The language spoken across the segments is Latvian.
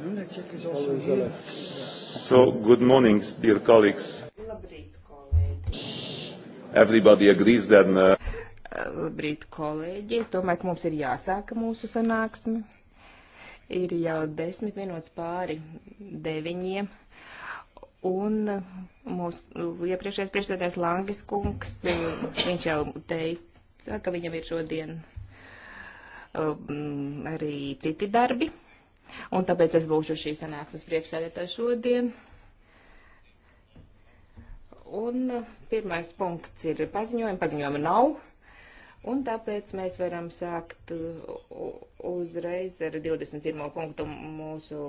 afternoon. I check is also here. So, good morning, dear colleagues. Labrīt, kolēģi. Everybody agrees then. Uh... Labrīt, kolēģi. Es domāju, ka mums ir jāsāka mūsu sanāksme. Ir jau desmit minūtes pāri deviņiem. Un mūsu iepriekšējais priekšstādājs Langis kungs, viņš jau teica, ka viņam ir šodien um, arī citi darbi. Un tāpēc es būšu šī sanāksmes priekšsēdētāja šodien. Un uh, pirmais punkts ir paziņojumi. Paziņojumi nav. Un tāpēc mēs varam sākt uh, uzreiz ar 21. punktu mūsu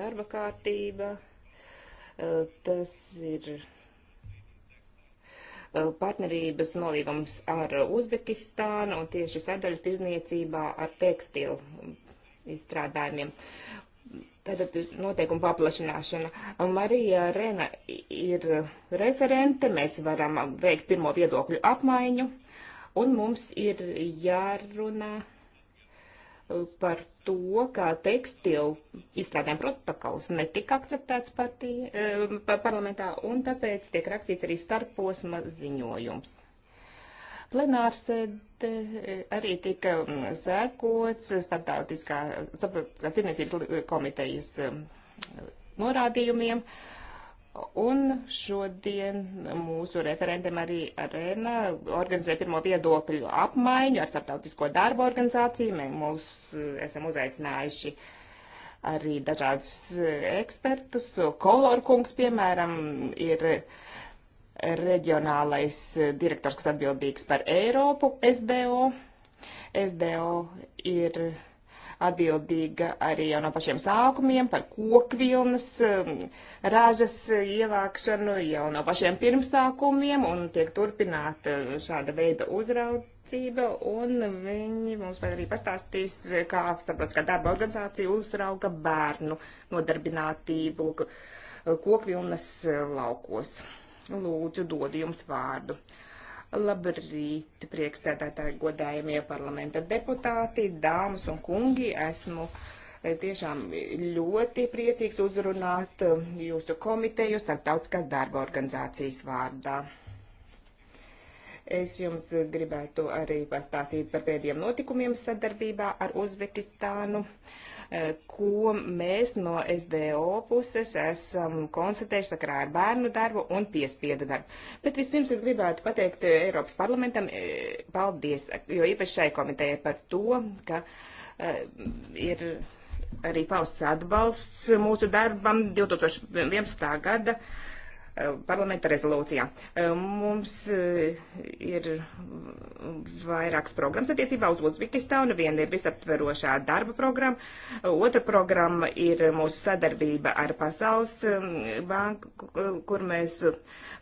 darba kārtība. Uh, tas ir partnerības nolīgums ar Uzbekistānu un tieši sadaļu tirzniecībā ar tekstilu izstrādājumiem. Tātad ir noteikuma paplašināšana. Marija Rena ir referente, mēs varam veikt pirmo viedokļu apmaiņu, un mums ir jārunā par to, kā tekstilu izstrādēm protokols netika akceptēts partija, eh, parlamentā, un tāpēc tiek rakstīts arī starposma ziņojums. Plenārsēde e, arī tika sēkots starptautiskā tirniecības e, komitejas e, norādījumiem. Un šodien mūsu referentiem arī arēna organizē pirmo viedokļu apmaiņu ar starptautisko darbu organizāciju. Mēs mūs esam uzaicinājuši arī dažādus ekspertus. Kolorkungs, piemēram, ir uh, reģionālais direktors, kas atbildīgs par Eiropu, SDO. SDO ir atbildīga arī jau no pašiem sākumiem par kokvilnas um, ražas ievākšanu jau no pašiem pirmsākumiem un tiek turpināta šāda veida uzraudzība un viņi mums arī pastāstīs, kā starptautiskā darba organizācija uzrauga bērnu nodarbinātību kokvilnas laukos. Lūdzu, dod jums vārdu. Labrīt, priekšsēdētāji, godājumie parlamenta deputāti, dāmas un kungi. Esmu eh, tiešām ļoti priecīgs uzrunāt eh, jūsu komiteju starptautiskās darba organizācijas vārdā. Es jums gribētu arī pastāstīt par pēdējiem notikumiem sadarbībā ar Uzbekistānu. Uh, Eh, ko mēs no SDO puses esam konstatējuši sakarā ar bērnu darbu un piespiedu darbu. Bet vispirms es gribētu pateikt eh, Eiropas parlamentam eh, paldies, jo īpaši šai komitejai par to, ka ir arī pausts atbalsts mūsu darbam 2011. gada parlamenta rezolūcijā. E, mums e, ir vairākas programmas attiecībā uz Uzbekistānu. Viena ir visaptverošā darba programma, otra programma ir mūsu sadarbība ar Pasaules e, banku, kur mēs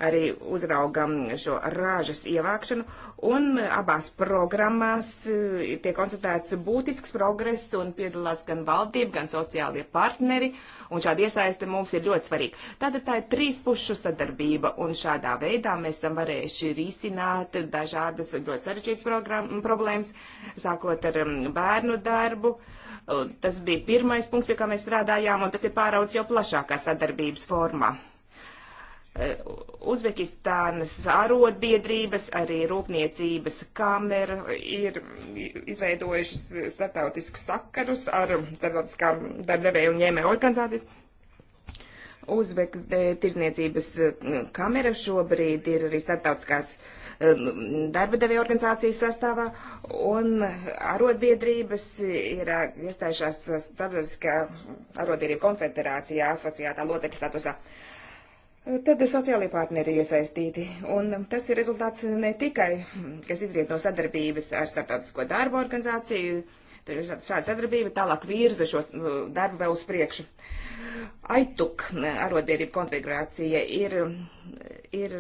arī uzraugam šo rāžas ievākšanu. Un abās programmās tiek konstatēts būtisks progress un piedalās gan valdība, gan sociālie partneri. Un šāda iesaiste mums ir ļoti svarīga. Tātad tā ir trīs pušu sadarbība, un šādā veidā mēs esam varējuši risināt dažādas ļoti sarežģītas problēmas, sākot ar um, bērnu darbu. Uh, tas bija pirmais punkts, pie kā mēs strādājām, un tas ir pāraudzis jau plašākā sadarbības formā. Uh, Uzbekistānas arotbiedrības, arī rūpniecības kamera ir izveidojušas startautiskus sakarus ar starptautiskām darbdevēju un ņēmēju organizācijas Uzbeku e, tirzniecības e, kamera šobrīd ir arī starptautiskās e, darba devēja organizācijas sastāvā, un arotbiedrības ir iestājušās starptautiskā arotbiedrība konfederācijā asociētā locekļa statusā. Tad sociālie partneri ir iesaistīti, un tas ir rezultāts ne tikai, kas izriet no sadarbības ar starptautisko darbu organizāciju, šāda sadarbība tālāk virza šo darbu vēl uz priekšu. AITUK arotbiedrību konfigurācija ir, ir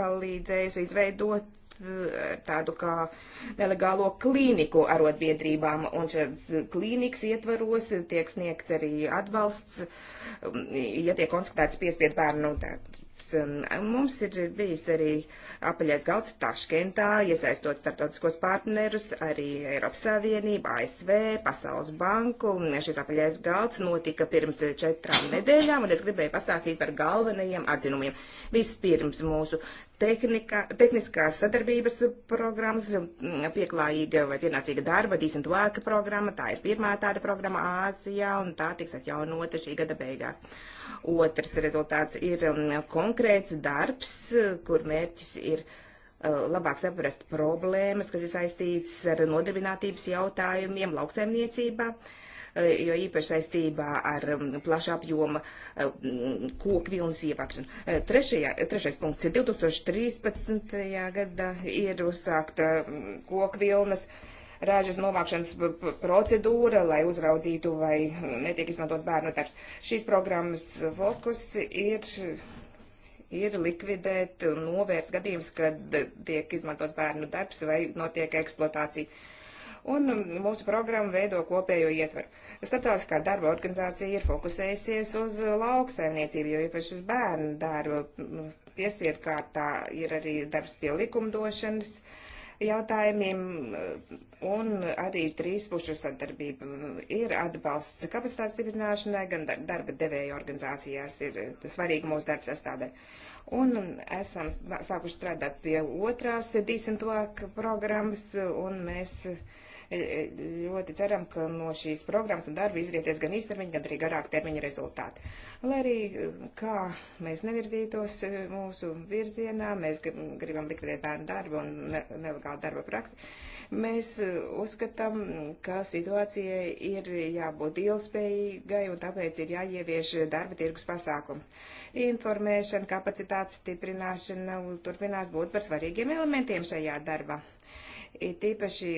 palīdzējusi izveidot eh, tādu kā nelegālo klīniku arotbiedrībām, un šāds klīnikas ietvaros tiek sniegts arī atbalsts, mm, ja tiek konstatēts piespiedu bērnu Um, mums ir bijis arī apaļais galds Taškentā, iesaistot starptautiskos partnerus, arī Eiropas Savienību, ASV, Pasaules banku. Šis apaļais galds notika pirms četrām nedēļām, un es gribēju pastāstīt par galvenajiem atzinumiem. Vispirms mūsu tehnika, tehniskās sadarbības programmas, mm, pieklājīga vai pienācīga darba, decent work programma, tā ir pirmā tāda programma Āzijā, un tā tiks atjaunota šī gada beigās. Otrs rezultāts ir mm, konkrēts darbs, kur mērķis ir uh, labāk saprast problēmas, kas ir saistītas ar nodarbinātības jautājumiem lauksaimniecībā. Uh, jo īpaši saistībā ar um, plaša apjoma uh, mm, koku vilnas ievākšanu. Uh, trešajā, trešais punkts ir 2013. gadā ir uzsākta mm, koku vilnas rāžas novākšanas procedūra, lai uzraudzītu, vai mm, netiek izmantots bērnu darbs. Šīs programmas fokus ir, ir likvidēt un novērst gadījums, kad tiek izmantots bērnu darbs vai notiek eksploatācija un mūsu programma veido kopējo ietveru. Startautiskā darba organizācija ir fokusējusies uz lauksaimniecību, jo īpaši uz bērnu darbu piespiedu kārtā ir arī darbs pie likumdošanas jautājumiem un arī trīspušu sadarbība ir atbalsts kapacitātes stiprināšanai, gan darba devēja organizācijās ir svarīga mūsu darba sastādē. Un esam sākuši strādāt pie otrās disentuāk programmas, un mēs uh, E, e, ļoti ceram, ka no šīs programmas un darba izrieties gan īstermiņa, gan arī garāk termiņa rezultāti. Lai arī e, kā mēs nevirzītos mūsu virzienā, mēs gribam likvidēt bērnu darbu un nelegālu darba praksi, mēs uzskatām, ka situācija ir jābūt ilgspējīgai un tāpēc ir jāievieš darba tirgus pasākums. Informēšana, kapacitātes stiprināšana turpinās būt par svarīgiem elementiem šajā darbā. It īpaši,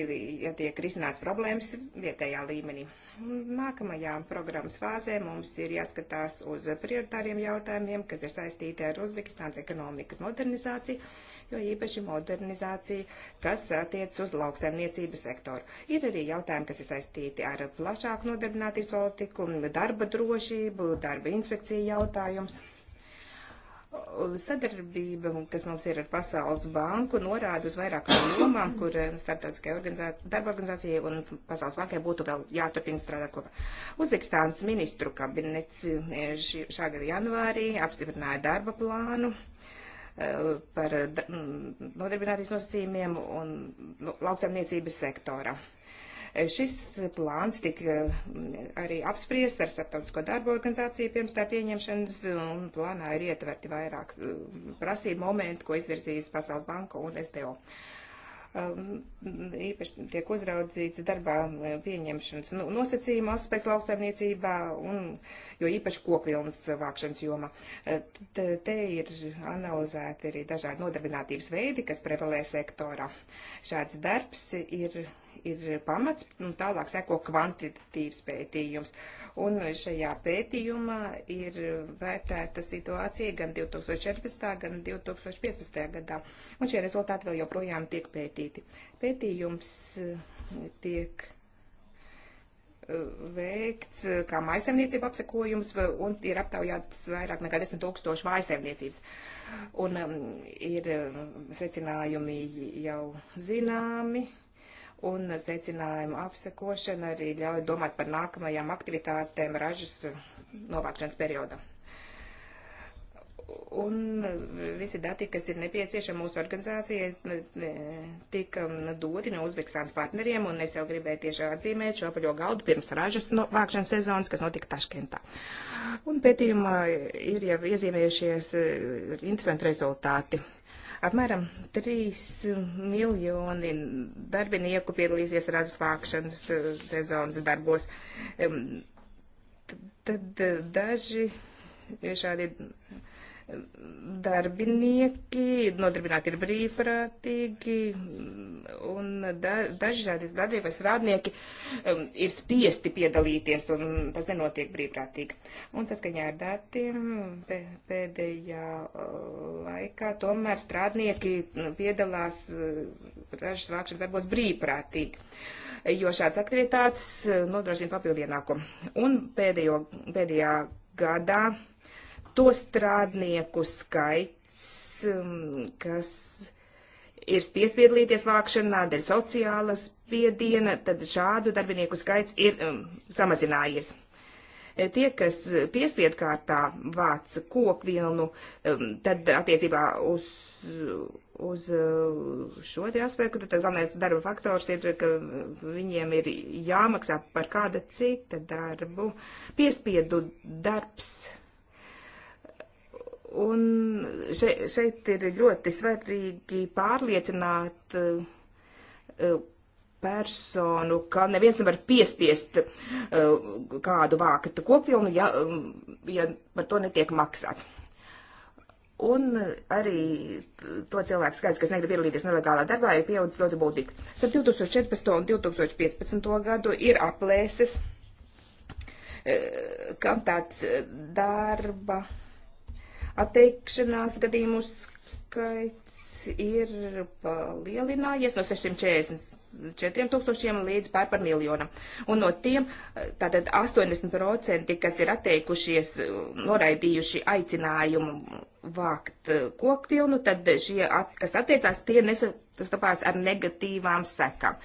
ja tiek risināts problēmas vietējā līmenī. Nākamajā programmas fāzē mums ir jāskatās uz prioritāriem jautājumiem, kas ir saistīti ar Uzbekistānas ekonomikas modernizāciju, jo īpaši modernizācija, kas attiec uz lauksaimniecības sektoru. Ir arī jautājumi, kas ir saistīti ar plašāku nodarbinātības politiku, darba drošību, darba inspekciju jautājums. Sadarbība, kas mums ir ar Pasaules banku, norāda uz vairākām jomām, kur eh, starptautiskajai organizāci darba organizācijai un Pasaules bankai būtu vēl jāturpina strādāt kopā. Uzbekistānas ministru kabinets eh, šā gada janvārī apstiprināja darba plānu eh, par mm, nodarbinātības nosacījumiem un nu, lauksaimniecības sektora. E, šis plāns tika mm, arī apspriests ar Startautisko darbu organizāciju pirms tā pieņemšanas, un plānā ir ietverti vairāk mm, prasību momenti, ko izvirzīs Pasaules banka un SDO. Uh, Um, īpaši tiek uzraudzīts darbā pieņemšanas nu, nosacījuma aspekts lauksaimniecībā, un, jo īpaši kokvilnas vākšanas joma. Uh, t te ir analizēti arī dažādi nodarbinātības veidi, kas prevalē sektorā. Šāds darbs ir ir pamats, un nu, tālāk seko kvantitatīvs pētījums. Un šajā pētījumā ir vērtēta situācija gan 2014. gan 2015. gadā, un šie rezultāti vēl joprojām tiek pētīti izpētīti. Pētījums eh, tiek eh, veikts eh, kā maisemniecība apsekojums un ir aptaujāts vairāk nekā 10 tūkstoši maisemniecības. Un um, ir secinājumi jau zināmi, un secinājumu apsekošana arī ļauj domāt par nākamajām aktivitātēm ražas novākšanas periodā un visi dati, kas ir nepieciešami mūsu organizācijai, tika doti no Uzbekistānas partneriem, un es jau gribēju tieši atzīmēt šo apaļo galdu pirms ražas no, vākšanas sezonas, kas notika Taškentā. Un pētījumā ir jau iezīmējušies eh, interesanti rezultāti. Apmēram 3 miljoni darbinieku piedalīsies ražas vākšanas eh, sezonas darbos. Tad eh, daži šādi darbinieki, nodarbināti ir brīvprātīgi, un da, dažādi darbinieki vai strādnieki um, ir spiesti piedalīties, un tas nenotiek brīvprātīgi. Un saskaņā ar datiem pēdējā uh, laikā tomēr strādnieki nu, piedalās uh, ražas vākšanas darbos brīvprātīgi jo šādas aktivitātes uh, nodrošina papildienākumu. Un pēdējo, pēdējā gadā to strādnieku skaits, um, kas ir spiests piedalīties vākšanā dēļ sociāla spiediena, tad šādu darbinieku skaits ir um, samazinājies. E, tie, kas piespiedu kārtā vāc kokvilnu, um, tad attiecībā uz, uz uh, šo te aspektu, tad galvenais darba faktors ir, ka viņiem ir jāmaksā par kāda cita darbu. Piespiedu darbs Un šeit, šeit ir ļoti svarīgi pārliecināt e, personu, ka neviens nevar piespiest e, kādu vākt kopvilnu, ja, e, ja par to netiek maksāts. Un arī to cilvēku skaits, kas negrib piedalīties nelegālā darbā, ir pieaudzis ļoti būtīgi. Starp 2014. un 2015. gadu ir aplēses, kam tāds darba Atteikšanās gadījumu skaits ir palielinājies no 640 4000 līdz pār par miljonam. Un no tiem tātad 80%, kas ir atteikušies, noraidījuši aicinājumu vākt kokvilnu, tad šie, kas atteicās, tie nesastapās ar negatīvām sekām.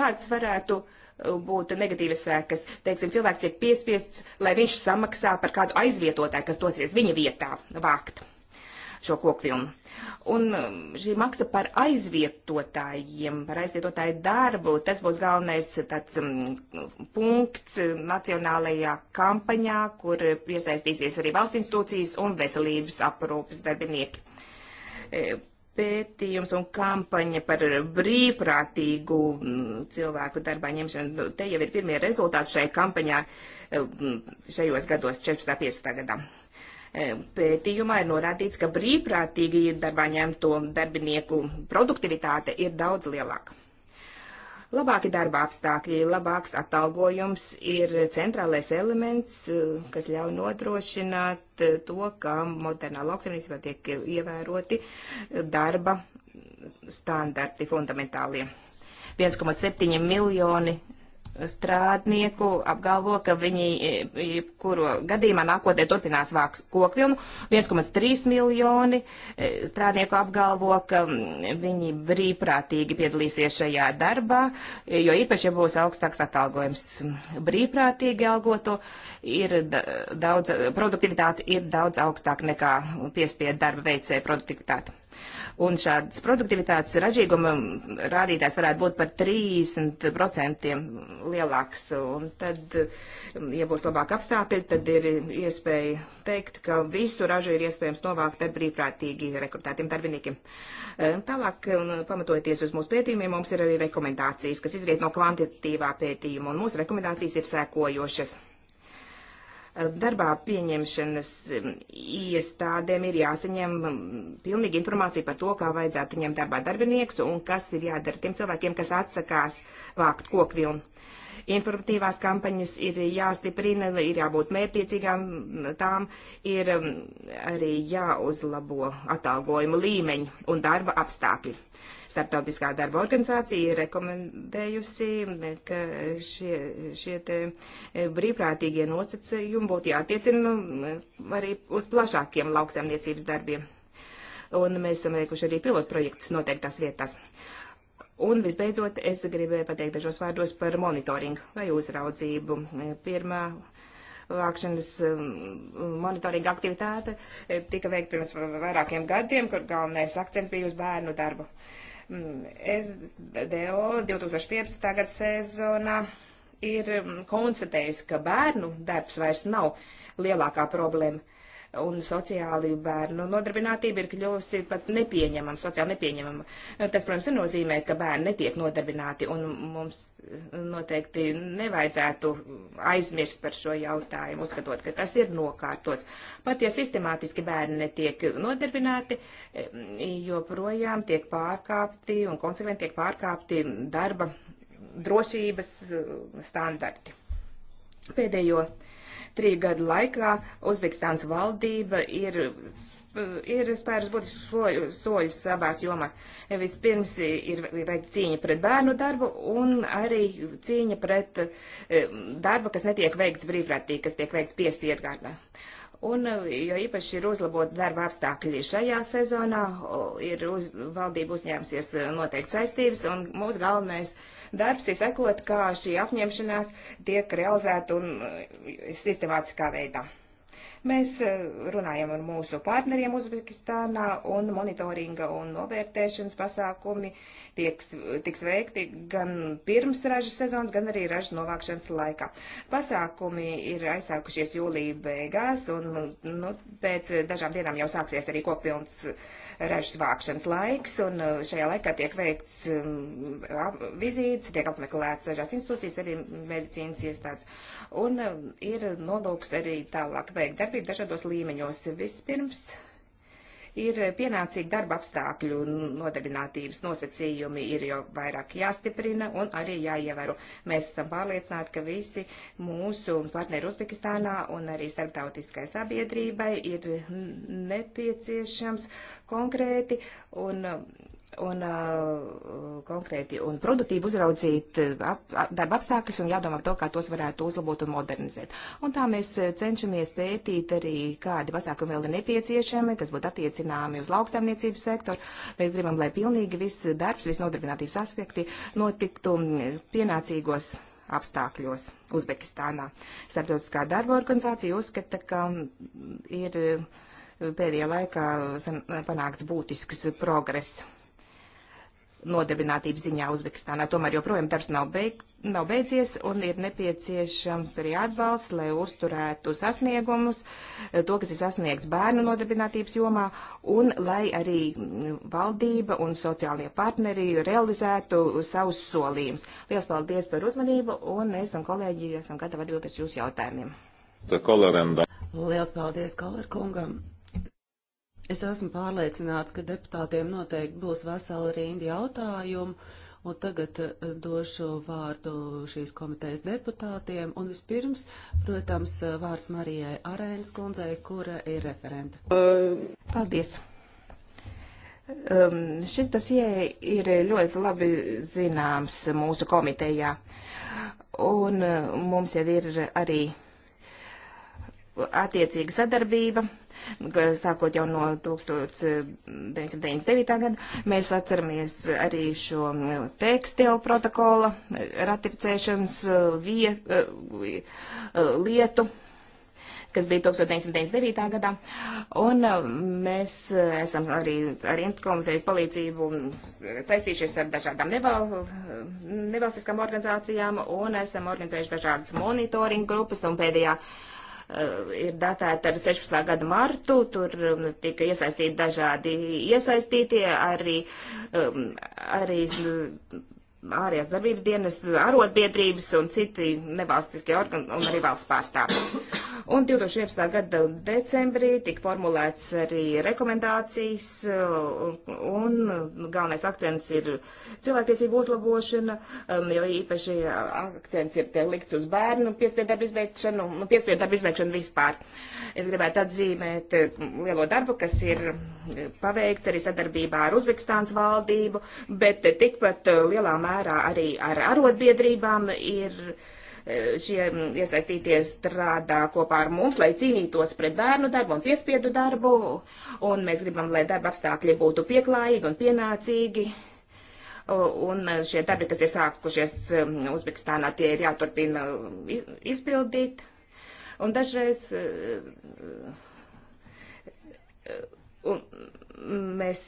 Kāds varētu uh, būtu negatīvas sekas. Teiksim, cilvēks tiek piespiests, lai viņš samaksā par kādu aizvietotāju, kas dosies viņa vietā vākt šo kokvilnu. Un um, šī maksa par aizvietotājiem, par aizvietotāju darbu, tas būs galvenais tāds um, punkts nacionālajā kampaņā, kur iesaistīsies arī valsts institūcijas un veselības aprūpas darbinieki e, pētījums un kampaņa par brīvprātīgu mm, cilvēku darbā ņemšanu. Te jau ir pirmie rezultāti šai kampaņā eh, mm, šajos gados, 14. 15. gadā. Eh, pētījumā ir norādīts, ka brīvprātīgi darbā ņemto darbinieku produktivitāte ir daudz lielāka. Labāki darba apstākļi, labāks atalgojums ir centrālais elements, eh, kas ļauj nodrošināt eh, to, ka modernā lauksaimniecībā tiek ievēroti eh, darba standarti fundamentālie. 1,7 miljoni strādnieku apgalvo, ka viņi, e, kuru gadījumā nākotnē turpinās vāks kokvilnu, 1,3 miljoni e, strādnieku apgalvo, ka mm, viņi brīvprātīgi piedalīsies šajā darbā, e, jo īpaši, ja būs augstāks atalgojums brīvprātīgi algoto, ir daudz, produktivitāte ir daudz augstāka nekā piespiedu darba veicēja produktivitāte. Un šādas produktivitātes ražīguma rādītājs varētu būt par 30% lielāks. Un tad, ja būs labāk apstākļi, tad ir iespēja teikt, ka visu ražu ir iespējams novākt ar brīvprātīgi rekrutētiem darbiniekiem. E, tālāk, pamatojoties uz mūsu pētījumiem, mums ir arī rekomendācijas, kas izriet no kvantitīvā pētījuma. Un mūsu rekomendācijas ir sēkojošas darbā pieņemšanas um, iestādēm ir jāsaņem um, pilnīgi informācija par to, kā vajadzētu ņemt darbā darbinieks un kas ir jādara tiem cilvēkiem, kas atsakās vākt kokvilnu. Informatīvās kampaņas ir jāstiprina, ir jābūt mērķiecīgām, tām ir um, arī jāuzlabo atalgojuma līmeņi un darba apstākļi. Startautiskā darba organizācija ir rekomendējusi, ka šie, šie te e, brīvprātīgie nosacījumi būtu jātiecina e, arī uz plašākiem lauksaimniecības darbiem. Un mēs esam veikuši arī pilotprojektus noteiktās vietās. Un visbeidzot, es gribēju pateikt dažos vārdos par monitoringu vai uzraudzību. E, pirmā vākšanas monitoringa aktivitāte tika veikta pirms vairākiem gadiem, kur galvenais akcents bija uz bērnu darbu. Uh, SDO 2015. gada sezonā ir mm, konstatējis, ka bērnu darbs vairs nav lielākā problēma un sociāli bērnu nodarbinātība ir kļuvusi pat nepieņemama, sociāli nepieņemama. Tas, protams, nenozīmē, ka bērni netiek nodarbināti, un mums noteikti nevajadzētu aizmirst par šo jautājumu, uzskatot, ka tas ir nokārtots. Pat ja sistemātiski bērni netiek nodarbināti, joprojām tiek pārkāpti un konsekventi tiek pārkāpti darba drošības standarti. Pēdējo uh, Trīs gadu laikā Uzbekistāns valdība ir ir spērus būtiskus soļus, soļus savās jomās. Vispirms ir veikta cīņa pret bērnu darbu un arī cīņa pret eh, darbu, kas netiek veikts brīvprātīgi, kas tiek veikts piespiedgārdā. Uh, Un, eh, jo īpaši ir uzlabot darba apstākļi šajā sezonā, ir uz, valdība uzņēmusies eh, noteikti saistības, un mūsu galvenais darbs ir sekot, kā šī apņemšanās tiek realizēta un eh, sistemātiskā veidā. Mēs eh, runājam ar mūsu partneriem Uzbekistānā un monitoringa un novērtēšanas pasākumi tieks, tiks veikti gan pirms ražas sezonas, gan arī ražas novākšanas laikā. Pasākumi ir aizsākušies jūlija beigās un nu, pēc dažām dienām jau sāksies arī kopilns eh, ražas vākšanas laiks, un eh, šajā laikā tiek veikts um, vizītes, tiek apmeklēts dažās institūcijas, arī medicīnas iestādes, un um, ir nolūks arī tālāk veikt darbību dažādos līmeņos. Vispirms ir pienācīgi darba apstākļu nodarbinātības nosacījumi, ir jau vairāk jāstiprina un arī jāievēro. Mēs esam pārliecināti, ka visi mūsu partneri Uzbekistānā un arī starptautiskai sabiedrībai ir nepieciešams konkrēti un un uh, konkrēti un produktīvi uzraudzīt uh, ap, ap, darba apstākļus un jādomā par to, kā tos varētu uzlabot un modernizēt. Un tā mēs uh, cenšamies pētīt arī, kādi pasākumi vēl ir nepieciešami, kas būtu attiecināmi uz lauksaimniecības sektoru. Mēs gribam, lai pilnīgi viss darbs, viss nodarbinātības aspekti notiktu um, pienācīgos apstākļos Uzbekistānā. Starptautiskā darba organizācija uzskata, ka um, ir uh, pēdējā laikā panākts būtisks progress nodarbinātības ziņā Uzbekistānā. Tomēr joprojām darbs nav, beig, nav beidzies un ir nepieciešams arī atbalsts, lai uzturētu sasniegumus, eh, to, kas ir sasniegts bērnu nodarbinātības jomā, un lai arī mm, valdība un sociālie partneri realizētu savus solījumus. Lielas paldies par uzmanību un es un kolēģi esam gatavi atbildēt uz jūsu jautājumiem. Lielas paldies Kalerkungam! Es esmu pārliecināts, ka deputātiem noteikti būs vesela rinda jautājumu, un tagad eh, došu vārdu šīs komitejas deputātiem, un vispirms, protams, eh, vārds Marijai Arēnas kundzei, kura ir referenta. Paldies! Um, šis dosie ir ļoti labi zināms mūsu komitejā, un eh, mums jau ir arī attiecīga sadarbība, sākot jau no 1999. gada. Mēs atceramies arī šo tekstilu protokola ratificēšanas uh, viet, uh, uh, lietu kas bija 1999. gadā. Un mēs esam arī ar Intkomitejas palīdzību saistījušies ar dažādām neval, nevalstiskām organizācijām un esam organizējuši dažādas monitoringa grupas un pēdējā uh, Eh, ir datēta ar 16. gada martu, tur um, tika iesaistīti dažādi iesaistītie, arī, um, arī ārējās darbības dienas, arotbiedrības un citi nevalstiskie organi un arī valsts pārstāvji. Un 2011. gada decembrī tika formulēts arī rekomendācijas, un galvenais akcents ir cilvēktiesību uzlabošana, um, jo īpaši akcents ir tiek likts uz bērnu piespiedarbu izbeigšanu, nu, piespiedarbu izbeigšanu vispār. Es gribētu atzīmēt um, lielo darbu, kas ir paveikts arī sadarbībā ar Uzbekistāns valdību, bet uh, tikpat uh, lielā mērā mērā arī ar arotbiedrībām ir e, šie iesaistītie strādā kopā ar mums, lai cīnītos pret bērnu darbu un piespiedu darbu, un mēs gribam, lai darba apstākļi būtu pieklājīgi un pienācīgi. Un šie darbi, kas ir sākušies um, Uzbekistānā, tie ir jāturpina um, izpildīt. Un dažreiz e, e, un, mēs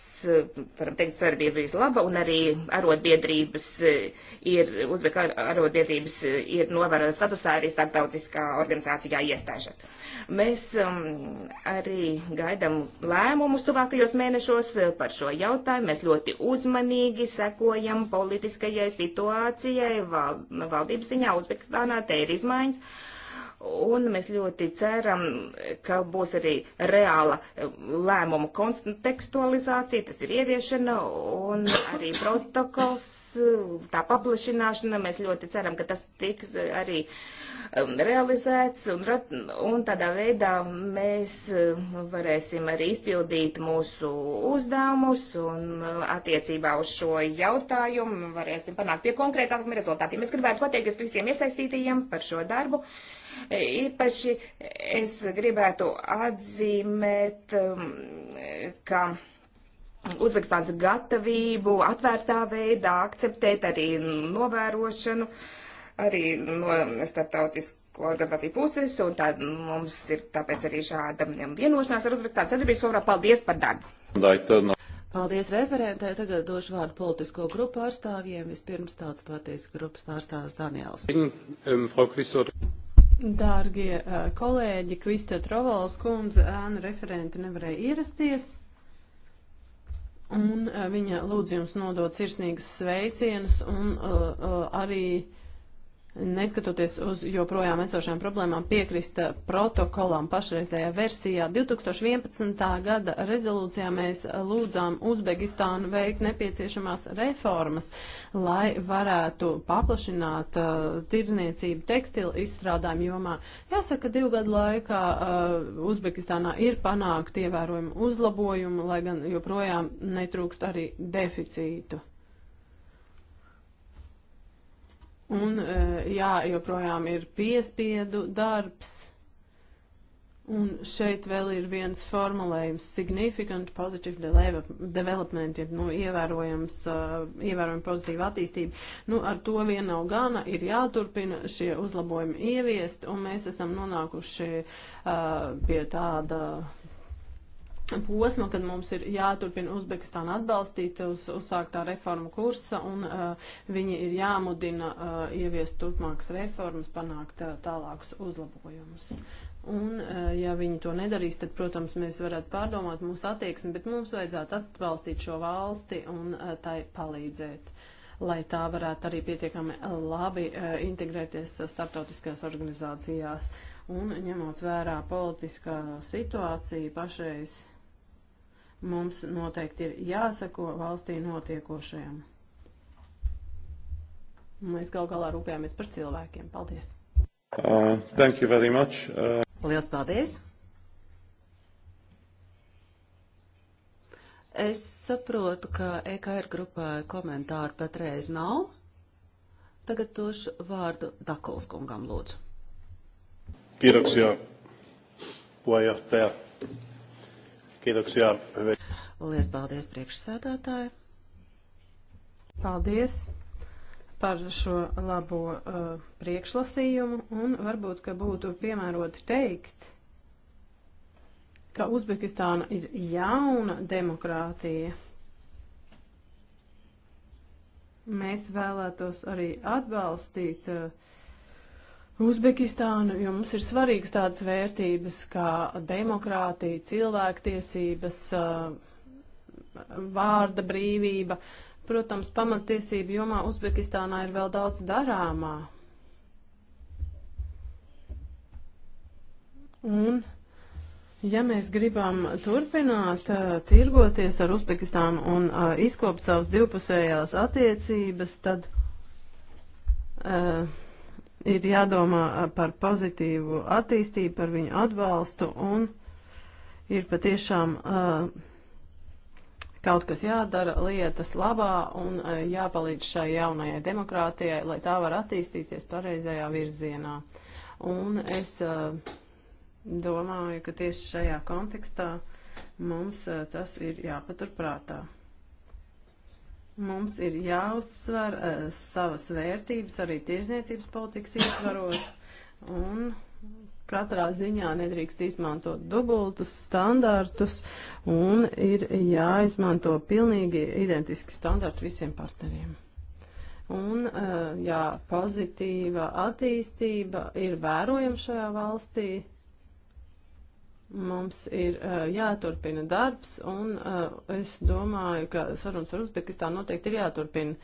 varam teikt, sadarbība ir vislaba, un arī arotbiedrības eh, ir, uzbek arotbiedrības eh, ir novērotas statusā arī starptautiskā organizācijā iestāžat. Mēs um, arī gaidam lēmumus tuvākajos mēnešos eh, par šo jautājumu. Mēs ļoti uzmanīgi sekojam politiskajai situācijai val, valdības ziņā Uzbekistānā, te ir izmaiņas Un mēs ļoti ceram, ka būs arī reāla eh, lēmumu kontekstualizācija, tas ir ieviešana un arī protokols, tā paplašināšana. Mēs ļoti ceram, ka tas tiks arī um, realizēts un, un tādā veidā mēs um, varēsim arī izpildīt mūsu uzdevumus un uh, attiecībā uz šo jautājumu varēsim panākt pie konkrētākiem rezultātiem. Es gribētu pateikties visiem iesaistītajiem par šo darbu. Īpaši es gribētu atzīmēt, um, ka Uzbekistāns gatavību atvērtā veidā akceptēt arī novērošanu, arī no starptautisku organizāciju puses, un tā mums ir tāpēc arī šāda um, vienošanās ar Uzbekistānu sadarbības formā. Paldies par darbu! Daitana. Paldies referentē. Tagad došu vārdu politisko grupu pārstāvjiem. Vispirms tautas partijas grupas pārstāvis Daniels. Dārgie kolēģi, Kvistēt Rovalas kundze, ēnu referenti nevarēja ierasties. Un viņa lūdz jums nodot sirsnīgus sveicienus un uh, uh, arī uh, neskatoties uz joprojām esošām problēmām, piekrista protokolam pašreizējā versijā. 2011. gada rezolūcijā mēs lūdzām Uzbekistānu veikt nepieciešamās reformas, lai varētu paplašināt uh, tirdzniecību tekstilu izstrādājumu jomā. Jāsaka, divu gadu laikā uh, Uzbekistānā ir panākt ievērojumu uzlabojumu, lai gan joprojām netrūkst arī deficītu. Un, eh, jā, joprojām ir piespiedu darbs. Un šeit vēl ir viens formulējums - significant positive development, ir nu, ievērojams, eh, ievērojama pozitīva attīstība. Nu, ar to vien nav gana, ir jāturpina šie uzlabojumi ieviest, un mēs esam nonākuši uh, pie tāda. Uh, posma, kad mums ir jāturpina Uzbekistāna atbalstīt uz uzsāktā reforma kursa, un uh, viņi ir jāmudina uh, ieviest turpmākas reformas, panākt uh, tālākus uzlabojumus. Un, uh, ja viņi to nedarīs, tad, protams, mēs varētu pārdomāt mūsu attieksmi, bet mums vajadzētu atbalstīt šo valsti un uh, tai palīdzēt, lai tā varētu arī pietiekami labi uh, integrēties starptautiskajās organizācijās. Un ņemot vērā politiskā situācija pašreiz, Mums noteikti ir jāsako valstī notiekošajam. Mēs gal galā rūpējamies par cilvēkiem. Paldies! Uh, thank you very much. Uh... Lielas paldies! Es saprotu, ka EKR grupai komentāru patreiz nav. Tagad došu vārdu Dakols kungam lūdzu. Kiitoksia, puheenjohtaja. Kiitoksia. Lielas paldies priekšsēdētāji. Paldies par šo labo uh, priekšlasījumu un varbūt, ka būtu piemēroti teikt, ka Uzbekistāna ir jauna demokrātija. Mēs vēlētos arī atbalstīt uh, Uzbekistānu, jo mums ir svarīgas tādas vērtības kā demokrātija, cilvēktiesības, uh, vārda brīvība. Protams, pamatiesību jomā Uzbekistānā ir vēl daudz darāmā. Un, ja mēs gribam turpināt uh, tirgoties ar Uzbekistānu un uh, izkopt savas divpusējās attiecības, tad. Uh, ir jādomā par pozitīvu attīstību, par viņu atbalstu un ir patiešām uh, kaut kas jādara lietas labā un uh, jāpalīdz šai jaunajai demokrātijai, lai tā var attīstīties pareizajā virzienā. Un es uh, domāju, ka tieši šajā kontekstā mums tas ir jāpaturprātā. Mums ir jāuzsver uh, savas vērtības arī tirzniecības politikas ietvaros un katrā ziņā nedrīkst izmantot dubultus standartus un ir jāizmanto pilnīgi identiski standarti visiem partneriem. Un, uh, jā, pozitīva attīstība ir vērojama šajā valstī, Mums ir uh, jāturpina darbs, un uh, es domāju, ka sarunas ar Uzbekistānu noteikti ir jāturpina.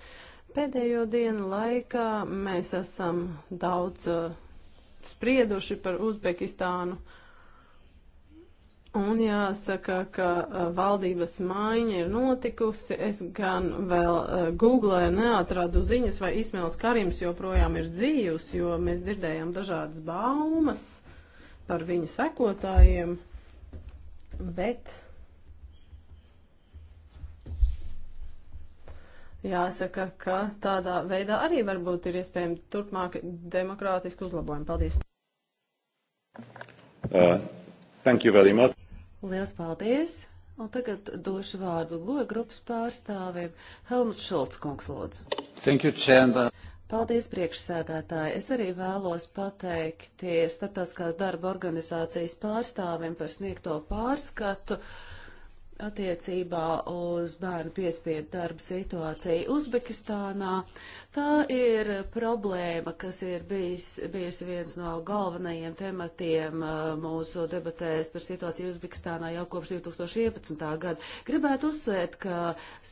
Pēdējo dienu laikā mēs esam daudz uh, sprieduši par Uzbekistānu, un jāsaka, ka uh, valdības maiņa ir notikusi. Es gan vēl uh, googlē neatradu ziņas, vai Ismēls Karims joprojām ir dzīvs, jo mēs dzirdējām dažādas baumas par viņa sekotājiem, bet jāsaka, ka tādā veidā arī varbūt ir iespējami turpmāk demokrātiski uzlabojumi. Paldies! Uh, thank you very much. Lielas paldies! Un tagad došu vārdu goja grupas pārstāvēm. Helmuts Šolts kungs lūdzu. Thank you, Čenda. Paldies, priekšsēdētāji! Es arī vēlos pateikties Startautiskās darba organizācijas pārstāvim par sniegto pārskatu attiecībā uz bērnu piespiedu darba situāciju Uzbekistānā. Tā ir problēma, kas ir bijis, bijusi viens no galvenajiem tematiem uh, mūsu debatēs par situāciju Uzbekistānā jau kopš 2011. gada. Gribētu uzsvērt, ka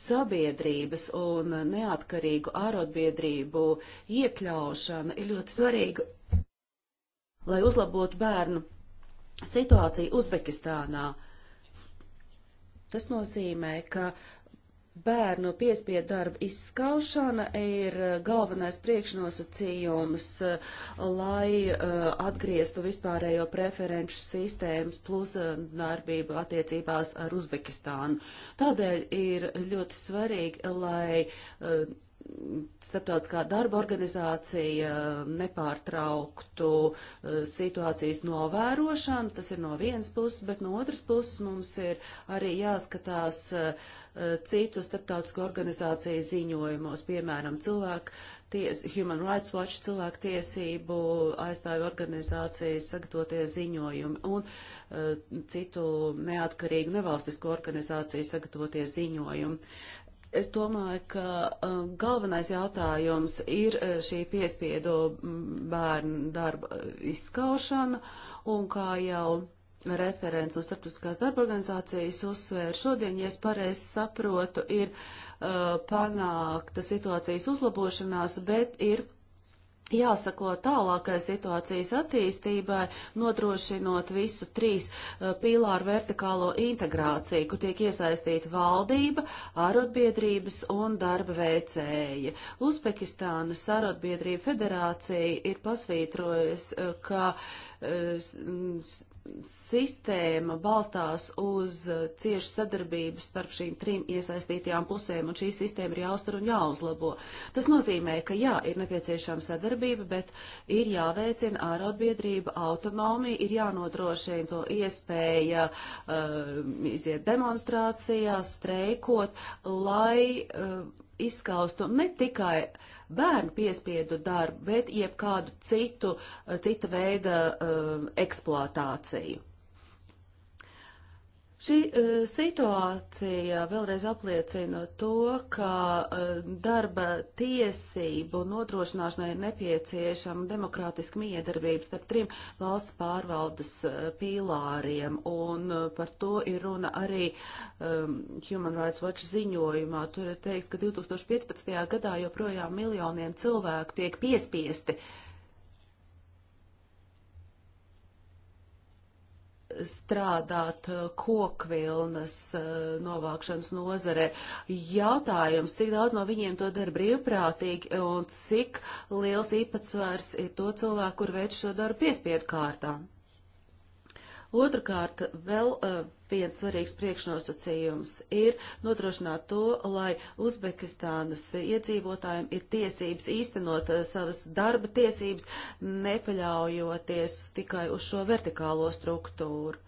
sabiedrības un neatkarīgu ārotbiedrību iekļaušana ir ļoti svarīga, lai uzlabotu bērnu situāciju Uzbekistānā. Uh, Tas nozīmē, ka bērnu piespiedu darba izskaušana ir eh, galvenais priekšnosacījums, eh, lai eh, atgrieztu vispārējo preferenču sistēmas plus darbību attiecībās ar Uzbekistānu. Tādēļ ir ļoti svarīgi, lai starptautiskā darba organizācija nepārtrauktu eh, situācijas novērošanu, tas ir no vienas puses, bet no otras puses mums ir arī jāskatās eh, citu starptautisko organizāciju ziņojumos, piemēram, cilvēku ties, Human Rights Watch cilvēku tiesību aizstāju organizācijas sagatavotie ziņojumi un uh, citu neatkarīgu nevalstisko organizāciju sagatavotie ziņojumi. Es domāju, ka um, galvenais jautājums ir e, šī piespiedu bērnu darba e, izskaušana, un kā jau referents no starptautiskās darba organizācijas uzsvēra šodien, ja es pareizi saprotu, ir uh, panākta situācijas uzlabošanās, bet ir Jāsako tālākai situācijas attīstībai, nodrošinot visu trīs uh, pīlāru vertikālo integrāciju, kur tiek iesaistīta valdība, arotbiedrības un darba veicēji. Uzbekistānas arotbiedrība federācija ir pasvītrojusi, uh, ka uh, sistēma balstās uz uh, ciešu sadarbību starp šīm trim iesaistītajām pusēm, un šī sistēma ir jāuztur un jāuzlabo. Tas nozīmē, ka jā, ir nepieciešama sadarbība, bet ir jāveicina ārotbiedrība autonomija, ir jānodrošina to iespēja uh, iziet demonstrācijās, streikot, lai uh, izskaustu ne tikai uh, bērnu piespiedu darbu, bet jebkādu citu, cita veida um, eksploatāciju. Šī uh, situācija vēlreiz apliecina to, ka uh, darba tiesību nodrošināšanai ir nepieciešama demokrātiska miedarbība starp trim valsts pārvaldes uh, pīlāriem, un par to ir runa arī um, Human Rights Watch ziņojumā. Tur ir teiks, ka 2015. gadā joprojām miljoniem cilvēku tiek piespiesti uh, strādāt eh, kokvilnas eh, novākšanas nozarē. Jautājums, cik daudz no viņiem to dara brīvprātīgi un cik liels īpatsvars ir to cilvēku, kur veic šo darbu piespiedu kārtā. Otrakārt, vēl uh, viens svarīgs priekšnosacījums ir nodrošināt to, lai Uzbekistānas iedzīvotājiem ir tiesības īstenot eh, savas darba tiesības, nepaļaujoties tikai uz šo vertikālo struktūru.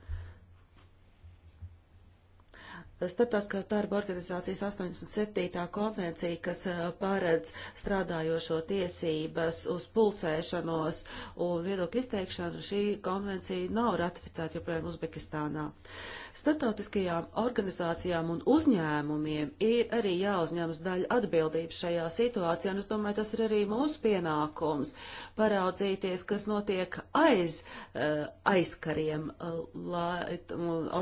Startautiskās darba organizācijas 87. konvencija, kas eh, paredz strādājošo tiesības uz pulcēšanos un viedokļu izteikšanu, šī konvencija nav ratificēta joprojām Uzbekistānā. Startautiskajām organizācijām un uzņēmumiem ir arī jāuzņemas daļa atbildības šajā situācijā, un es domāju, tas ir arī mūsu pienākums paraudzīties, kas notiek aiz eh, aiz kariem, eh, lai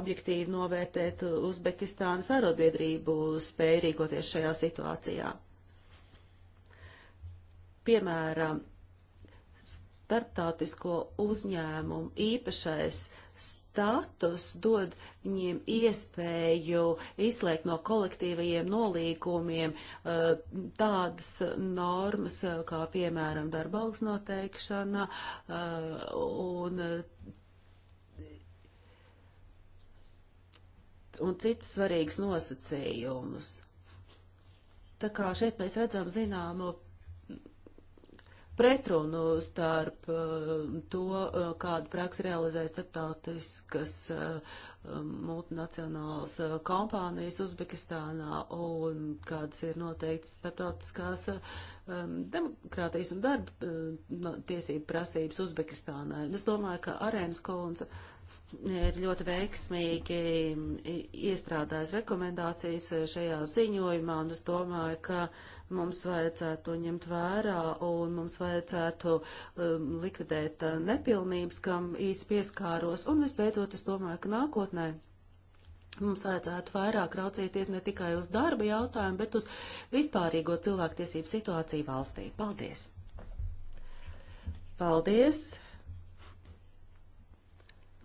objektīvi novērtēt Uzbekistānu Pakistānas arotbiedrību spēja rīkoties šajā situācijā. Piemēram, startautisko uzņēmumu īpašais status dod viņiem iespēju izslēgt no kolektīvajiem nolīgumiem eh, tādas normas, eh, kā piemēram darba algas noteikšana eh, un un citus svarīgus nosacījumus. Tā kā šeit mēs redzam zināmu pretrunu starp um, to, uh, kādu praksi realizē starptautiskas uh, um, multinacionālas uh, kompānijas Uzbekistānā un kādas ir noteikts starptautiskās um, demokrātijas un darba tiesību prasības Uzbekistānai. Es domāju, ka Arēnas kolons ir ļoti veiksmīgi iestrādājis rekomendācijas šajā ziņojumā, un es domāju, ka mums vajadzētu to ņemt vērā, un mums vajadzētu um, likvidēt uh, nepilnības, kam īsi pieskāros, un visbeidzot es domāju, ka nākotnē Mums vajadzētu vairāk raucīties ne tikai uz darba jautājumu, bet uz vispārīgo cilvēktiesību situāciju valstī. Paldies! Paldies!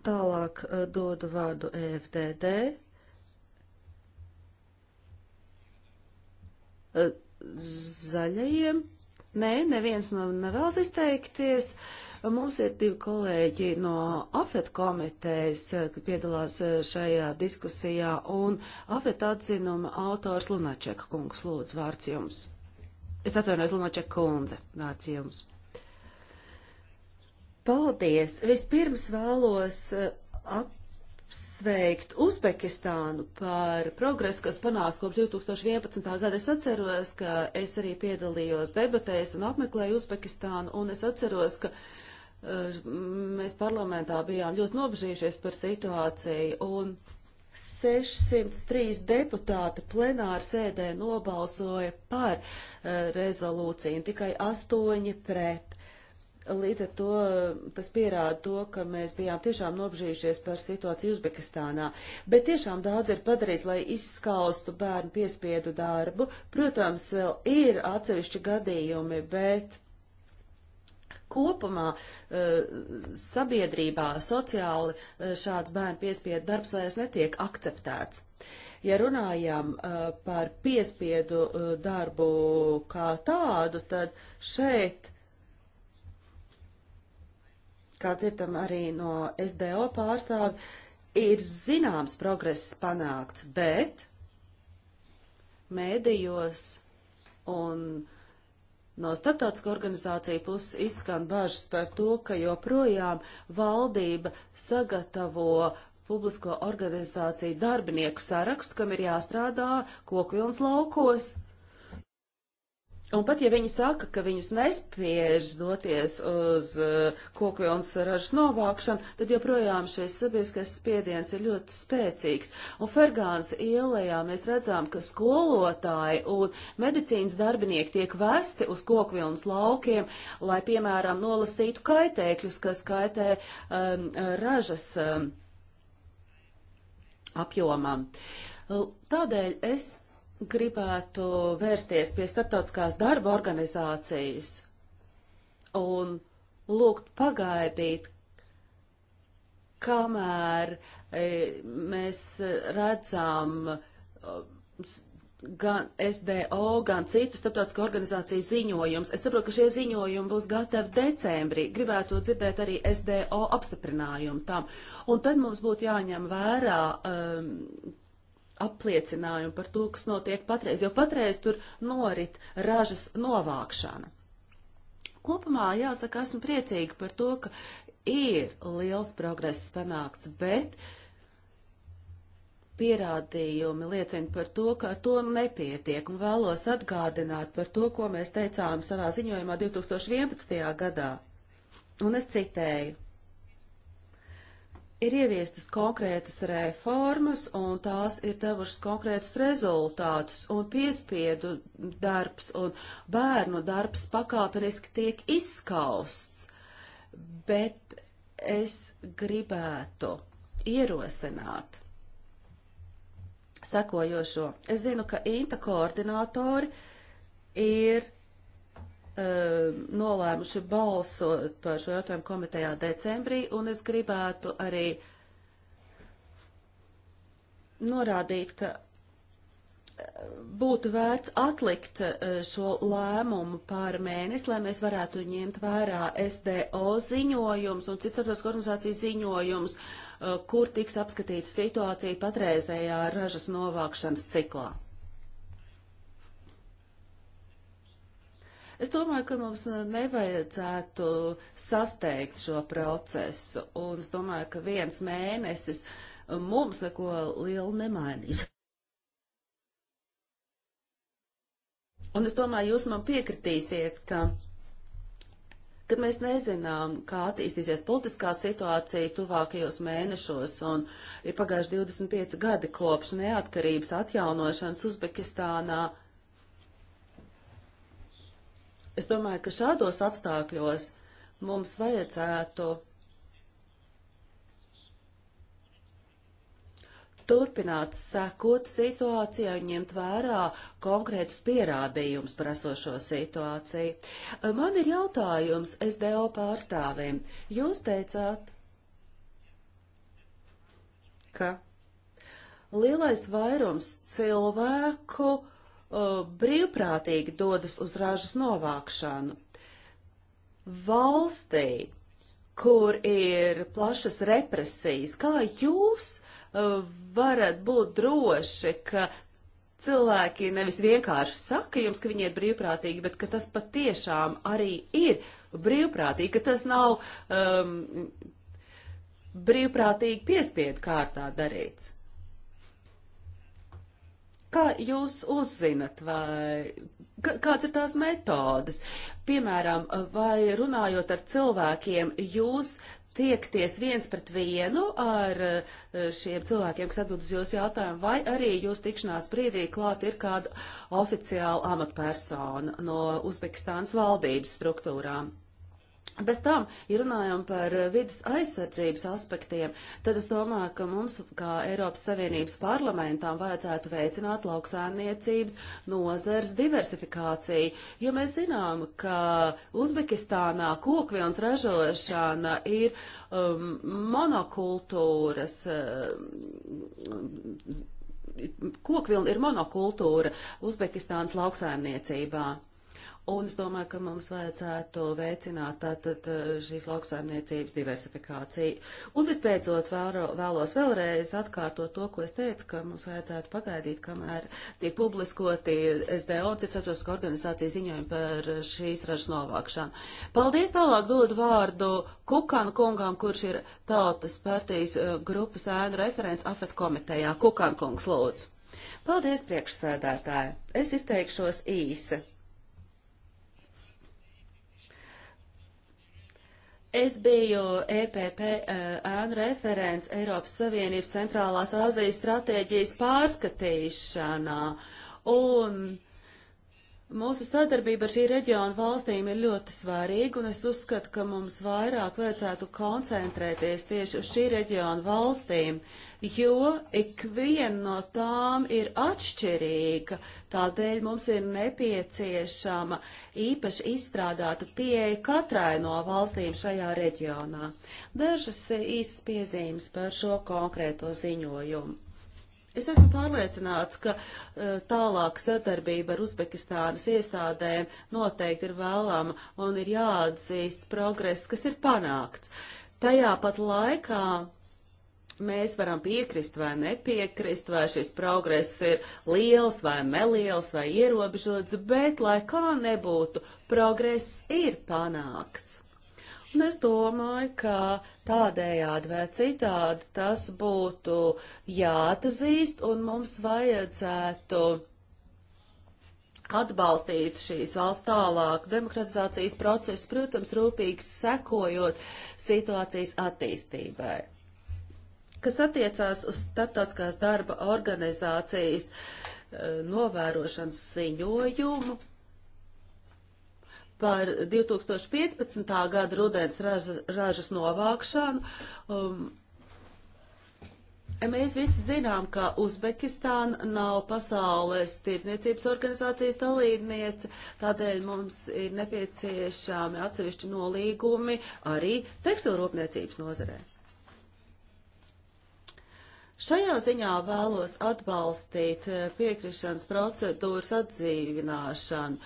Tālāk eh, dodu vārdu EFDD. Eh, zaļajiem. Nē, neviens no nevēlas izteikties. Mums ir divi kolēģi no AFET komitejas, eh, kas piedalās šajā diskusijā, un AFET atzinuma autors Lunačeka kungs lūdzu vārds jums. Es atvainojos, Lunačeka kundze, vārds jums. Paldies! Vispirms vēlos eh, apsveikt Uzbekistānu par progresu, kas panāks kopš 2011. gada. Es atceros, ka es arī piedalījos debatēs un apmeklēju Uzbekistānu, un es atceros, ka uh, mēs parlamentā bijām ļoti nobežījušies par situāciju, un 603 deputāti plenāra sēdē nobalsoja par uh, rezolūciju, un tikai 8 pret. Līdz ar to tas pierāda to, ka mēs bijām tiešām nobežījušies par situāciju Uzbekistānā. Bet tiešām daudz ir padarīts, lai izskaustu bērnu piespiedu darbu. Protams, vēl ir atsevišķi gadījumi, bet kopumā eh, sabiedrībā sociāli eh, šāds bērnu piespiedu darbs vairs netiek akceptēts. Ja runājām eh, par piespiedu darbu kā tādu, tad šeit kā dzirdam arī no SDO pārstāvi, ir zināms progress panākts, bet mēdījos un no starptautiskā organizācija puses izskan bažas par to, ka joprojām valdība sagatavo publisko organizāciju darbinieku sarakstu, kam ir jāstrādā kokvilns laukos. Un pat ja viņi saka, ka viņus nespiež doties uz uh, koku un saražas novākšanu, tad joprojām šis sabiedriskais spiediens ir ļoti spēcīgs. Un Fergāns ielējā mēs redzām, ka skolotāji un medicīnas darbinieki tiek vesti uz koku vilnas laukiem, lai, piemēram, nolasītu kaitēkļus, kas kaitē um, ražas um, apjomam. Tādēļ es gribētu vērsties pie starptautiskās darba organizācijas un lūgt pagaidīt, kamēr e, mēs redzam e, gan SDO, gan citu starptautisko organizāciju ziņojums. Es saprotu, ka šie ziņojumi būs gatavi decembrī. Gribētu dzirdēt arī SDO apstiprinājumu tam. Un tad mums būtu jāņem vērā um, apliecinājumu par to, kas notiek patreiz, jo patreiz tur norit ražas novākšana. Kopumā jāsaka, esmu priecīga par to, ka ir liels progress panākts, bet pierādījumi liecina par to, ka ar to nepietiek, un vēlos atgādināt par to, ko mēs teicām savā ziņojumā 2011. gadā. Un es citēju ir ieviestas konkrētas reformas, un tās ir devušas konkrētus rezultātus, un piespiedu darbs un bērnu darbs pakāpeniski tiek izskausts. Bet es gribētu ierosināt sekojošo. Es zinu, ka INTA koordinātori ir Eh, nolēmuši balsot par šo jautājumu komitejā decembrī, un es gribētu arī norādīt, ka eh, būtu vērts atlikt eh, šo lēmumu par mēnesi, lai mēs varētu ņemt vērā SDO ziņojums un citas starptautiskās organizācijas ziņojums, kur tiks apskatīta situācija patreizējā ražas novākšanas ciklā. Es domāju, ka mums nevajadzētu sasteigt šo procesu, un es domāju, ka viens mēnesis mums neko lielu nemainīs. Un es domāju, jūs man piekritīsiet, ka kad mēs nezinām, kā attīstīsies politiskā situācija tuvākajos mēnešos, un ir pagājuši 25 gadi kopš neatkarības atjaunošanas Uzbekistānā, uh, Es domāju, ka šādos apstākļos mums vajadzētu turpināt sekot situācijai un ņemt vērā konkrētus pierādījumus par esošo situāciju. Man ir jautājums SDO pārstāvim. Jūs teicāt, ka lielais vairums cilvēku uh, Uh, brīvprātīgi dodas uz ražas novākšanu. Valstī, kur ir plašas represijas, kā jūs uh, varat būt droši, ka cilvēki nevis vienkārši saka jums, ka viņi iet brīvprātīgi, bet ka tas patiešām arī ir brīvprātīgi, ka tas nav um, brīvprātīgi piespiedu kārtā darīts? Kā jūs uzzinat, vai kāds ir tās metodas? Piemēram, vai runājot ar cilvēkiem, jūs tiekties viens pret vienu ar eh, šiem cilvēkiem, kas atbild uz jūsu jautājumu, vai arī jūs tikšanās brīdī klāt ir kāda oficiāla amatpersona no Uzbekistānas valdības struktūrām. Bez tam, ja runājam par eh, vidas aizsardzības aspektiem, tad es domāju, ka mums, kā Eiropas Savienības parlamentām, vajadzētu veicināt lauksēmniecības nozars diversifikāciju, jo mēs zinām, ka Uzbekistānā kokvilnas ražošana ir um, monokultūras. Um, kokvilna ir monokultūra Uzbekistānas lauksēmniecībā. Un es domāju, ka mums vajadzētu veicināt tātad eh, šīs lauksaimniecības diversifikāciju. Un visbeidzot vēro, vēlos vēlreiz atkārtot to, ko es teicu, ka mums vajadzētu pagaidīt, kamēr tiek publiskoti SDO un citas starptautiskā organizācija ziņojumi par šīs ražas novākšanu. Paldies tālāk dodu vārdu Kukanu kungām, kurš ir tautas partijas eh, grupas ēnu referents AFET komitejā. Kukanu kungs lūdzu. Paldies priekšsēdētāji. Es izteikšos īsi. Es biju EPP eh, ēnu referents Eiropas Savienības centrālās Āzijas stratēģijas pārskatīšanā. Un uh, Mūsu sadarbība ar šī reģiona valstīm ir ļoti svarīga, un es uzskatu, ka mums vairāk vajadzētu koncentrēties tieši uz šī reģiona valstīm, jo ikviena no tām ir atšķirīga. Tādēļ mums ir nepieciešama īpaši izstrādāta pieeja katrai no valstīm šajā reģionā. Dažas īsas piezīmes par šo konkrēto ziņojumu. Es esmu pārliecināts, ka uh, tālāk sadarbība ar Uzbekistānas iestādēm noteikti ir vēlama un ir jāatzīst progress, kas ir panākts. Tajā pat laikā mēs varam piekrist vai nepiekrist, vai šis progress ir liels vai neliels vai ierobežots, bet lai kā nebūtu, progress ir panākts. Un es domāju, ka tādējādi vai citādi tas būtu jāatzīst un mums vajadzētu atbalstīt šīs valsts tālāku demokratizācijas procesu, protams, rūpīgi sekojot situācijas attīstībai. Kas attiecās uz starptautiskās darba organizācijas eh, novērošanas ziņojumu, par 2015. gada rudens raža, ražas novākšanu. Um, mēs visi zinām, ka Uzbekistāna nav pasaules tirsniecības organizācijas dalībniece, tādēļ mums ir nepieciešami atsevišķi nolīgumi arī tekstilrūpniecības nozarē. Šajā ziņā vēlos atbalstīt piekrišanas procedūras atdzīvināšanu.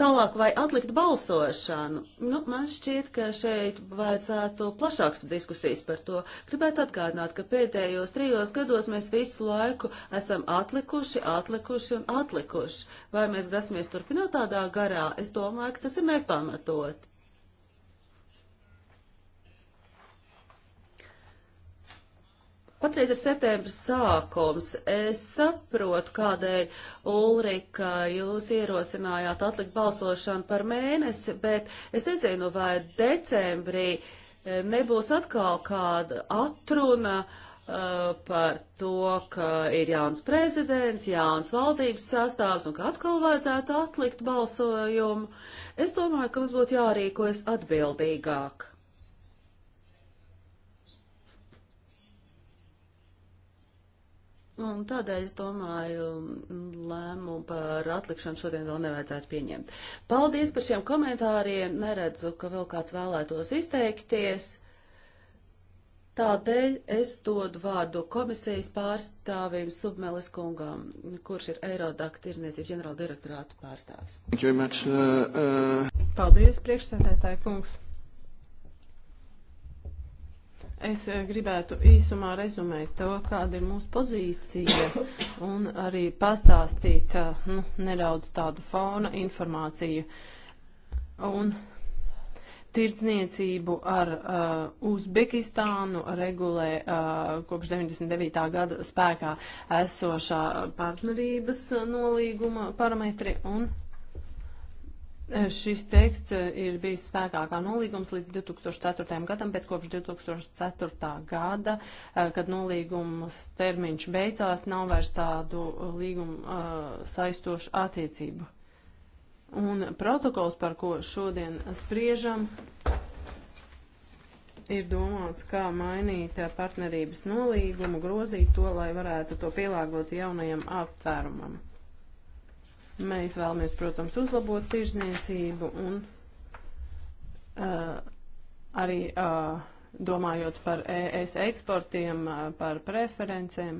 Tālāk vai atlikt balsošanu? Nu, man šķiet, ka šeit vajadzētu plašāks diskusijas par to. Gribētu atgādināt, ka pēdējos trijos gados mēs visu laiku esam atlikuši, atlikuši un atlikuši. Vai mēs grasamies turpināt tādā garā? Es domāju, ka tas ir nepamatot. Patreiz ir septembris sākums. Es saprotu, kādēļ, Ulrika, jūs ierosinājāt atlikt balsošanu par mēnesi, bet es nezinu, vai decembrī eh, nebūs atkal kāda atruna uh, par to, ka ir jauns prezidents, jauns valdības sastāvs un ka atkal vajadzētu atlikt balsojumu. Es domāju, ka mums būtu jārīkojas atbildīgāk. Un tādēļ es domāju, mm, lēmumu par atlikšanu šodien vēl nevajadzētu pieņemt. Paldies par šiem komentāriem. Neredzu, ka vēl kāds vēlētos izteikties. Tādēļ es dodu vārdu komisijas pārstāvim Submeles kungam, kurš ir Eirodakta tirzniecības ģenerāla direktorāta pārstāvis. Much, uh, uh... Paldies, priekšsēdētāji kungs. Es eh, gribētu īsumā rezumēt to, kāda ir mūsu pozīcija un arī pastāstīt eh, nu, nedaudz tādu fauna informāciju un tirdzniecību ar uh, Uzbekistānu regulē uh, kopš 99. gada spēkā esošā partnerības nolīguma parametri un Eh, šis teksts eh, ir bijis spēkā kā nolīgums līdz 2004. gadam, bet kopš 2004. gada, eh, kad nolīgums termiņš beidzās, nav vairs tādu līgumu uh, saistošu attiecību. Un protokols, par ko šodien spriežam, ir domāts, kā mainīt partnerības nolīgumu, grozīt to, lai varētu to pielāgot jaunajam aptvērumam. Mēs vēlamies, protams, uzlabot tirzniecību un uh, arī uh, domājot par ES eksportiem, uh, par preferencēm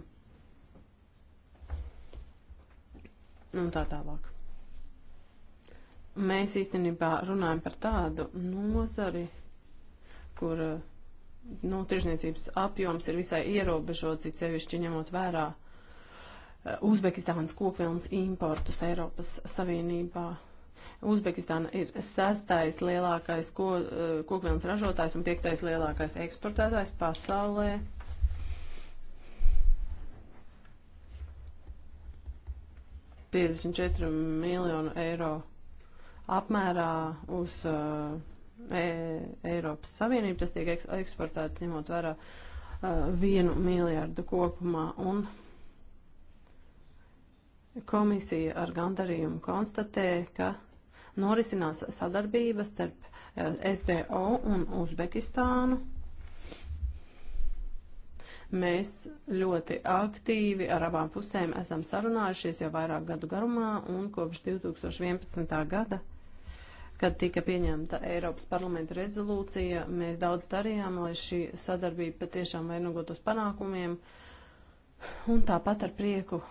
un tā tālāk. Mēs īstenībā runājam par tādu nozari, kur uh, nu, tirzniecības apjoms ir visai ierobežots, it sevišķi ņemot vērā Uzbekistānas kokvilnas importus Eiropas Savienībā. Uzbekistāna ir sestais lielākais ko, eh, kokvilnas ražotājs un piektais lielākais eksportētājs pasaulē. Piecdesmit četri miljonu eiro apmērā uz uh, e Eiropas Savienību. Tas tiek eksportēts ņemot vērā uh, vienu miljārdu kopumā. Un Komisija ar gandarījumu konstatē, ka norisinās sadarbība starp eh, SBO un Uzbekistānu. Mēs ļoti aktīvi ar abām pusēm esam sarunājušies jau vairāk gadu garumā un kopš 2011. gada, kad tika pieņemta Eiropas parlamenta rezolūcija, mēs daudz darījām, lai šī sadarbība patiešām vainagotos panākumiem. Un tāpat ar prieku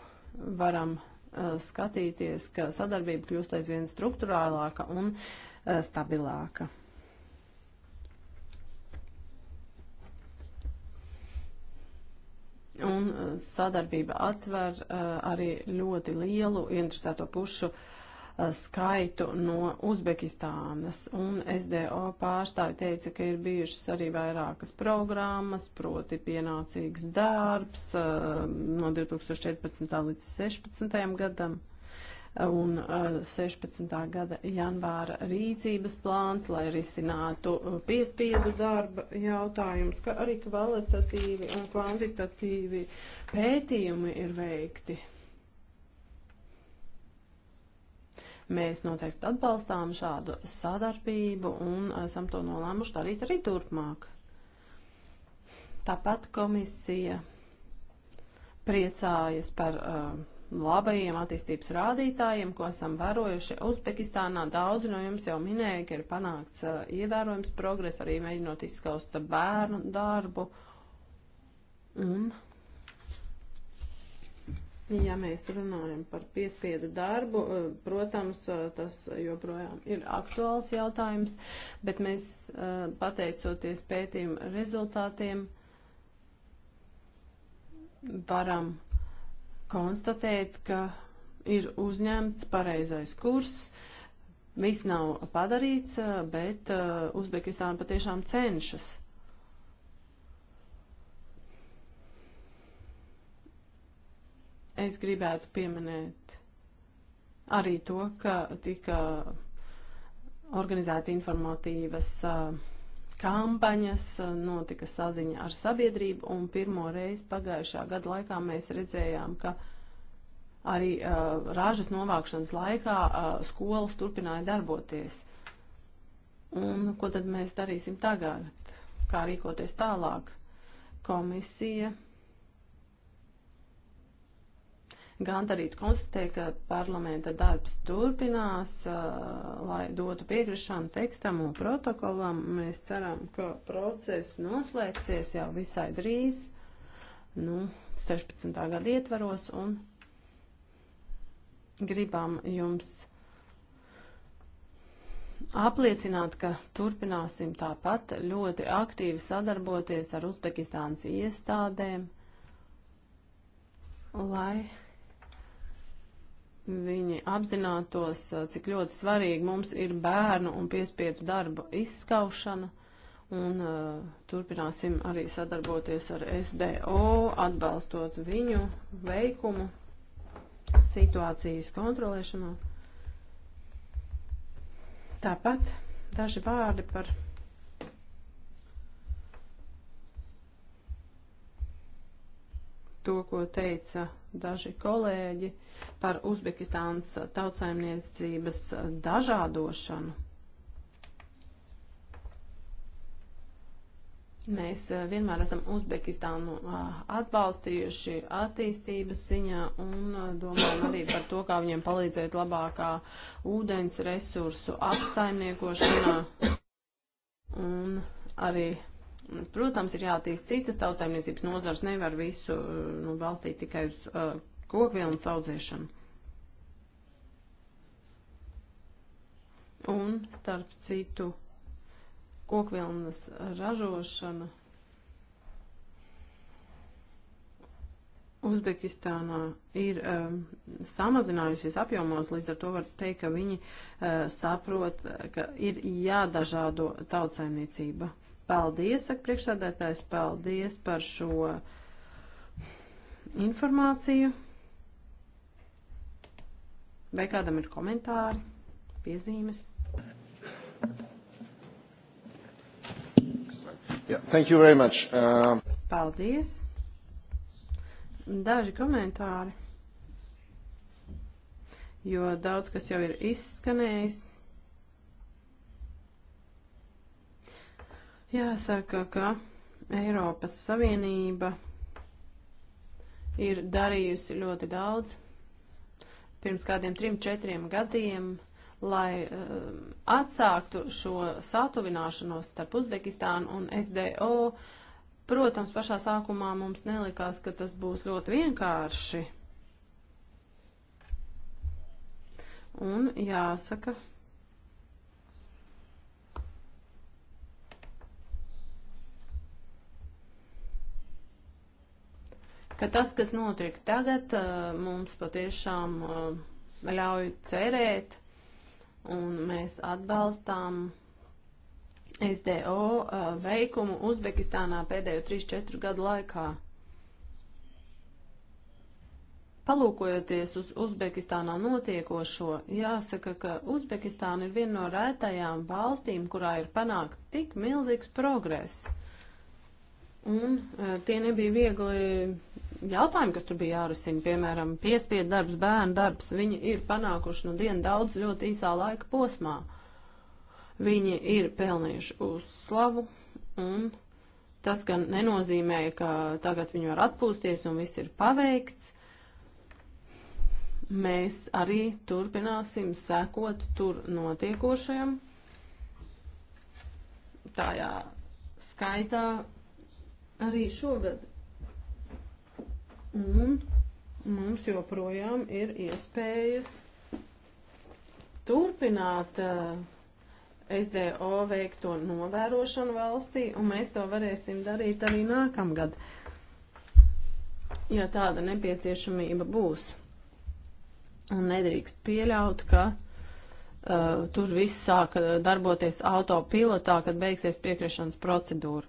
varam Uh, skatīties, ka sadarbība kļūst aizvien struktūrālāka un uh, stabilāka. Un uh, sadarbība atver arī ļoti lielu interesēto pušu uh, Eh, skaitu no Uzbekistānas. Un SDO pārstāvi teica, ka ir bijušas arī vairākas programmas, proti pienācīgs darbs eh, no 2014. līdz 2016. gadam eh, un 16. gada janvāra rīcības plāns, lai risinātu piespiedu darba jautājumus, ka arī kvalitatīvi un kvantitatīvi pētījumi ir veikti. Mēs noteikti atbalstām šādu sadarbību un esam to nolēmuši darīt arī turpmāk. Tāpat komisija priecājas par uh, labajiem attīstības rādītājiem, ko esam vērojuši Uzbekistānā. Daudzi no jums jau minēja, ka ir panākts uh, ievērojams progress, arī mēģinot izskaust bērnu darbu. Un mm Ja mēs runājam par piespiedu darbu, eh, protams, eh, tas joprojām ir aktuāls jautājums, bet mēs eh, pateicoties pētījuma rezultātiem varam konstatēt, ka ir uzņemts pareizais kurs. Viss nav padarīts, bet Uzbekistāna patiešām cenšas Es gribētu pieminēt arī to, ka tika organizēts informatīvas kampaņas, notika saziņa ar sabiedrību, un pirmo reizi pagājušā gada laikā mēs redzējām, ka arī uh, ražas novākšanas laikā uh, skolas turpināja darboties. Un ko tad mēs darīsim tagad? Kā rīkoties tālāk? Komisija gandarīt konstatēja, ka parlamenta darbs turpinās, lai dotu piekrišanu tekstam un protokolam. Mēs ceram, ka process noslēgsies jau visai drīz, nu, 16. gada ietvaros, un gribam jums apliecināt, ka turpināsim tāpat ļoti aktīvi sadarboties ar Uzbekistānas iestādēm, lai viņi apzinātos, cik ļoti svarīgi mums ir bērnu un piespiedu darba izskaušana. Un uh, turpināsim arī sadarboties ar SDO, atbalstot viņu veikumu situācijas kontrolēšanā. Tāpat daži vārdi par to, ko teica daži kolēģi par Uzbekistānas tautsaimniecības dažādošanu. Mēs eh, vienmēr esam Uzbekistānu eh, atbalstījuši attīstības ziņā un eh, domājam arī par to, kā viņiem palīdzēt labākā ūdens resursu apsaimniekošanā un arī Protams, ir jātīst citas tautsēmniecības nozars, nevar visu eh, nu, balstīt tikai uz uh, eh, kokvilnas audzēšanu. Un, starp citu, kokvilnas ražošana Uzbekistānā ir um, samazinājusies apjomos, līdz ar to var teikt, ka viņi uh, saprot, ka ir jādažādo tautsaimniecība. Uh, Paldies, saka priekšsādētājs, paldies par šo informāciju. Vai kādam ir komentāri, piezīmes? Yeah, thank you very much. Uh... Paldies. Daži komentāri, jo daudz kas jau ir izskanējis. Jāsaka, ka Eiropas Savienība ir darījusi ļoti daudz pirms kādiem trim, četriem gadiem, lai uh, atsāktu šo satuvināšanos starp Uzbekistānu un SDO. Protams, pašā sākumā mums nelikās, ka tas būs ļoti vienkārši. Un jāsaka, ka tas, kas notiek tagad, eh, mums patiešām eh, ļauj cerēt, un mēs atbalstām SDO eh, veikumu Uzbekistānā pēdējo 3-4 gadu laikā. Palūkojoties uz Uzbekistānā notiekošo, jāsaka, ka Uzbekistāna ir viena no rētajām valstīm, kurā ir panākts tik milzīgs progress. Un tie nebija viegli jautājumi, kas tur bija jārisina, piemēram, piespiedu darbs, bērnu darbs, viņi ir panākuši nu dienu daudz ļoti īsā laika posmā. Viņi ir pelnījuši uzslavu un tas gan nenozīmē, ka tagad viņi var atpūsties un viss ir paveikts. Mēs arī turpināsim sekot tur notiekošajam. Tajā skaitā arī šogad Un mums joprojām ir iespējas turpināt uh, eh, SDO veikto novērošanu valstī, un mēs to varēsim darīt arī nākamgad, ja tāda nepieciešamība būs. Un nedrīkst pieļaut, ka uh, tur viss sāk darboties autopilotā, kad beigsies piekrišanas procedūra.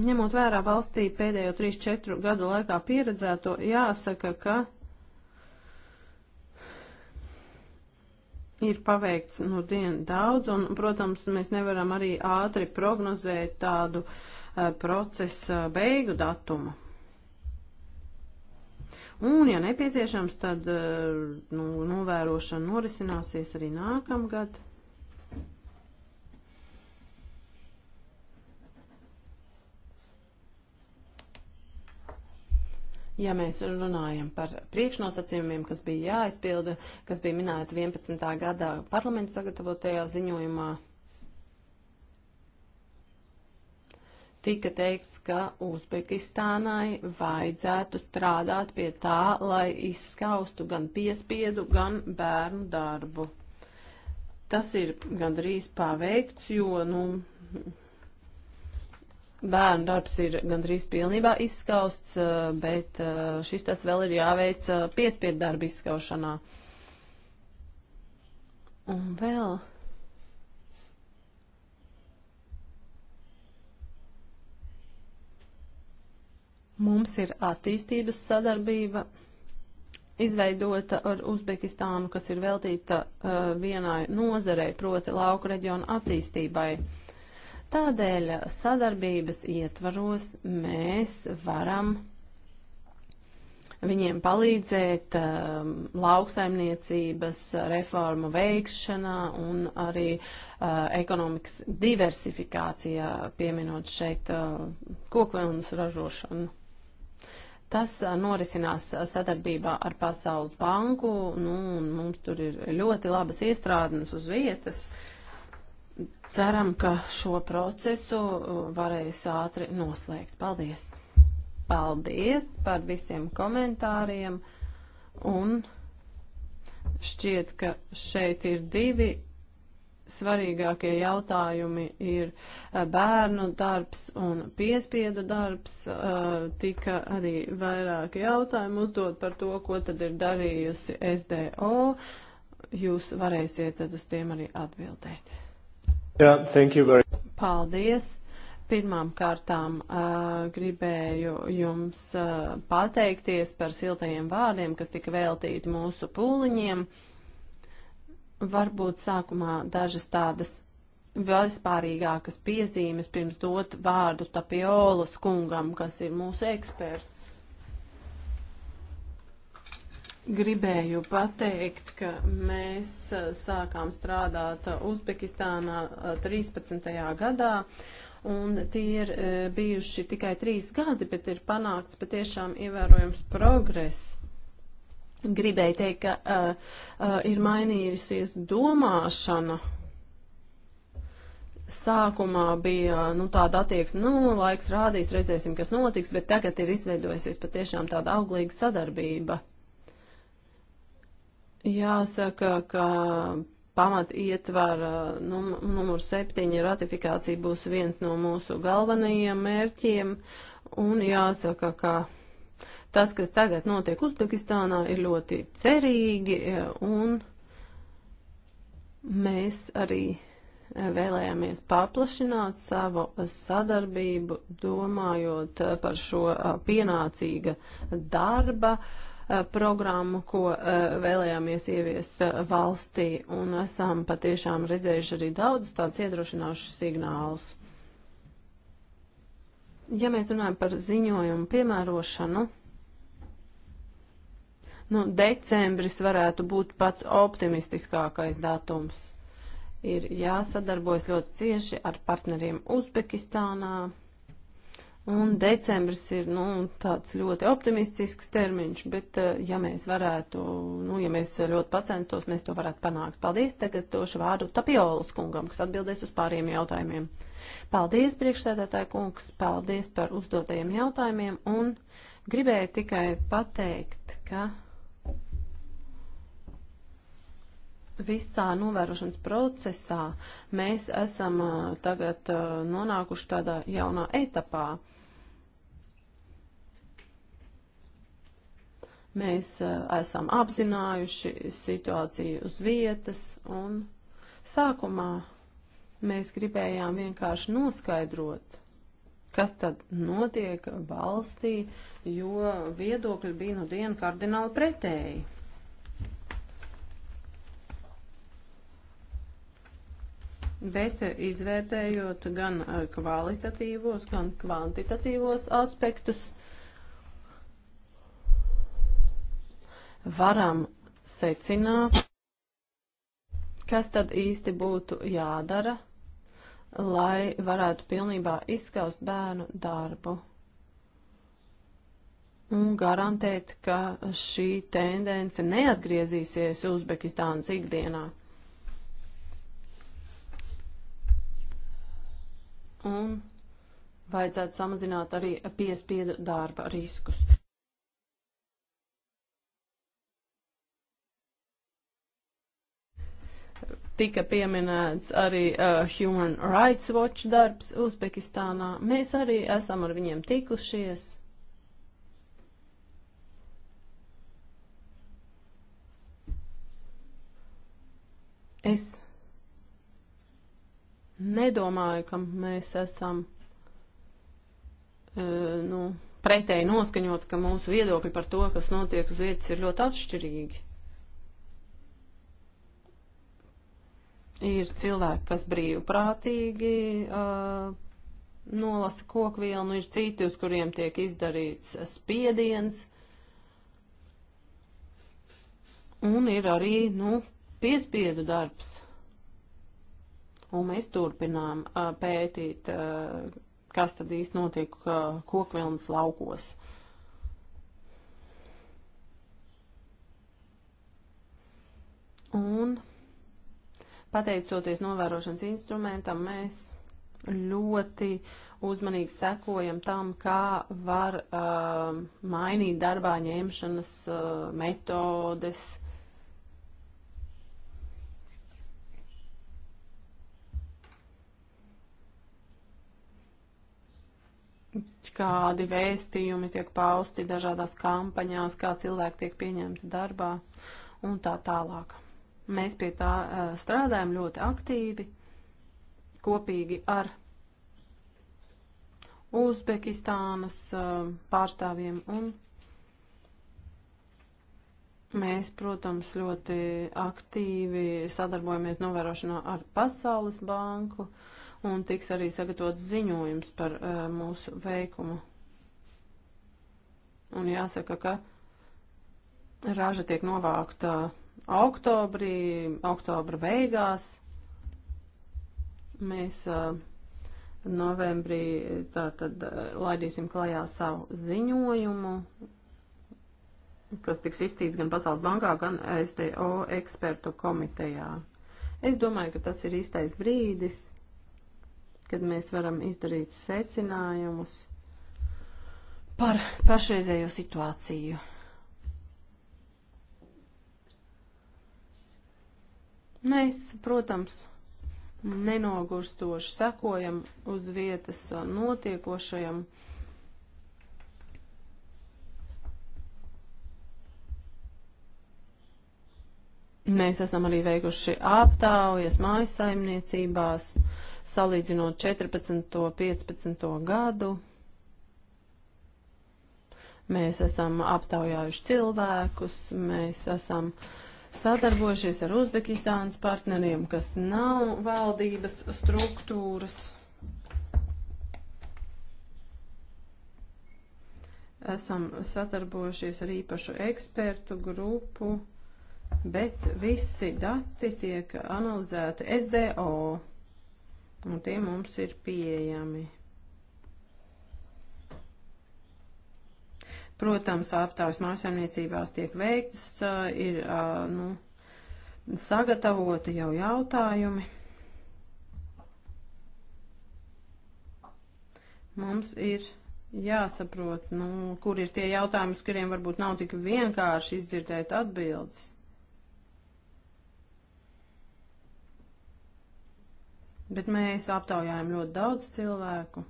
Ņemot vērā valstī pēdējo 3-4 gadu laikā pieredzēto, jāsaka, ka ir paveikts nu dienu daudz, un, protams, mēs nevaram arī ātri prognozēt tādu uh, procesa beigu datumu. Un, ja nepieciešams, tad uh, nu, novērošana norisināsies arī nākamgad. Ja mēs runājam par priekšnosacījumiem, kas bija jāizpilda, kas bija minēti 11. gadā parlaments sagatavotajā ziņojumā, tika teikts, ka Uzbekistānai vajadzētu strādāt pie tā, lai izskaustu gan piespiedu, gan bērnu darbu. Tas ir gandrīz paveikts, jo, nu, Bērnu darbs ir gandrīz pilnībā izskausts, eh, bet eh, šis tas vēl ir jāveic eh, piespiedu darba izskaušanā. Un vēl. Mums ir attīstības sadarbība izveidota ar Uzbekistānu, kas ir veltīta uh, vienai nozarei, proti lauku reģionu attīstībai. Uh, Tādēļ sadarbības ietvaros mēs varam viņiem palīdzēt um, lauksaimniecības reformu veikšanā un arī uh, ekonomikas diversifikācijā, pieminot šeit uh, kokvilnas ražošanu. Tas uh, norisinās sadarbībā ar Pasaules banku, nu, un mums tur ir ļoti labas iestrādnes uz vietas. Uh, ceram, ka šo procesu uh, varēs ātri noslēgt. Paldies! Paldies par visiem komentāriem un šķiet, ka šeit ir divi svarīgākie jautājumi ir uh, bērnu darbs un piespiedu darbs. Uh, tika arī vairāki jautājumi uzdot par to, ko tad ir darījusi SDO. Jūs varēsiet tad uz tiem arī atbildēt. Yeah, thank you very much. Paldies. Pirmām kārtām uh, gribēju jums uh, pateikties par siltajiem vārdiem, kas tika veltīti mūsu pūliņiem. Varbūt sākumā dažas tādas vispārīgākas piezīmes pirms dot vārdu Tapiolas kungam, kas ir mūsu eksperts. gribēju pateikt, ka mēs sākām strādāt Uzbekistānā 13. gadā. Un tie ir e, bijuši tikai trīs gadi, bet ir panākts patiešām ievērojams progress. Gribēju teikt, ka uh, uh, ir mainījusies domāšana sākumā bija nu, tāda attieksme, nu, nu, laiks rādīs, redzēsim, kas notiks, bet tagad ir izveidojusies patiešām tāda auglīga sadarbība. Jāsaka, ka pamat ietver uh, num, numur septiņi ratifikācija būs viens no mūsu galvenajiem mērķiem, un jāsaka, ka tas, kas tagad notiek Uzbekistānā, ir ļoti cerīgi, uh, un mēs arī uh, vēlējāmies paplašināt savu sadarbību, domājot par šo pienācīga darba uh, Eh, programmu, ko eh, vēlējāmies ieviest eh, valstī, un esam patiešām redzējuši arī daudz tādus iedrošinājušus signālus. Ja mēs runājam par ziņojumu piemērošanu, nu, decembris varētu būt pats optimistiskākais datums. Ir jāsadarbojas ļoti cieši ar partneriem Uzbekistānā, Un decembris ir nu, tāds ļoti optimistisks termiņš, bet eh, ja mēs varētu, nu, ja mēs ļoti pacenstos, mēs to varētu panākt. Paldies, tagad došu vārdu Tapiolas kungam, kas atbildēs uz pāriem jautājumiem. Paldies, priekšstādātāja kungs, paldies par uzdotajiem jautājumiem un gribēju tikai pateikt, ka visā novērošanas procesā mēs esam eh, tagad eh, nonākuši tādā jaunā etapā. Mēs esam apzinājuši situāciju uz vietas un sākumā mēs gribējām vienkārši noskaidrot, kas tad notiek valstī, jo viedokļi bija nu no dienu kardināli pretēji. Bet izvērtējot gan kvalitatīvos, gan kvantitatīvos aspektus, varam secināt, kas tad īsti būtu jādara, lai varētu pilnībā izskaust bērnu darbu un garantēt, ka šī tendence neatgriezīsies Uzbekistānas ikdienā. Un vajadzētu samazināt arī piespiedu darba riskus. tika pieminēts arī uh, Human Rights Watch darbs Uzbekistānā. Mēs arī esam ar viņiem tikušies. Es nedomāju, ka mēs esam uh, nu, pretēji noskaņot, ka mūsu viedokļi par to, kas notiek uz vietas, ir ļoti atšķirīgi. Ir cilvēki, kas brīvprātīgi uh, nolasa kokvielu, nu ir citi, uz kuriem tiek izdarīts spiediens. Un ir arī, nu, piespiedu darbs. Un mēs turpinām uh, pētīt, uh, kas tad īsti notiek uh, kokvilnas laukos. Un Pateicoties novērošanas instrumentam, mēs ļoti uzmanīgi sekojam tam, kā var uh, mainīt darbā ņemšanas uh, metodes. kādi vēstījumi tiek pausti dažādās kampaņās, kā cilvēki tiek pieņemti darbā un tā tālāk. Mēs pie tā strādājam ļoti aktīvi, kopīgi ar Uzbekistānas pārstāvjiem un Mēs, protams, ļoti aktīvi sadarbojamies novērošanā ar Pasaules banku un tiks arī sagatavots ziņojums par uh, mūsu veikumu. Un jāsaka, ka raža tiek novākta uh, oktobrī, oktobra beigās. Mēs uh, novembrī tātad laidīsim klajā savu ziņojumu, kas tiks izstīts gan Pasaules bankā, gan SDO ekspertu komitejā. Es domāju, ka tas ir īstais brīdis, kad mēs varam izdarīt secinājumus par pašreizējo situāciju. Mēs, protams, nenogurstoši sekojam uz vietas notiekošajam. Mēs esam arī veikuši aptaujas mājasaimniecībās, salīdzinot 14. un 15. gadu. Mēs esam aptaujājuši cilvēkus, mēs esam uh, sadarbojušies ar Uzbekistānas partneriem, kas nav valdības struktūras. Esam sadarbojušies ar īpašu ekspertu grupu, bet visi dati tiek analizēti SDO, un tie mums ir pieejami. Protams, aptaujas mājasemniecībās tiek veiktas, ir nu, sagatavoti jau jautājumi. Mums ir jāsaprot, nu, kur ir tie jautājumi, uz kuriem varbūt nav tik vienkārši izdzirdēt atbildes. Bet mēs aptaujājam ļoti daudz cilvēku.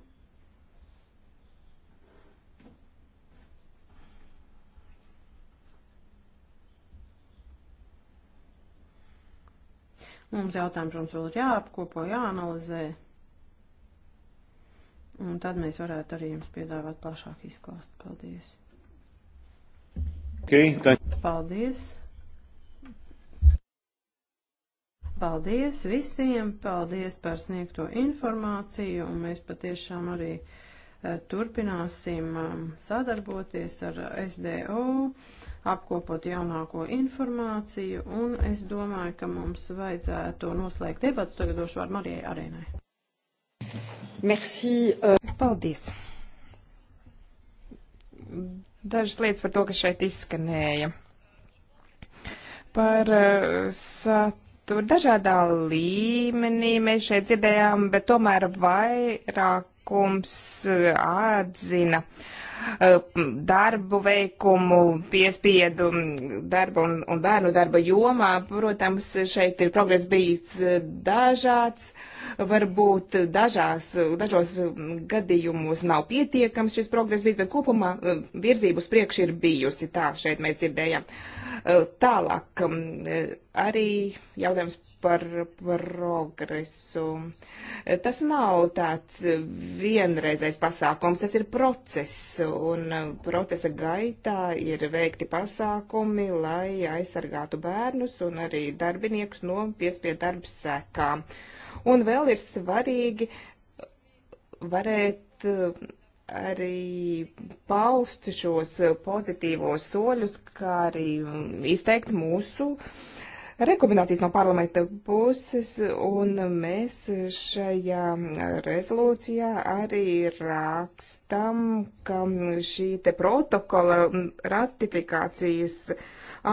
Mums jautājums, protams, vēl ir jāapkopo, jāanalizē. Un tad mēs varētu arī jums piedāvāt plašāk izklāstu. Paldies. Okay, Paldies. Paldies visiem, paldies par sniegto informāciju, un mēs patiešām arī eh, turpināsim um, sadarboties ar SDO apkopot jaunāko informāciju, un es domāju, ka mums vajadzētu noslēgt debats. Tagad došu vārdu Marijai Arēnai. Merci. Euh, Paldies. Dažas lietas par to, kas šeit izskanēja. Par uh, saturu dažādā līmenī mēs šeit dzirdējām, bet tomēr vairākums uh, atzina. Uh, Eh, darbu veikumu, piespiedu darba un, un bērnu darba jomā. Protams, šeit ir progress bijis eh, dažāds, varbūt dažās, dažos gadījumos nav pietiekams šis progress bijis, bet kopumā eh, virzību uz priekšu ir bijusi. Tā šeit mēs dzirdējām. Tālāk mm, arī jautājums par progresu. Tas nav tāds vienreizais pasākums, tas ir process, un procesa gaitā ir veikti pasākumi, lai aizsargātu bērnus un arī darbiniekus no piespiedu darba sekām. Un vēl ir svarīgi varēt arī paust šos pozitīvos soļus, kā arī izteikt mūsu uh, rekomendācijas no parlamenta puses, un mēs šajā rezolūcijā arī rakstam, ka šī te protokola ratifikācijas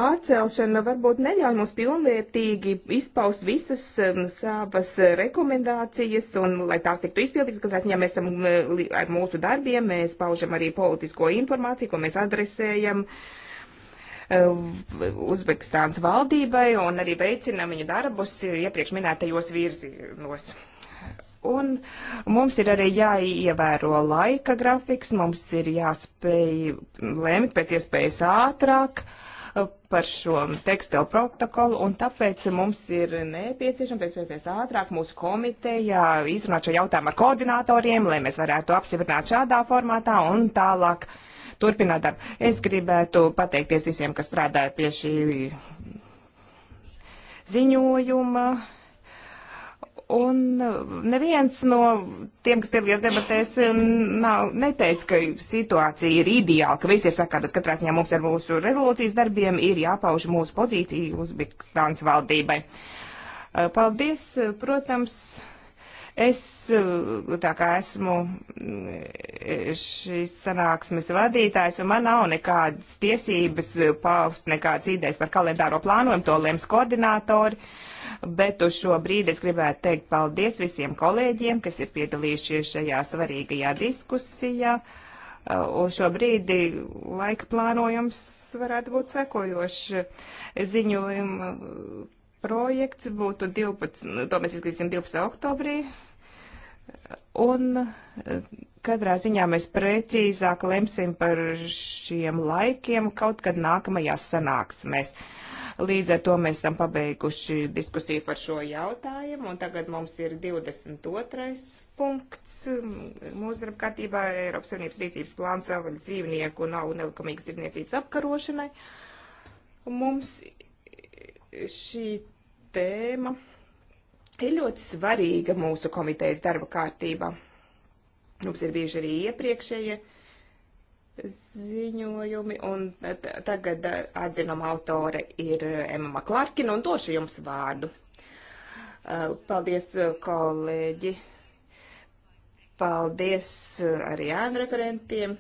atcelšana varbūt neļauj mums pilnvērtīgi izpaust visas um, savas rekomendācijas, un lai tās tiktu izpildītas, katrā ziņā mēs esam um, ar mūsu darbiem, mēs paužam arī politisko informāciju, ko mēs adresējam. Uh, Eh, Uzbekistānas valdībai un arī veicina viņa darbus iepriekš minētajos virzienos. Un mums ir arī jāievēro laika grafiks, mums ir jāspēj lēmt pēc iespējas ātrāk eh, par šo tekstilu protokolu, un tāpēc mums ir nepieciešams pēc iespējas ātrāk mūsu komitejā izrunāt šo jautājumu ar koordinatoriem, lai mēs varētu apstiprināt šādā formātā un tālāk. Uh, turpināt darbu. Es gribētu pateikties visiem, kas strādāja pie šī ziņojuma. Un neviens no tiem, kas piedalījās debatēs, nav, neteica, ka situācija ir ideāla, ka visi ir sakārtot. Katrā ziņā mums ar mūsu rezolūcijas darbiem ir jāpauž mūsu pozīcija Uzbekistānas valdībai. Paldies, protams. Es tā kā esmu mm, šīs sanāksmes vadītājs, un man nav nekādas tiesības paust nekādas idejas par kalendāro plānojumu, to lems koordinātori, bet uz šo brīdi es gribētu teikt paldies visiem kolēģiem, kas ir piedalījušies šajā svarīgajā diskusijā. Uz šo brīdi laika plānojums varētu būt sekojošs ziņojumu projekts būtu 12, nu, to mēs izskatīsim 12. oktobrī, Un eh, katrā ziņā mēs precīzāk lemsim par šiem laikiem kaut kad nākamajās sanāksmēs. Līdz ar to mēs esam pabeiguši diskusiju par šo jautājumu, un tagad mums ir 22. punkts mūsu darba kārtībā Eiropas Savienības rīcības plāns savaļu dzīvnieku un nav nelikumīgas tirniecības apkarošanai. Mums šī tēma ir ļoti svarīga mūsu komitejas darba kārtība. Mums ir bieži arī iepriekšējie ziņojumi, un tagad atzinuma autore ir Emma Klarkina, un došu jums vārdu. Paldies, kolēģi! Paldies arī ēnu referentiem!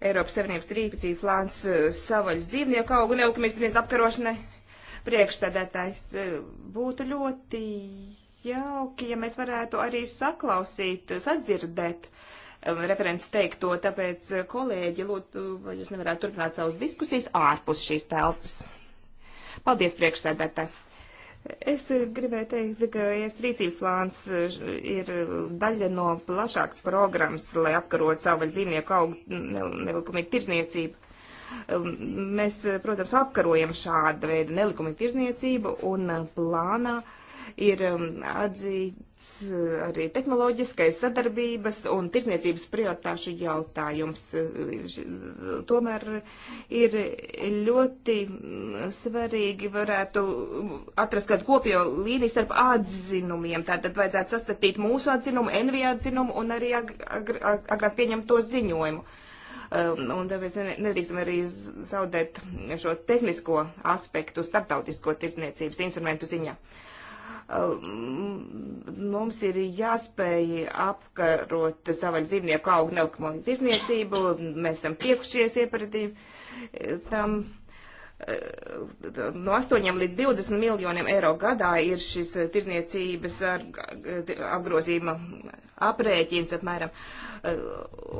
Eiropas Savienības rīcība plāns savaļas dzīvnieku augu nelikumīgas apkarošanai priekšsēdētājs. Eh, būtu ļoti jauki, ja mēs varētu arī saklausīt, sadzirdēt eh, referents teikto, tāpēc eh, kolēģi, lūdzu, vai jūs nevarētu turpināt savas diskusijas ārpus šīs telpas. Paldies, priekšsēdētāji! Es gribēju teikt, ka es rīcības plāns ir daļa no plašāks programmas, lai apkarot savu dzīvnieku augu nelikumīgu tirzniecību. Mēs, protams, apkarojam šāda veida nelikumīgu tirzniecību un plānā ir atzīts eh, arī tehnoloģiskais sadarbības un tirzniecības prioritāšu jautājums. Tomēr ir ļoti svarīgi varētu atrast kādu kopjo līniju starp atzinumiem. Tātad vajadzētu sastatīt mūsu atzinumu, NV atzinumu un arī agrāk ag ag ag pieņemto ziņojumu. Uh, Um, un tāpēc nedrīkstam arī zaudēt šo tehnisko aspektu starptautisko tirdzniecības instrumentu ziņā. Um, mums ir jāspēj apkarot savaļu dzīvnieku augu nelikumīgu tirzniecību, mēs esam tiekušies ieparatīvi tam Eh, no 8 līdz 20 miljoniem eiro gadā ir šis eh, tirniecības eh, apgrozījuma aprēķins apmēram.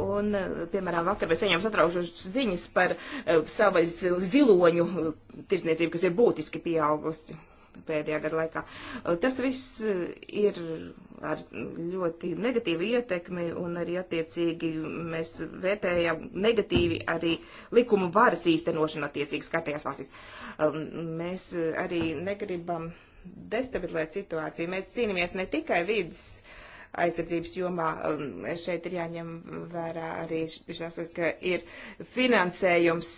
Un, piemēram, vakar mēs saņēmām satraucošas ziņas par savas ziloņu tirniecību, kas ir būtiski pieaugusi pēdējā gada laikā. Uh, tas viss uh, ir ar ļoti negatīvu ietekmi un arī attiecīgi mēs vērtējam negatīvi arī likumu varas īstenošanu attiecīgas kārtējās valstīs. Um, mēs arī negribam destabilēt situāciju. Mēs cīnāmies ne tikai vidas aizsardzības jomā. Um, šeit ir jāņem vērā arī šis aspekts, ka ir finansējums,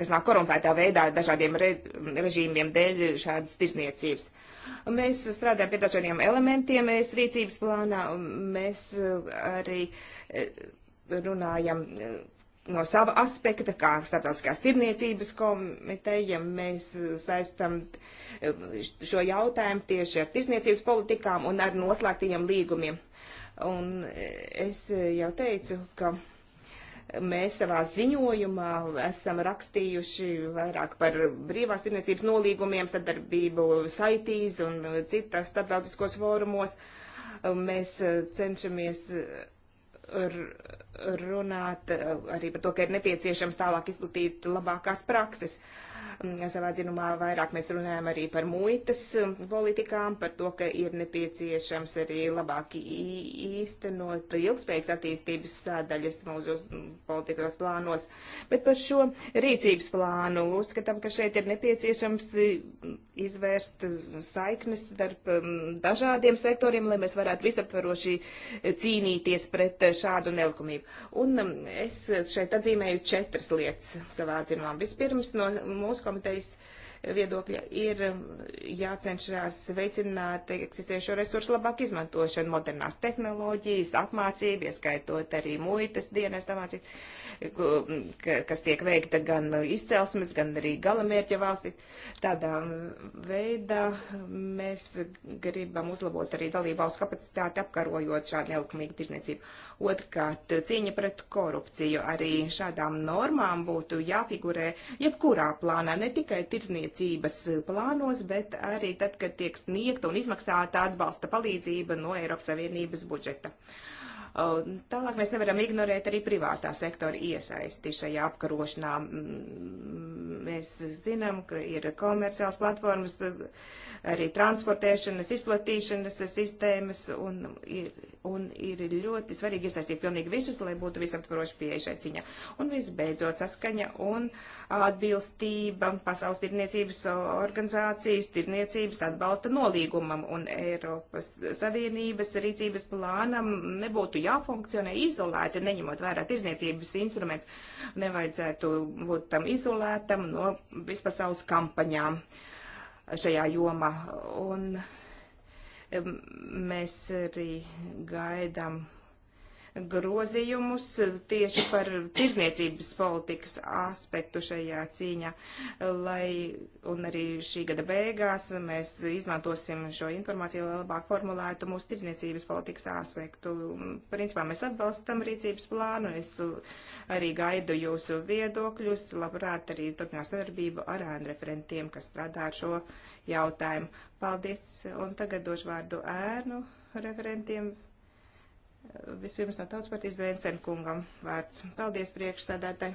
kas nāk korumpētā veidā dažādiem re, režīmiem dēļ šādas tirzniecības. Mēs strādājam pie dažādiem elementiem, mēs rīcības plānā, mēs arī eh, runājam eh, no sava aspekta, kā starptautiskās tirniecības komiteja, mēs saistam eh, šo jautājumu tieši ar tirniecības politikām un ar noslēgtajiem līgumiem. Un es jau teicu, ka mēs savā ziņojumā esam rakstījuši vairāk par brīvās tirniecības nolīgumiem, sadarbību saitīs un citās starptautiskos fórumos. Mēs cenšamies runāt arī par to, ka ir nepieciešams tālāk izplatīt labākās prakses. Uh, Savā dzinumā vairāk mēs runājam arī par muitas um, politikām, par to, ka ir nepieciešams arī labāk īstenot ilgspējīgas attīstības sādaļas mūsu politikos plānos. Bet par šo rīcības plānu uzskatām, ka šeit ir nepieciešams izvērst saiknes starp dažādiem sektoriem, lai mēs varētu visaptvaroši cīnīties pret šādu nelikumību. Un es šeit atzīmēju četras lietas savā dzinumā. Vispirms no mūsu komitejas uh, viedokļa ir um, jācenšas veicināt eksistējošo resursu labāk izmantošanu, modernās tehnoloģijas, apmācību, ieskaitot arī muitas dienas apmācību, kas tiek veikta gan izcelsmes, gan arī galamērķa valstī. Tādā veidā mēs gribam uzlabot arī dalību valsts kapacitāti, apkarojot šādu nelikumīgu tirzniecību. Otrkārt, cīņa pret korupciju. Arī šādām normām būtu jāfigurē jebkurā plānā, ne tikai tirzniecība attiecības eh, plānos, bet arī tad, kad tiek sniegta un izmaksāta atbalsta palīdzība no Eiropas Savienības budžeta. Uh, tālāk mēs nevaram ignorēt arī privātā sektora iesaisti šajā apkarošanā. Mm, mm, mēs zinām, ka ir komerciāls platformas, arī transportēšanas, izplatīšanas sistēmas, un ir, un ir ļoti svarīgi iesaistīt pilnīgi visus, lai būtu visaptvaroši pieeja šai ciņā. Un visbeidzot, saskaņa un atbilstība pasaules tirniecības organizācijas tirniecības atbalsta nolīgumam un Eiropas Savienības rīcības plānam nebūtu jāfunkcionē izolēti, neņemot vērā tirzniecības instruments, nevajadzētu būt tam izolētam no vispasaules kampaņām. Uh, šajā jomā. Un mēs arī gaidām grozījumus eh, tieši par tirzniecības politikas aspektu šajā cīņā, lai un arī šī gada beigās mēs izmantosim šo informāciju, lai labāk formulētu mūsu tirzniecības politikas aspektu. Principā mēs atbalstam rīcības plānu, es arī gaidu jūsu viedokļus, labprāt arī turpinās sadarbību ar ēnu referentiem, kas strādā ar šo jautājumu. Paldies, un tagad došu vārdu ēnu referentiem Vispirms no tautas partijas Bēncen kungam vārds. Paldies priekšstādātai.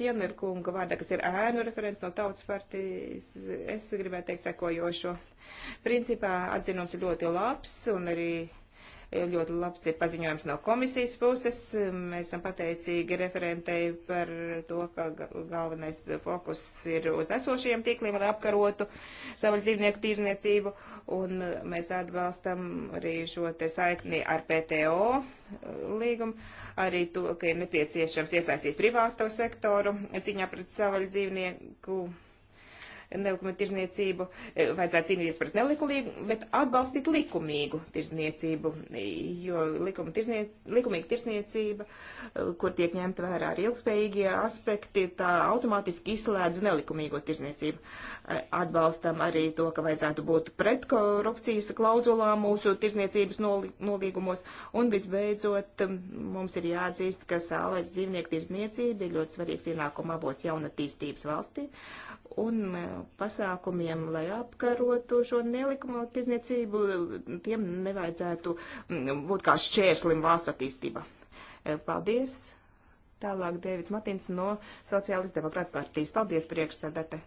Vienmer kunga vārdā, kas ir ēnu referents no tautas partijas, es gribētu teikt sekojošo. Principā atzinums ir ļoti labs un arī Ļoti labs ir paziņojums no komisijas puses. Mēs esam pateicīgi referentei par to, ka galvenais fokus ir uz esošajiem tīkliem, lai apkarotu savu dzīvnieku tīrzniecību. Un mēs atbalstam arī šo te saikni ar PTO līgumu, arī to, ka ir nepieciešams iesaistīt privāto sektoru ciņā pret savu dzīvnieku tīrzniecību nelikumīgu tirzniecību, e, vajadzētu cīnīties pret nelikumīgu, bet atbalstīt likumīgu tirzniecību, jo likuma tirznie, likumīga tirzniecība, e, kur tiek ņemta vērā arī ilgspējīgie aspekti, tā automātiski izslēdz nelikumīgo tirzniecību. E, atbalstam arī to, ka vajadzētu būt pret korupcijas klauzulām mūsu tirzniecības nolīgumos, un visbeidzot mums ir jāatzīst, ka sālais dzīvnieku tirzniecība ir ļoti svarīgs ienākuma avots jaunatīstības valstī. Uh, un e, pasākumiem, lai apkarotu šo nelikumu tirzniecību, tiem nevajadzētu būt kā šķērslim valsts attīstībā. E, paldies! Tālāk Dēvids Matins no Sociālistu demokrātu partijas. Paldies, priekšsēdētāji!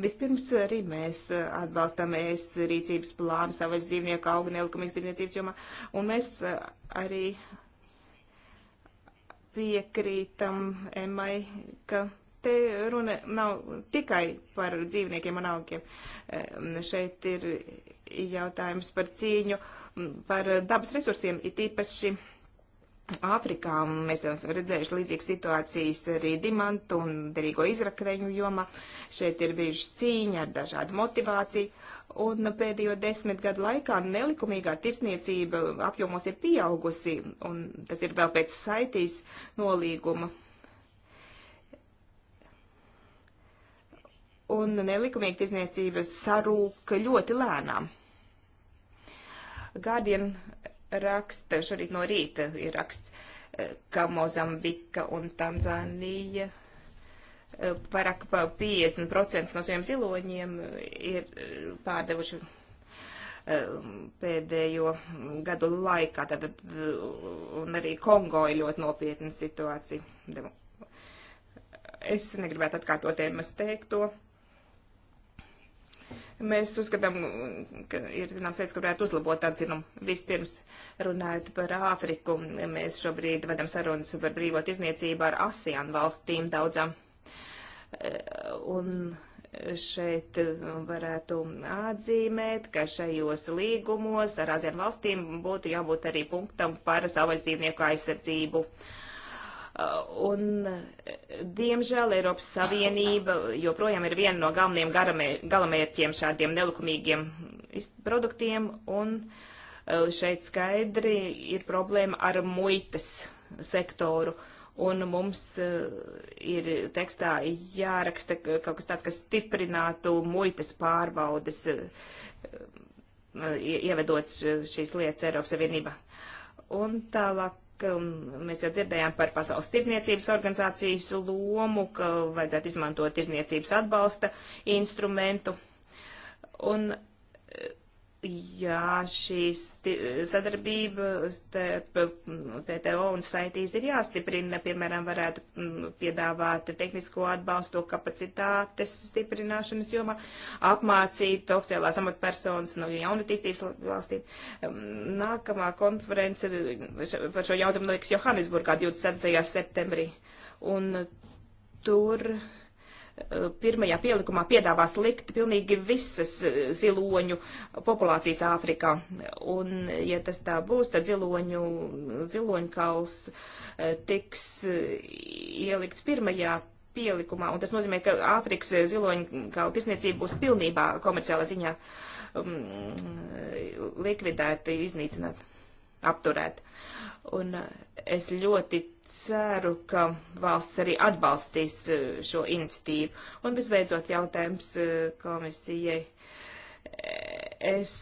Vispirms arī mēs e, atbalstam es rīcības plānu savas dzīvnieku auga nelikumīgas tirdzniecības jomā, un mēs arī piekrītam Emai, ka te runa nav tikai par dzīvniekiem un augiem. Šeit ir jautājums par cīņu par dabas resursiem, it īpaši Āfrikā mēs esam redzējuši līdzīgas situācijas arī dimantu un derīgo izrakteņu jomā. Šeit ir bijuši cīņa ar dažādu motivāciju, un pēdējo desmit gadu laikā nelikumīgā tirsniecība apjomos ir pieaugusi, un tas ir vēl pēc saitīs nolīguma un nelikumīga tirzniecība sarūk ļoti lēnām. Guardian raksta, šorīt no rīta ir raksts, eh, ka Mozambika un Tanzānija eh, vairāk pa 50% no saviem ziloņiem eh, ir pārdevuši pēdējo gadu laikā, tad, un arī Kongo ir ļoti nopietna situācija. Es negribētu atkārtot tēmas teikto. Mēs uzskatām, ka ir zināms lietas, kur varētu uzlabot atzinumu. Vispirms runājot par Āfriku, mēs šobrīd vedam sarunas par brīvo tirzniecību ar ASEAN valstīm daudzām. Un šeit varētu atzīmēt, ka šajos līgumos ar ASEAN valstīm būtu jābūt arī punktam par savvaļas dzīvnieku aizsardzību. Uh, Uh, un, eh, diemžēl, Eiropas Savienība joprojām ir viena no galvenajiem galamērķiem šādiem nelikumīgiem produktiem, un eh, šeit skaidri ir problēma ar muitas sektoru. Un mums eh, ir tekstā jāraksta kaut kas tāds, kas stiprinātu muitas pārbaudes, ievedot šīs lietas Eiropas Savienībā. Un tālāk ka um, mēs jau dzirdējām par Pasaules tirdzniecības organizācijas lomu, ka vajadzētu izmantot tirdzniecības atbalsta instrumentu. Un Jā, šīs sadarbība starp mm, PTO un saitīs ir jāstiprina. Piemēram, varētu mm, piedāvāt tehnisko atbalstu kapacitātes stiprināšanas jomā, apmācīt oficiālās amatpersonas no jaunatīstības valstīm. Mm, nākamā konference par šo jautājumu notiks Johannesburgā 24. septembrī. Un tur Eh, pirmajā pielikumā piedāvās likt pilnīgi visas eh, ziloņu populācijas Āfrikā. Un, ja tas tā būs, tad ziloņu, ziloņkals eh, tiks ielikts pirmajā pielikumā, un tas nozīmē, ka Āfrikas ziloņkala tirsniecība būs pilnībā komerciālā ziņā um, likvidēta, iznīcināta apturēt. Un eh, es ļoti ceru, ka valsts arī atbalstīs eh, šo iniciatīvu. Un visbeidzot jautājums eh, komisijai. Es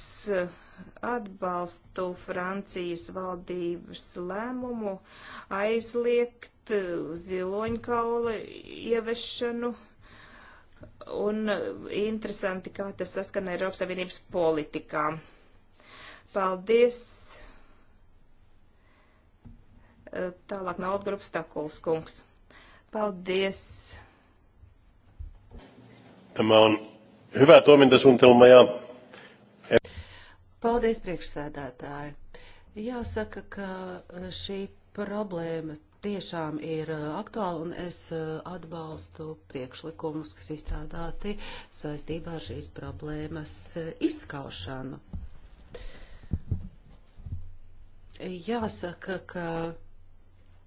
atbalstu Francijas valdības lēmumu aizliegt ziloņkaula ievešanu. Un interesanti, kā tas saskan Eiropas Savienības politikā. Paldies Tālāk nav atgrupas Stakuls kungs. Paldies! Tämä on hyvä toimintasuunnitelma ja... Paldies, priekšsēdētāji. Jāsaka, ka uh, šī problēma tiešām ir uh, aktuāla un es uh, atbalstu priekšlikumus, kas izstrādāti saistībā ar šīs problēmas izskaušanu. Jāsaka, ka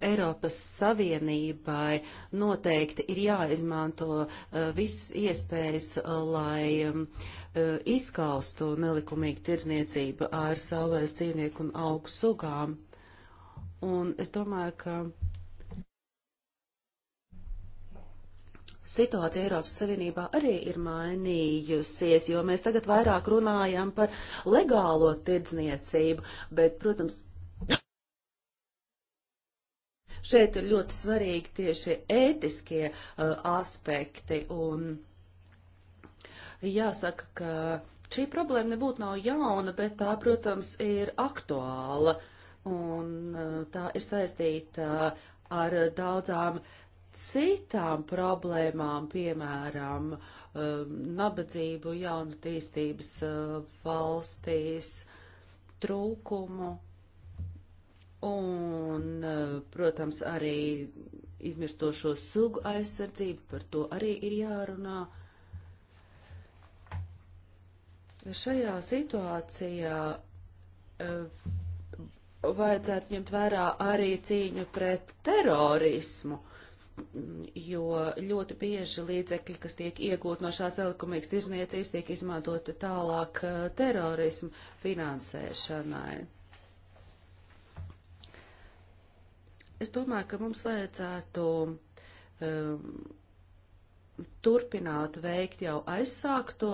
Eiropas Savienībai noteikti ir jāizmanto uh, viss iespējas, uh, lai um, uh, izskaustu nelikumīgu tirdzniecību ar savvaļas dzīvnieku un augu sugām. Un es domāju, ka situācija Eiropas Savienībā arī ir mainījusies, jo mēs tagad vairāk runājam par legālo tirdzniecību, bet, protams, Šeit ir ļoti svarīgi tieši ētiskie uh, aspekti un jāsaka, ka šī problēma nebūtu nav jauna, bet tā, protams, ir aktuāla un uh, tā ir saistīta uh, ar daudzām citām problēmām, piemēram, um, nabadzību jaunatīstības uh, valstīs, trūkumu Un, eh, protams, arī izmirstošo sugu aizsardzību, par to arī ir jārunā. Šajā situācijā eh, vajadzētu ņemt vērā arī cīņu pret terorismu, jo ļoti bieži līdzekļi, kas tiek iegūt no šās likumīgas tirzniecības, tiek izmantoti tālāk eh, terorismu finansēšanai. Es domāju, ka mums vajadzētu um, turpināt veikt jau aizsākto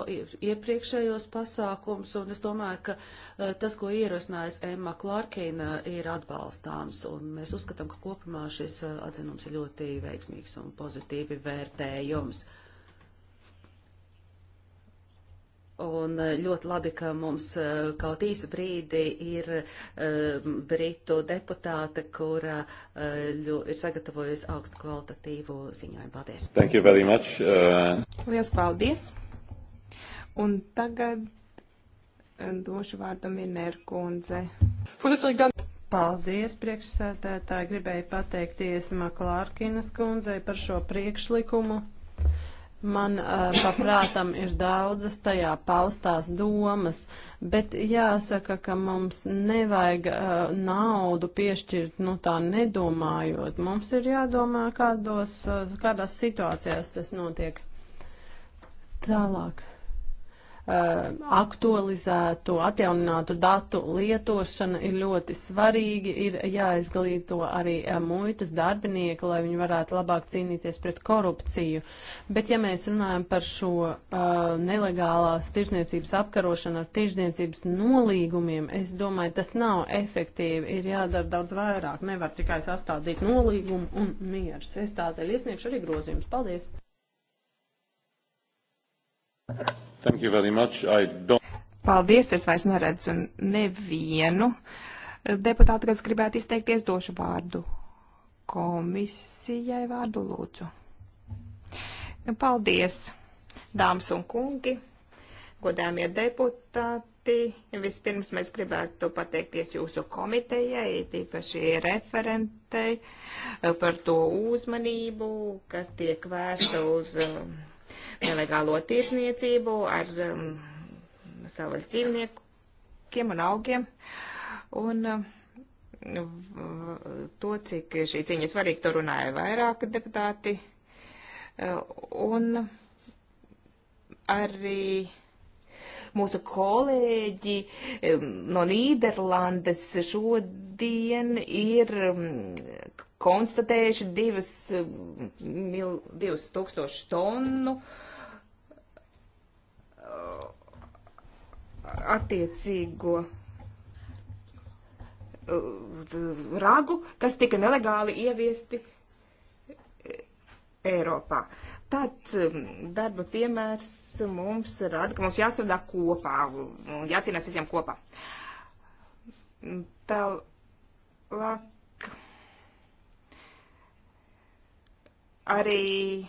iepriekšējos pasākums, un es domāju, ka uh, tas, ko ierosinājas Emma Clarkina, ir atbalstāms, un mēs uzskatām, ka kopumā šis uh, atzinums ir ļoti veiksmīgs un pozitīvi vērtējums. Mm. Un eh, ļoti labi, ka mums eh, kaut īsu brīdi ir uh, britu deputāte, kura uh, ļu, ir sagatavojusi augstu kvalitatīvu ziņojumu. Paldies! Thank you very much! Uh... Lielas paldies! Un tagad došu vārdu Minerkundze. Paldies, priekšsētētāji! Gribēju pateikties Maklārkinas kundzei par šo priekšlikumu. Man uh, paprātam ir daudzas tajā paustās domas, bet jāsaka, ka mums nevajag uh, naudu piešķirt, nu tā nedomājot. Mums ir jādomā, kādos, uh, kādās situācijās tas notiek. Tālāk. Mm. Eh, aktualizētu, atjauninātu datu lietošana ir ļoti svarīgi. Ir jāizglīto arī eh, muitas darbinieki, lai viņi varētu labāk cīnīties pret korupciju. Bet ja mēs runājam par šo uh, nelegālās tirsniecības apkarošanu ar tirsniecības nolīgumiem, es domāju, tas nav efektīvi. Ir jādara daudz vairāk. Nevar tikai sastādīt nolīgumu un miers. Es tādēļ iesniegšu arī grozījumus. Paldies! Thank you. Thank you very much. I don't... Paldies, es vairs neredzu nevienu deputātu, kas gribētu izteikties došu vārdu. Komisijai vārdu lūdzu. Paldies, dāmas un kungi, godāmie deputāti. Vispirms mēs gribētu pateikties jūsu komitejai, tīpaši referentei, par to uzmanību, kas tiek vērsta uz. Uh, nelegālo tirsniecību ar um, savas dzīvniekiem un augiem. Un um, to, cik šī cīņa svarīga, to runāja vairāki deputāti. Uh, un arī mūsu kolēģi um, no Nīderlandes šodien ir um, konstatējuši divas, eh, mil, divas tūkstoši tonu eh, attiecīgo eh, ragu, kas tika nelegāli ieviesti Eiropā. Tāds darba piemērs mums rada, ka mums jāstrādā kopā un jācīnās visiem kopā. Tālāk arī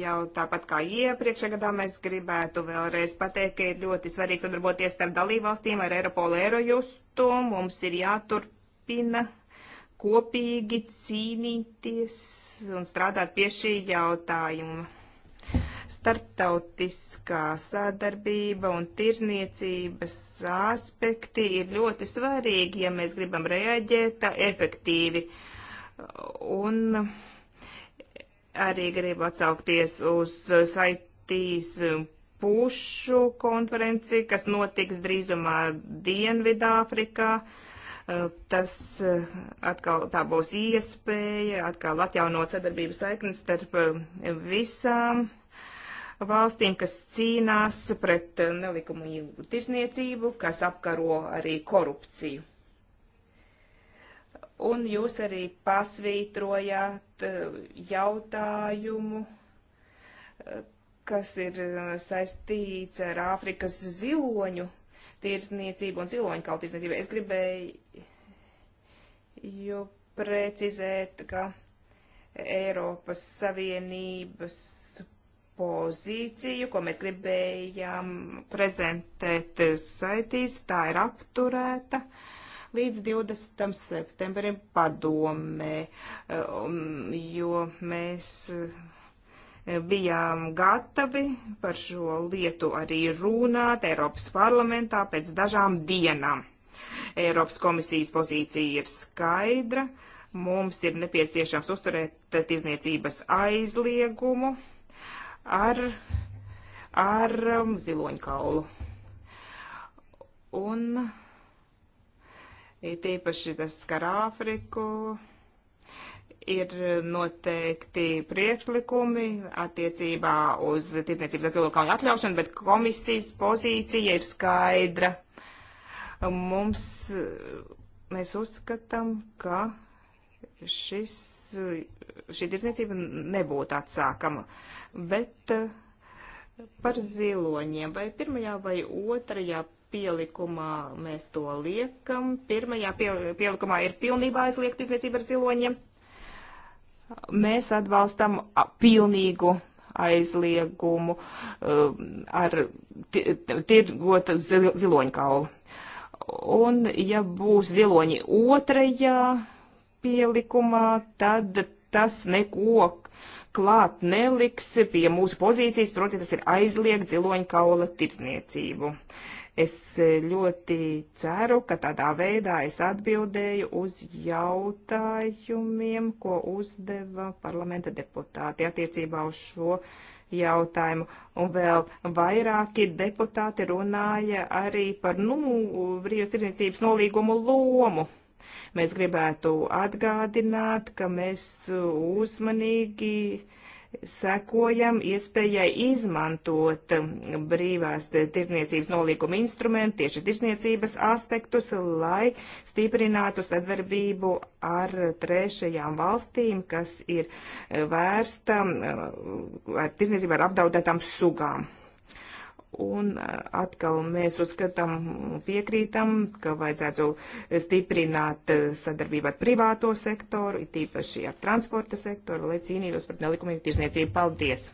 jau tāpat kā iepriekšējā gadā mēs gribētu vēlreiz pateikt, ka ir ļoti svarīgi sadarboties starp dalībvalstīm ar Eiropolu Eirojustu. Mums ir jāturpina kopīgi cīnīties un strādāt pie šī jautājuma. Starptautiskā sadarbība un tirzniecības aspekti ir ļoti svarīgi, ja mēs gribam reaģēt efektīvi. Uh, Un arī gribu atsaukties uz saitīs pušu konferenci, kas notiks drīzumā Dienvidāfrikā. Tas eh, atkal tā būs iespēja atkal atjaunot sadarbības saiknes starp eh, visām valstīm, kas cīnās pret nelikumu tirsniecību, kas apkaro arī korupciju. Un jūs arī pasvītrojāt eh, jautājumu, eh, kas ir eh, saistīts ar Āfrikas ziloņu tirsniecību un ziloņu kaut tirsniecību. Es gribēju precizēt, ka Eiropas Savienības pozīciju, ko mēs gribējām prezentēt saitīs, tā ir apturēta. Uh, līdz 20. septembrim padomē, e, um, jo mēs e, bijām gatavi par šo lietu arī runāt Eiropas parlamentā pēc dažām dienām. Eiropas komisijas pozīcija ir skaidra. Mums ir nepieciešams uzturēt tirzniecības aizliegumu ar, ar um, ziloņkaulu. Un it īpaši tas skar Āfriku, ir noteikti priekšlikumi attiecībā uz tirdzniecības ar cilvēku kauju atļaušanu, bet komisijas pozīcija ir skaidra. Mums, mēs uzskatām, ka šis, šī tirdzniecība nebūtu atsākama, bet uh, par ziloņiem. Vai pirmajā vai otrajā pielikumā mēs to liekam? Pirmajā pielikumā ir pilnībā aizliegt izniecība ar ziloņiem. Mēs atbalstam pilnīgu aizliegumu um, ar tirgot ziloņkaulu. Un ja būs ziloņi otrajā pielikumā, tad tas neko klāt neliks pie mūsu pozīcijas, proti tas ir aizliegt ziloņkaula tirdzniecību. Es e, ļoti ceru, ka tādā veidā es atbildēju uz jautājumiem, ko uzdeva parlamenta deputāti attiecībā uz šo jautājumu. Un vēl vairāki deputāti runāja arī par, nu, brīvas tirdzniecības nolīgumu lomu Mēs gribētu atgādināt, ka mēs uzmanīgi sekojam iespējai izmantot brīvās tirzniecības nolīguma instrumentu, tieši tirzniecības aspektus, lai stiprinātu sadarbību ar trešajām valstīm, kas ir vērsta eh, ar tirzniecību ar apdaudētām sugām. Un atkal mēs uzskatām, piekrītam, ka vajadzētu stiprināt sadarbību ar privāto sektoru, it īpaši ar transporta sektoru, lai cīnītos pret nelikumīgu tirzniecību. Paldies!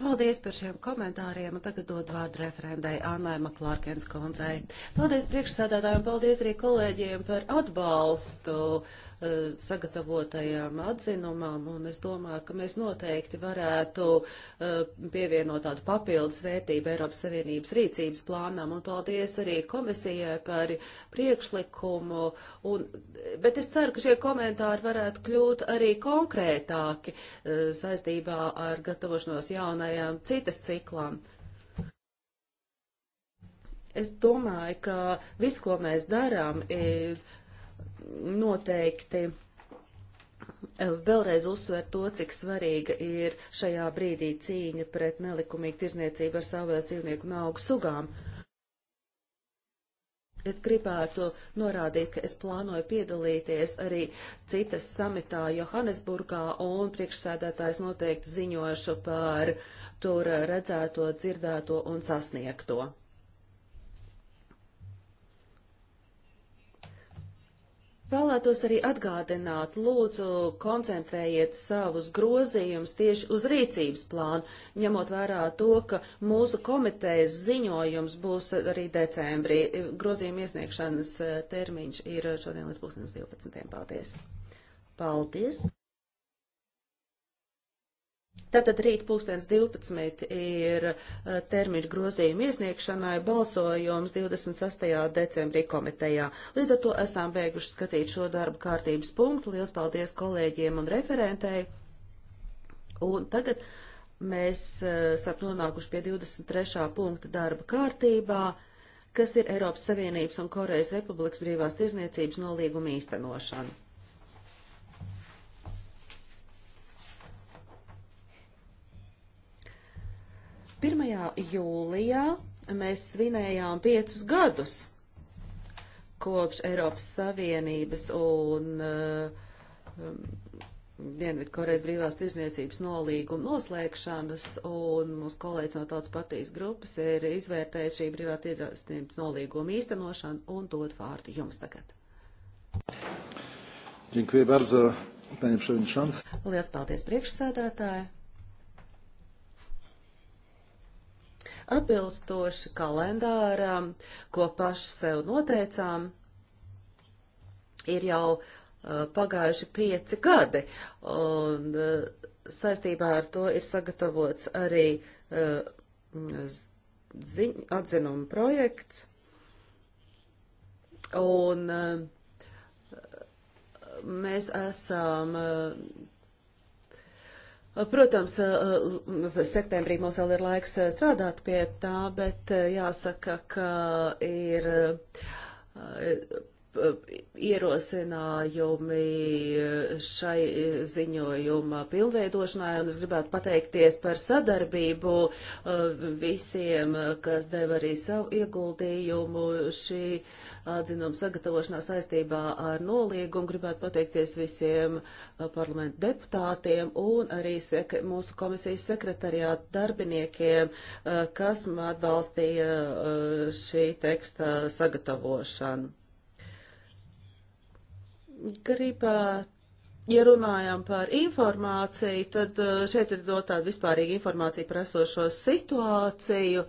Paldies par šiem komentāriem, un tagad dod vārdu referendai Annai Maklārkens kundzei. Paldies priekšsēdētājiem, paldies arī kolēģiem par atbalstu. Uh, E, sagatavotajām atzinumam, un es domāju, ka mēs noteikti varētu e, pievienot tādu papildus vērtību Eiropas Savienības rīcības plānām, un paldies arī komisijai par priekšlikumu, un, bet es ceru, ka šie komentāri varētu kļūt arī konkrētāki e, saistībā ar gatavošanos jaunajām citas ciklām. Es domāju, ka viss, ko mēs darām, ir noteikti eh, vēlreiz uzsver to, cik svarīga ir šajā brīdī cīņa pret nelikumīgu tirzniecību ar savvēl dzīvnieku un augu sugām. Es gribētu norādīt, ka es plānoju piedalīties arī citas samitā Johannesburgā un priekšsēdētājs noteikti ziņošu par tur redzēto, dzirdēto un sasniegto. Vēlētos arī atgādināt, lūdzu, koncentrējiet savus grozījumus tieši uz rīcības plānu, ņemot vērā to, ka mūsu komitejas ziņojums būs arī decembrī. Grozījuma iesniegšanas eh, termiņš ir šodien līdz 12. Paldies! Paldies! Tātad rīt pulkstens 12 ir termiņš grozījuma iesniegšanai, balsojums 26. decembrī komitejā. Līdz ar to esam beiguši skatīt šo darbu kārtības punktu. Lielas paldies kolēģiem un referentei. Un tagad mēs esam nonākuši pie 23. punkta darba kārtībā kas ir Eiropas Savienības un Korejas Republikas brīvās tirzniecības nolīguma īstenošana. 1. jūlijā mēs svinējām piecus gadus kopš Eiropas Savienības un uh, um, Dienvidkorejas brīvās tirzniecības nolīguma noslēgšanas, un mūsu kolēģis no tautas partijas grupas ir izvērtējis šī brīvā tirzniecības nolīguma īstenošanu un dod vārdu jums tagad. Dziękuję bardzo, panie przewodniczący. Lielas paldies priekšsēdētāji. atbilstoši kalendāram, ko paši sev noteicām. Ir jau uh, pagājuši pieci gadi, un uh, saistībā ar to ir sagatavots arī uh, ziņ, atzinuma projekts. Un uh, mēs esam uh, Protams, eh, septembrī mums vēl ir laiks eh, strādāt pie tā, bet eh, jāsaka, ka ir ierosinājumi šai ziņojuma pilnveidošanai, un es gribētu pateikties par sadarbību uh, visiem, kas deva arī savu ieguldījumu šī atzinuma sagatavošanā saistībā ar noliegumu. Gribētu pateikties visiem uh, parlamentu deputātiem un arī sek mūsu komisijas sekretariāta darbiniekiem, uh, kas atbalstīja šī teksta sagatavošanu gribētu ja runājam par informāciju, tad eh, šeit ir dot tāda vispārīga informācija par esošo situāciju.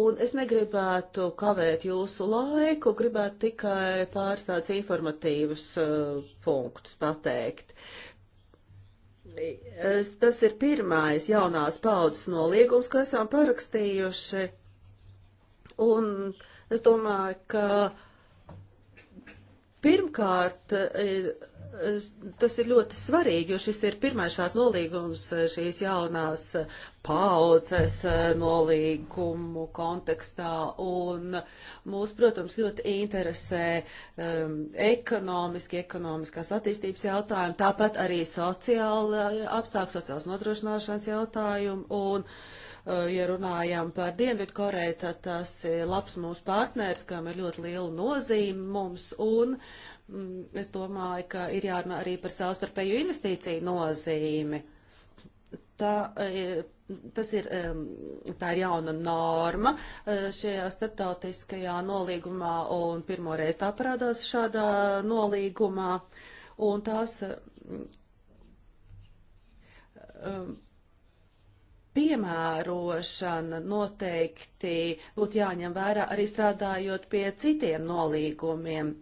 Un es negribētu kavēt jūsu laiku, gribētu tikai pāris tāds informatīvus uh, punktus pateikt. Es, tas ir pirmais jaunās paudzes noliegums, ko esam parakstījuši. Un es domāju, ka uh, Pirmkārt, eh, tas ir ļoti svarīgi, jo šis ir pirmais šāds nolīgums eh, šīs jaunās paudzes eh, nolīgumu kontekstā, un mūs, protams, ļoti interesē um, ekonomiski, ekonomiskās attīstības jautājumi, tāpat arī sociāla apstākļa, sociālas nodrošināšanas jautājumi, un uh, Eh, ja runājam par Dienvidu Koreju, tad tas ir labs mūsu partners, kam ir ļoti liela nozīme mums, un mm, es domāju, ka ir jārunā arī par savstarpēju investīciju nozīmi. Tā ir, eh, tas ir, tā ir jauna norma eh, šajā starptautiskajā nolīgumā, un pirmoreiz tā parādās šādā nolīgumā, un tās um, piemērošana noteikti būtu jāņem vērā arī strādājot pie citiem nolīgumiem.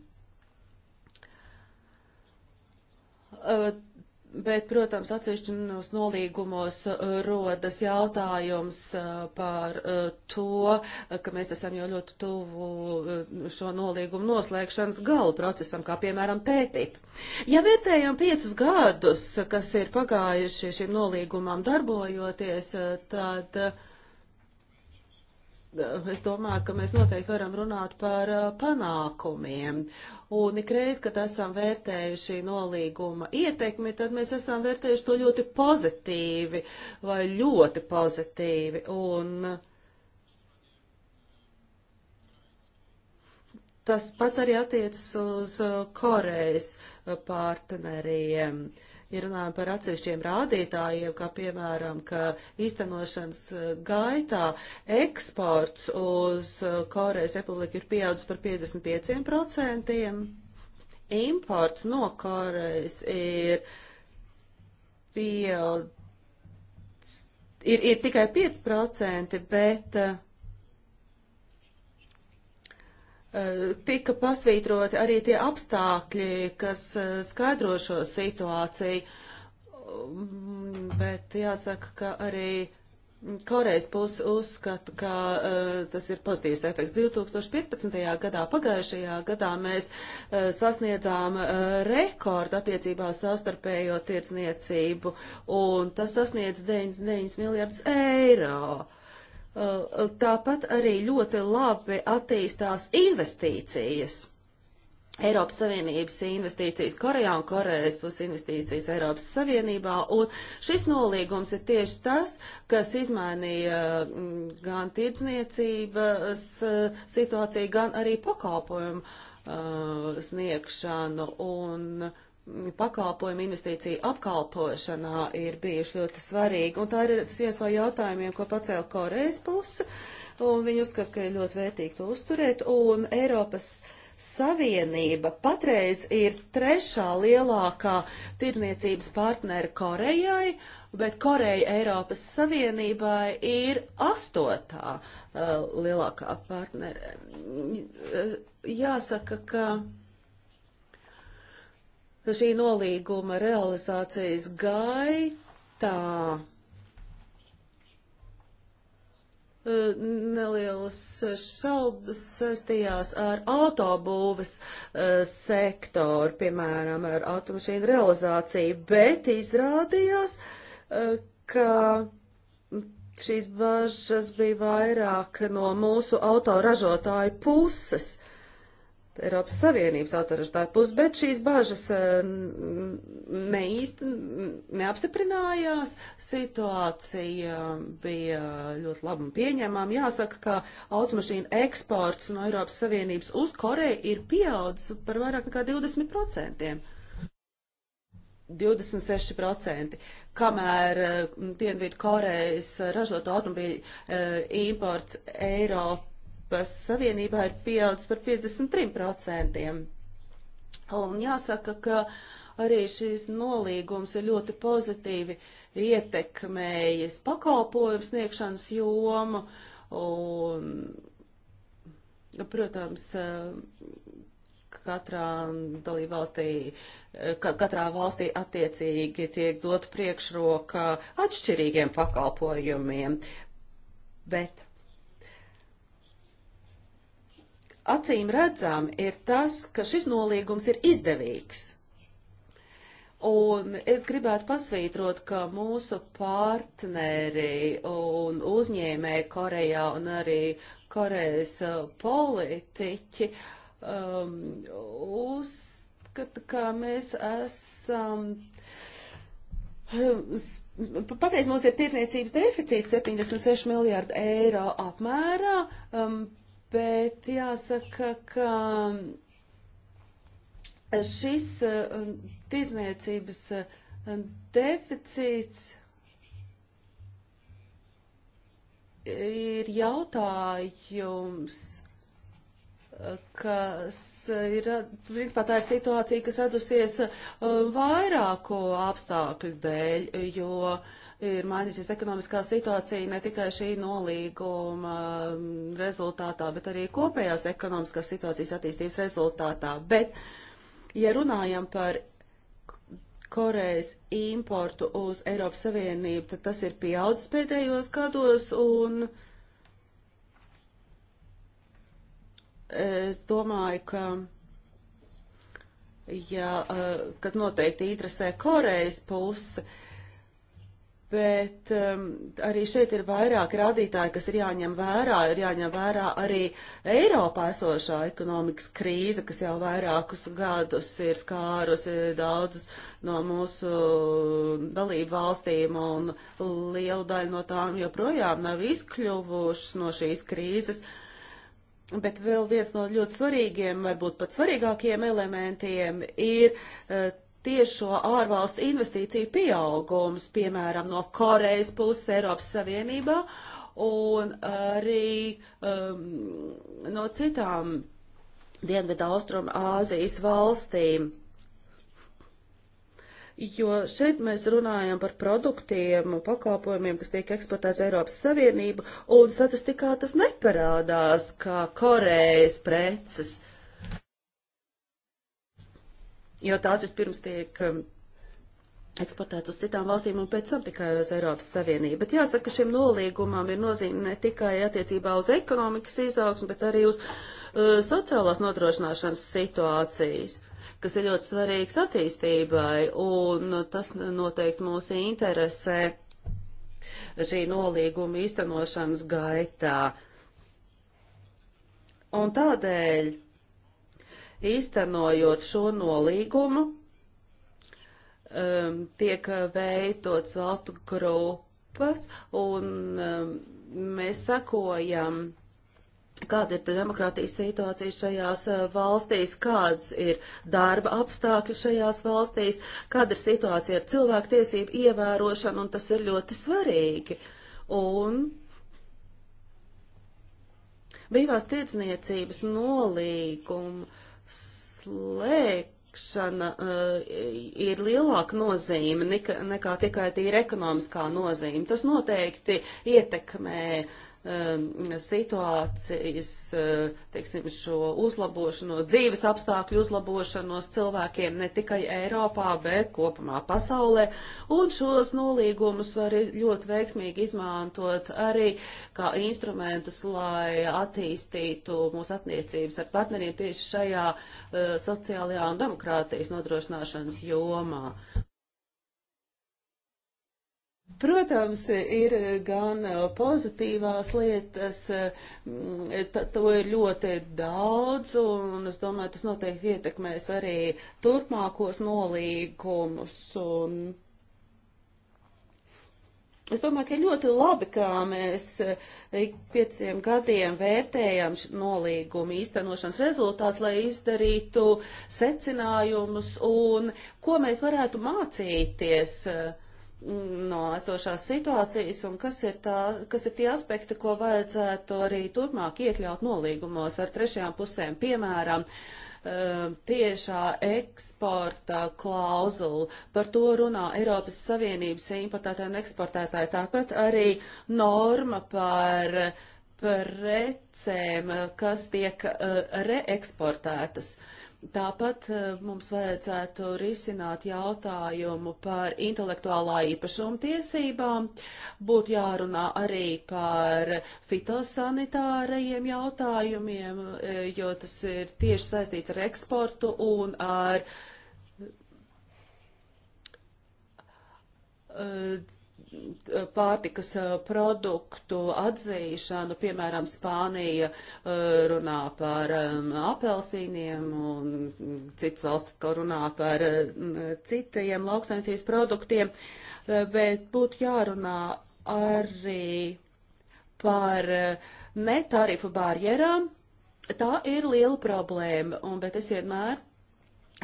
Bet, protams, atsevišķinos nolīgumos uh, rodas jautājums uh, par uh, to, ka mēs esam jau ļoti tuvu šo nolīgumu noslēgšanas gala procesam, kā piemēram TTIP. Ja vērtējam piecus gadus, kas ir pagājuši šim nolīgumam darbojoties, tad. Uh, Eh, es domāju, ka mēs noteikti varam runāt par eh, panākumiem. Un ikreiz, kad esam vērtējuši nolīguma ietekmi, tad mēs esam vērtējuši to ļoti pozitīvi vai ļoti pozitīvi. Un tas pats arī attiecas uz eh, Korejas partneriem. Uh, ja runājam par atsevišķiem rādītājiem, kā piemēram, ka īstenošanas eh, gaitā eksports uz eh, Korejas republiku ir pieaudzis par 55%, imports no Korejas ir pieaudzis, ir, ir tikai 5%, bet uh, tika pasvītroti arī tie apstākļi, kas e, skaidro šo situāciju, bet jāsaka, ka arī Korejas puse uzskata, ka uh, tas ir pozitīvs efekts. 2015. gadā, pagājušajā gadā mēs uh, sasniedzām uh, rekordu attiecībā uz savstarpējo tirdzniecību, un tas sasniedz 9, 9 miljardus eiro. Uh, Eh, eh, tāpat arī ļoti labi attīstās investīcijas. Eiropas Savienības investīcijas Korejā un Korejas puses investīcijas Eiropas Savienībā. Un šis nolīgums ir tieši tas, kas izmainīja mm, gan tirdzniecības eh, situāciju, gan arī pakalpojumu uh, sniegšanu. Un, uh, pakalpojumu investīcija apkalpošanā ir bijuši ļoti svarīgi. Un tā ir viens no jautājumiem, ko pacēla Korejas puse, un viņi uzskata, ka ir ļoti vērtīgi to uzturēt. Un Eiropas Savienība patreiz ir trešā lielākā tirdzniecības partnera Korejai, bet Koreja Eiropas Savienībai ir astotā uh, lielākā partnera. Uh, jāsaka, ka šī nolīguma realizācijas gaitā e, nelielas šaubas saistījās ar autobūves uh, sektoru, piemēram, ar automašīnu realizāciju, bet izrādījās, uh, ka šīs bažas bija vairāk no mūsu autoražotāju puses. Uh, Eiropas Savienības autoritāte puses, bet šīs bažas eh, ne īsti neapstiprinājās. Situācija bija ļoti laba un pieņemama. Jāsaka, ka automašīnu eksports no Eiropas Savienības uz Koreju ir pieaudzis par vairāk nekā 20%. 26%, kamēr eh, Dienvidu Korejas ražoto automobīļu eh, imports Eiropā Eiropas Savienībā ir pieaudzis par 53%. Un jāsaka, ka arī šīs nolīgums ir ļoti pozitīvi ietekmējis pakalpojumu sniegšanas jomu. Un, protams, katrā dalībvalstī, ka, katrā valstī attiecīgi tiek dot priekšroka atšķirīgiem pakalpojumiem. Bet acīm redzam, ir tas, ka šis nolīgums ir izdevīgs. Un es gribētu pasvītrot, ka mūsu partneri un uzņēmēji Korejā un arī Korejas uh, politiķi um, uzskata, ka mēs esam. Um, Patreiz mums ir tirsniecības deficīts 76 miljārdu eiro apmērā. Um, bet jāsaka, ka šis uh, tirzniecības uh, deficīts ir jautājums, kas ir, principā tā ir situācija, kas radusies uh, vairāko apstākļu dēļ, jo uh, ir mainīsies ekonomiskā situācija ne tikai šī nolīguma um, rezultātā, bet arī kopējās ekonomiskās situācijas attīstības rezultātā. Bet, ja runājam par Korejas importu uz Eiropas Savienību, tad tas ir pieaudzis pēdējos gados un es domāju, ka ja, uh, kas noteikti interesē Korejas pusi, uh, Bet um, arī šeit ir vairāk rādītāji, kas ir jāņem vērā. Ir jāņem vērā arī Eiropā esošā ekonomikas krīze, kas jau vairākus gadus ir skārusi daudzus no mūsu dalību valstīm, un liela daļa no tām joprojām nav izkļuvušas no šīs krīzes. Bet vēl viens no ļoti svarīgiem, varbūt pat svarīgākajiem elementiem ir. Uh, tiešo ārvalstu investīciju pieaugums, piemēram, no Korejas puses Eiropas Savienībā un arī um, no citām Dienvidu Austrum Āzijas valstīm. Jo šeit mēs runājam par produktiem un pakalpojumiem, kas tiek eksportēts Eiropas Savienību, un statistikā tas neparādās, kā Korejas preces uh, jo tās vispirms tiek um, eksportēts uz citām valstīm un pēc tam tikai uz Eiropas Savienību. Bet jāsaka, ka šim nolīgumam ir nozīme ne tikai attiecībā uz ekonomikas izaugsmu, bet arī uz uh, sociālās nodrošināšanas situācijas, kas ir ļoti svarīgs attīstībai, un tas noteikti mūs interesē šī nolīguma īstenošanas gaitā. Un tādēļ Īstenojot šo nolīgumu, um, tiek veidots valstu grupas, un um, mēs sakojam, kāda ir demokrātijas situācija šajās uh, valstīs, kāds ir darba apstākļi šajās valstīs, kāda ir situācija ar cilvēktiesību ievērošanu, un tas ir ļoti svarīgi. Un brīvās tirdzniecības nolīguma slēgšana uh, ir lielāka nozīme nekā, nekā tikai tīra ekonomiskā nozīme. Tas noteikti ietekmē uh, Um, situācijas, uh, teiksim, šo uzlabošanos, dzīves apstākļu uzlabošanos cilvēkiem ne tikai Eiropā, bet kopumā pasaulē. Un šos nolīgumus var ļoti veiksmīgi izmantot arī kā instrumentus, lai attīstītu mūsu attiecības ar partneriem tieši šajā uh, sociālajā un demokrātijas nodrošināšanas jomā. Protams, ir gan uh, pozitīvās lietas, mm, to ir ļoti daudz, un es domāju, tas noteikti ietekmēs arī turpmākos nolīgumus. Un es domāju, ka ļoti labi, kā mēs uh, ik pieciem gadiem vērtējam nolīgumu īstenošanas rezultāts, lai izdarītu secinājumus un ko mēs varētu mācīties uh, no esošās situācijas un kas ir, tā, kas ir tie aspekti, ko vajadzētu arī turpmāk iekļaut nolīgumos ar trešajām pusēm, piemēram, eh, tiešā eksporta klauzula. Par to runā Eiropas Savienības importētāji un eksportētāji. Tāpat arī norma par precēm, kas tiek eh, reeksportētas. Uh, Tāpat e, mums vajadzētu risināt jautājumu par intelektuālā īpašuma tiesībām, būtu jārunā arī par fitosanitārajiem jautājumiem, e, jo tas ir tieši saistīts ar eksportu un ar e, pārtikas eh, produktu atzīšanu, piemēram, Spānija eh, runā par apelsīniem un citas valsts atkal runā par citajiem lauksaimniecības produktiem, eh, bet būtu jārunā arī par netarifu barjerām. Tā ir liela problēma, un, bet es vienmēr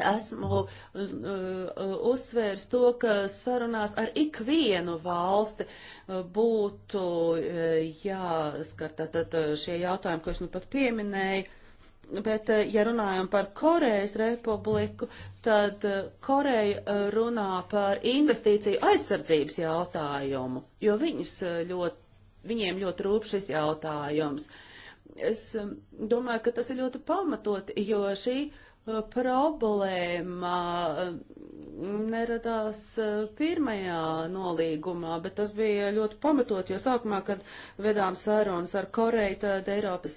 Esmu uh, uh, uzsvērs to, ka sarunās ar ikvienu valsti uh, būtu jāskar tātad šie jautājumi, ko es nu pat pieminēju. Bet, ja runājam par Korejas republiku, tad Koreja runā par investīciju aizsardzības jautājumu, jo viņus ļoti, viņiem ļoti rūp šis jautājums. Es um, domāju, ka tas ir ļoti pamatot, jo šī uh, Uh, problēma uh, neradās uh, pirmajā nolīgumā, bet tas bija ļoti pamatot, jo sākumā, kad vedām sarunas ar Koreju, tad Eiropas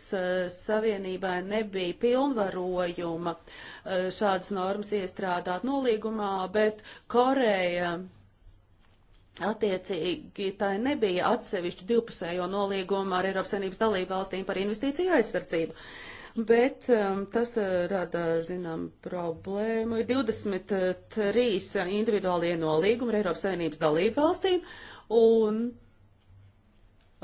Savienībai nebija pilnvarojuma šādas normas iestrādāt nolīgumā, bet Koreja Attiecīgi tā nebija atsevišķa divpusējo nolīguma ar Eiropas Savienības dalību valstīm par investīciju aizsardzību. Uh, bet um, tas uh, rada, zinām, problēmu. Ir 23 uh, uh, individuālie nolīgumi ar Eiropas Savienības dalību valstīm, un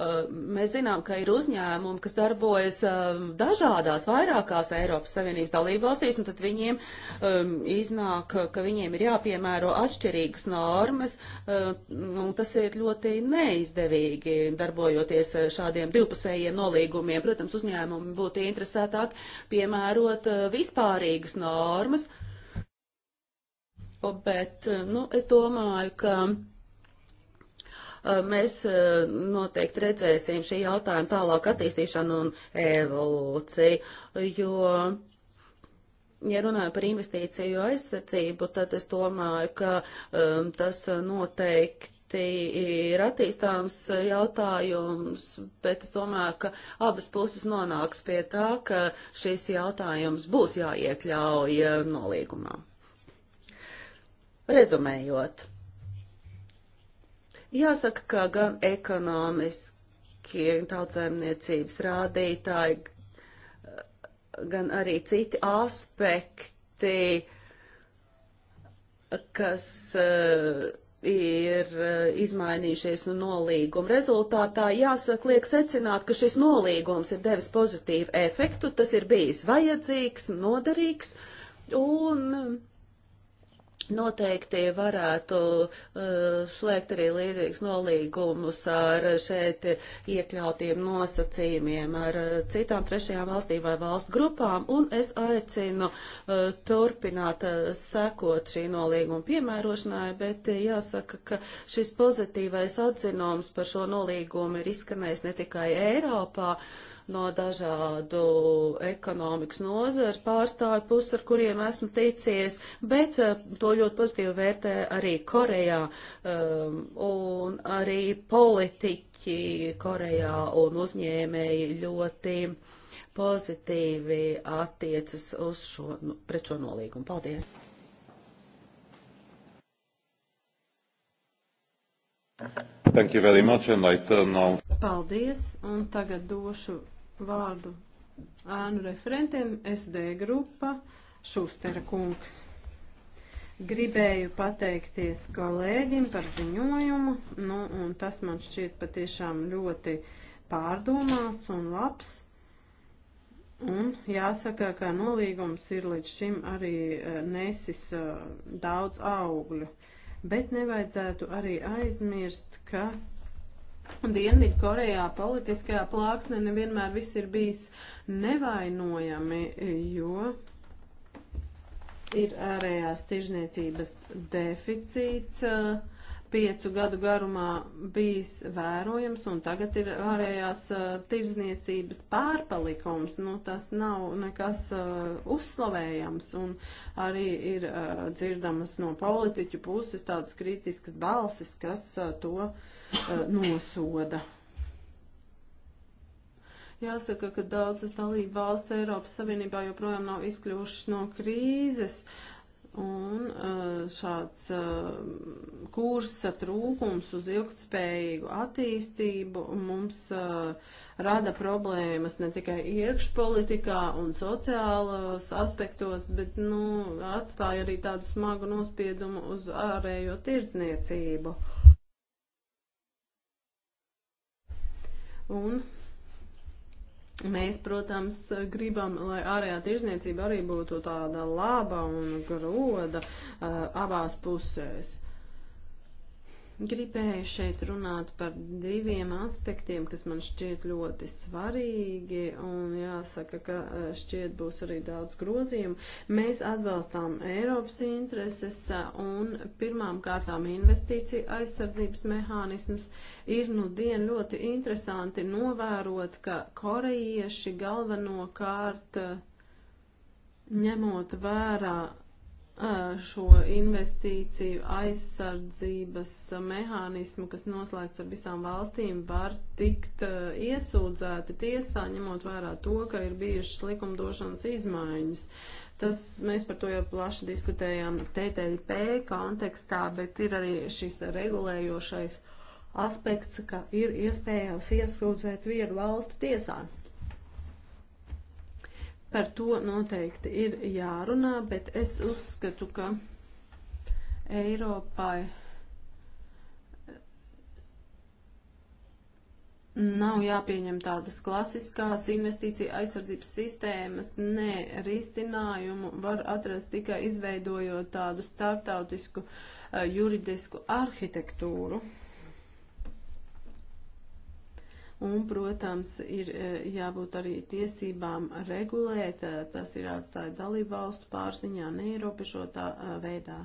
Uh, mēs zinām, ka ir uzņēmumi, kas darbojas uh, dažādās, vairākās Eiropas Savienības dalībvalstīs, un tad viņiem um, iznāk, ka viņiem ir jāpiemēro atšķirīgas normas, uh, un tas ir ļoti neizdevīgi darbojoties šādiem divpusējiem nolīgumiem. Protams, uzņēmumi būtu interesētāk piemērot vispārīgas normas, bet, nu, es domāju, ka mēs noteikti redzēsim šī jautājuma tālāk attīstīšanu un evolūciju, jo, ja runājam par investīciju aizsardzību, tad es domāju, ka um, tas noteikti ļoti ir attīstāms jautājums, bet es domāju, ka abas puses nonāks pie tā, ka šis jautājums būs jāiekļauj nolīgumā. Rezumējot, Jāsaka, ka gan ekonomiski tautsēmniecības rādītāji, gan arī citi aspekti, kas uh, ir eh, izmainījušies un nolīguma rezultātā, jāsaka, liek secināt, ka šis nolīgums ir devis pozitīvu efektu, tas ir bijis vajadzīgs, noderīgs un Noteikti varētu uh, slēgt arī līdzīgs nolīgumus ar šeit iekļautiem nosacījumiem ar uh, citām trešajām valstīm vai valstu grupām, un es aicinu uh, turpināt uh, sekot šī nolīguma piemērošanai, bet uh, jāsaka, ka šis pozitīvais atzinums par šo nolīgumu ir izskanējis ne tikai Eiropā, uh, no dažādu ekonomikas nozares pārstāvju puses, ar kuriem esmu ticies, bet eh, to ļoti pozitīvi vērtē arī Korejā um, un arī politiķi Korejā un uzņēmēji ļoti pozitīvi attiecas uz šo, nu, pret šo nolīgumu. Paldies! Thank you very much and I turn now. Paldies, un tagad došu vārdu ēnu referentiem SD grupa Šustera kungs. Gribēju pateikties kolēģim par ziņojumu, nu, un tas man šķiet patiešām ļoti pārdomāts un labs. Un jāsaka, ka nolīgums ir līdz šim arī eh, nesis eh, daudz augļu, bet nevajadzētu arī aizmirst, ka Dienvidu Korejā politiskajā plāksnē nevienmēr viss ir bijis nevainojami, jo ir ārējās tirzniecības deficīts. Uh, piecu gadu garumā bijis vērojams, un tagad ir ārējās uh, tirzniecības pārpalikums. Nu, tas nav nekas uh, uzslavējams, un arī ir uh, dzirdamas no politiķu puses tādas kritiskas balsis, kas uh, to uh, nosoda. Jāsaka, ka daudzas dalība valsts Eiropas Savienībā joprojām nav izkļuvušas no krīzes. Uh, Un eh, šāds eh, kursa trūkums uz ilgtspējīgu attīstību mums eh, rada problēmas ne tikai iekšpolitikā un sociālos aspektos, bet nu, atstāja arī tādu smagu nospiedumu uz ārējo tirdzniecību. Un Mēs, protams, gribam, lai ārējā tirzniecība arī būtu tāda laba un groda uh, abās pusēs. Uh, Gribēju šeit runāt par diviem aspektiem, kas man šķiet ļoti svarīgi, un jāsaka, ka eh, šķiet būs arī daudz grozījumu. Mēs atbalstām Eiropas intereses, eh, un pirmām kārtām investīciju aizsardzības mehānisms ir nu dien ļoti interesanti novērot, ka korejieši galvenokārt eh, ņemot vērā šo investīciju aizsardzības mehānismu, kas noslēgts ar visām valstīm, var tikt iesūdzēti tiesā, ņemot vērā to, ka ir bijušas likumdošanas izmaiņas. Tas, mēs par to jau plaši diskutējām TTIP kontekstā, bet ir arī šis regulējošais aspekts, ka ir iespējams iesūdzēt vienu valstu tiesā. Par to noteikti ir jārunā, bet es uzskatu, ka Eiropai nav jāpieņem tādas klasiskās investīcija aizsardzības sistēmas, nē, risinājumu var atrast tikai izveidojot tādu starptautisku uh, juridisku arhitektūru. Un, protams, ir e, jābūt arī tiesībām regulēt, e, tas ir atstāja dalību valstu pārziņā neierobežotā e, veidā.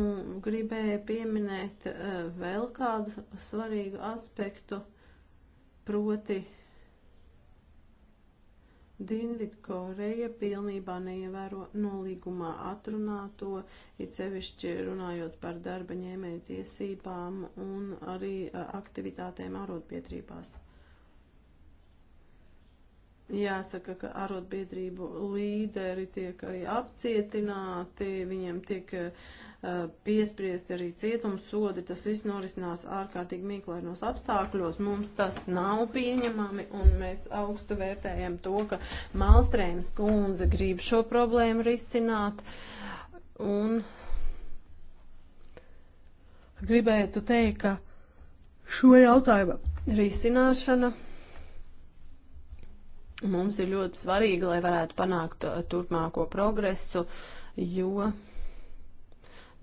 Un gribēju pieminēt vēl kādu svarīgu aspektu, proti Dienvidkoreja pilnībā neievēro nolīgumā atrunāto, it sevišķi runājot par darba ņēmēju tiesībām un arī aktivitātēm arotbiedrībās. Jāsaka, ka arotbiedrību līderi tiek arī apcietināti, viņiem tiek uh, Eh, piespriest arī cietumsodi, tas viss norisinās ārkārtīgi mīklainos apstākļos. Mums tas nav pieņemami, un mēs augstu vērtējam to, ka Malstrēms kundze grib šo problēmu risināt. Un gribētu teikt, ka šo jautājumu risināšana mums ir ļoti svarīga, lai varētu panākt eh, turpmāko progresu, jo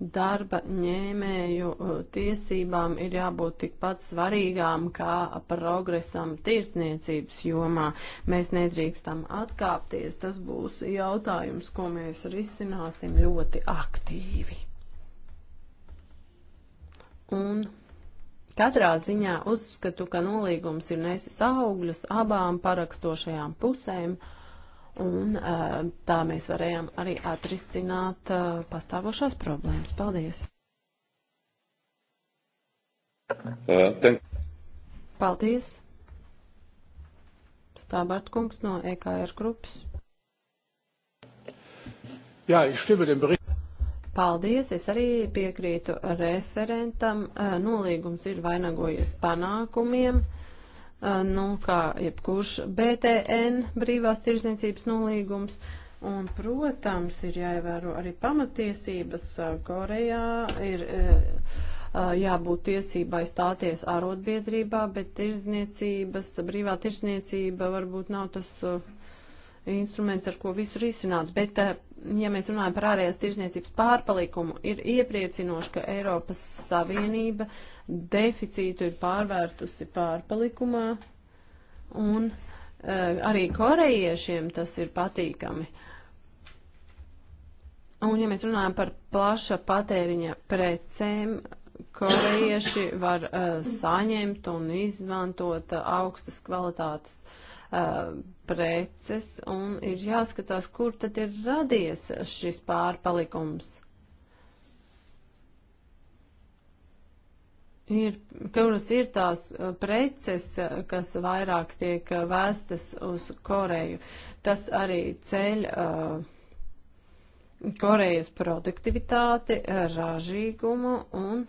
darba ņēmēju uh, tiesībām ir jābūt tikpat svarīgām kā progresam tirsniecības jomā. Mēs nedrīkstam atkāpties. Tas būs jautājums, ko mēs risināsim ļoti aktīvi. Un katrā ziņā uzskatu, ka nolīgums ir nesis augļus abām parakstošajām pusēm. Uh, Un tā mēs varējām arī atrisināt pastāvošās problēmas. Paldies! Paldies! Stābārt kungs no EKR grupas. Jā, es stimu dem bericht. Paldies, es arī piekrītu referentam. Nolīgums ir vainagojies panākumiem. Uh, Eh, nu, kā jebkurš BTN brīvās tirzniecības nolīgums. Un, protams, ir jāievēro arī pamatiesības. Eh, Korejā ir eh, jābūt tiesībai stāties ārotbiedrībā, bet tirzniecības, brīvā tirzniecība varbūt nav tas. Uh, instruments, ar ko visu risināt, bet, eh, ja mēs runājam par ārējās tirzniecības pārpalikumu, ir iepriecinoši, ka Eiropas Savienība deficītu ir pārvērtusi pārpalikumā, un eh, arī korejiešiem tas ir patīkami. Un, ja mēs runājam par plaša patēriņa precēm, korejieši var uh, saņemt un izmantot augstas kvalitātes uh, preces un ir jāskatās, kur tad ir radies šis pārpalikums. Ir, kuras ir tās preces, kas vairāk tiek vēstas uz Koreju. Tas arī ceļ uh, Korejas produktivitāti, ražīgumu un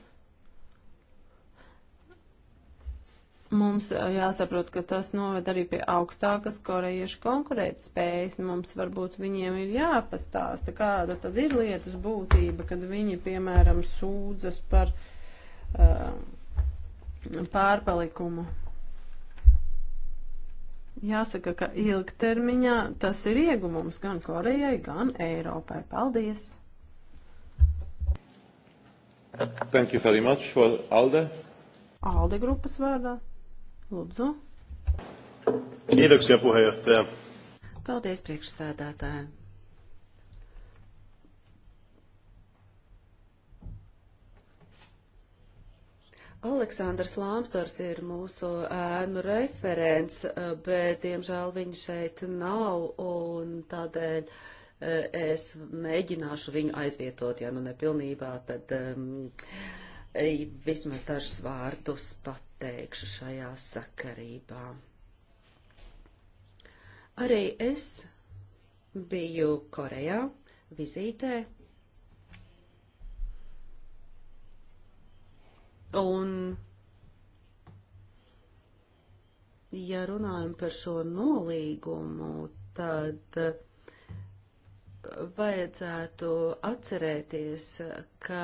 Mums jāsaprot, ka tas noved arī pie augstākas korejiešu konkurētspējas. Mums varbūt viņiem ir jāpastāsta, kāda tad ir lietas būtība, kad viņi, piemēram, sūdzas par uh, pārpalikumu. Jāsaka, ka ilgtermiņā tas ir iegumums gan Korejai, gan Eiropai. Paldies! Thank you very much for Alde. Alde grupas vārdā. Lūdzu. Kiitoksia puheenjohtaja. Paldies priekšsēdētājiem. Aleksandrs Lāmstors ir mūsu ēnu referents, eh, bet, diemžēl, viņa šeit nav, un tādēļ eh, es mēģināšu viņu aizvietot, ja nu nepilnībā, tad um, vismaz dažus vārdus pateikšu šajā sakarībā. Arī es biju Korejā vizītē. Un, ja runājam par šo nolīgumu, tad uh, vajadzētu atcerēties, ka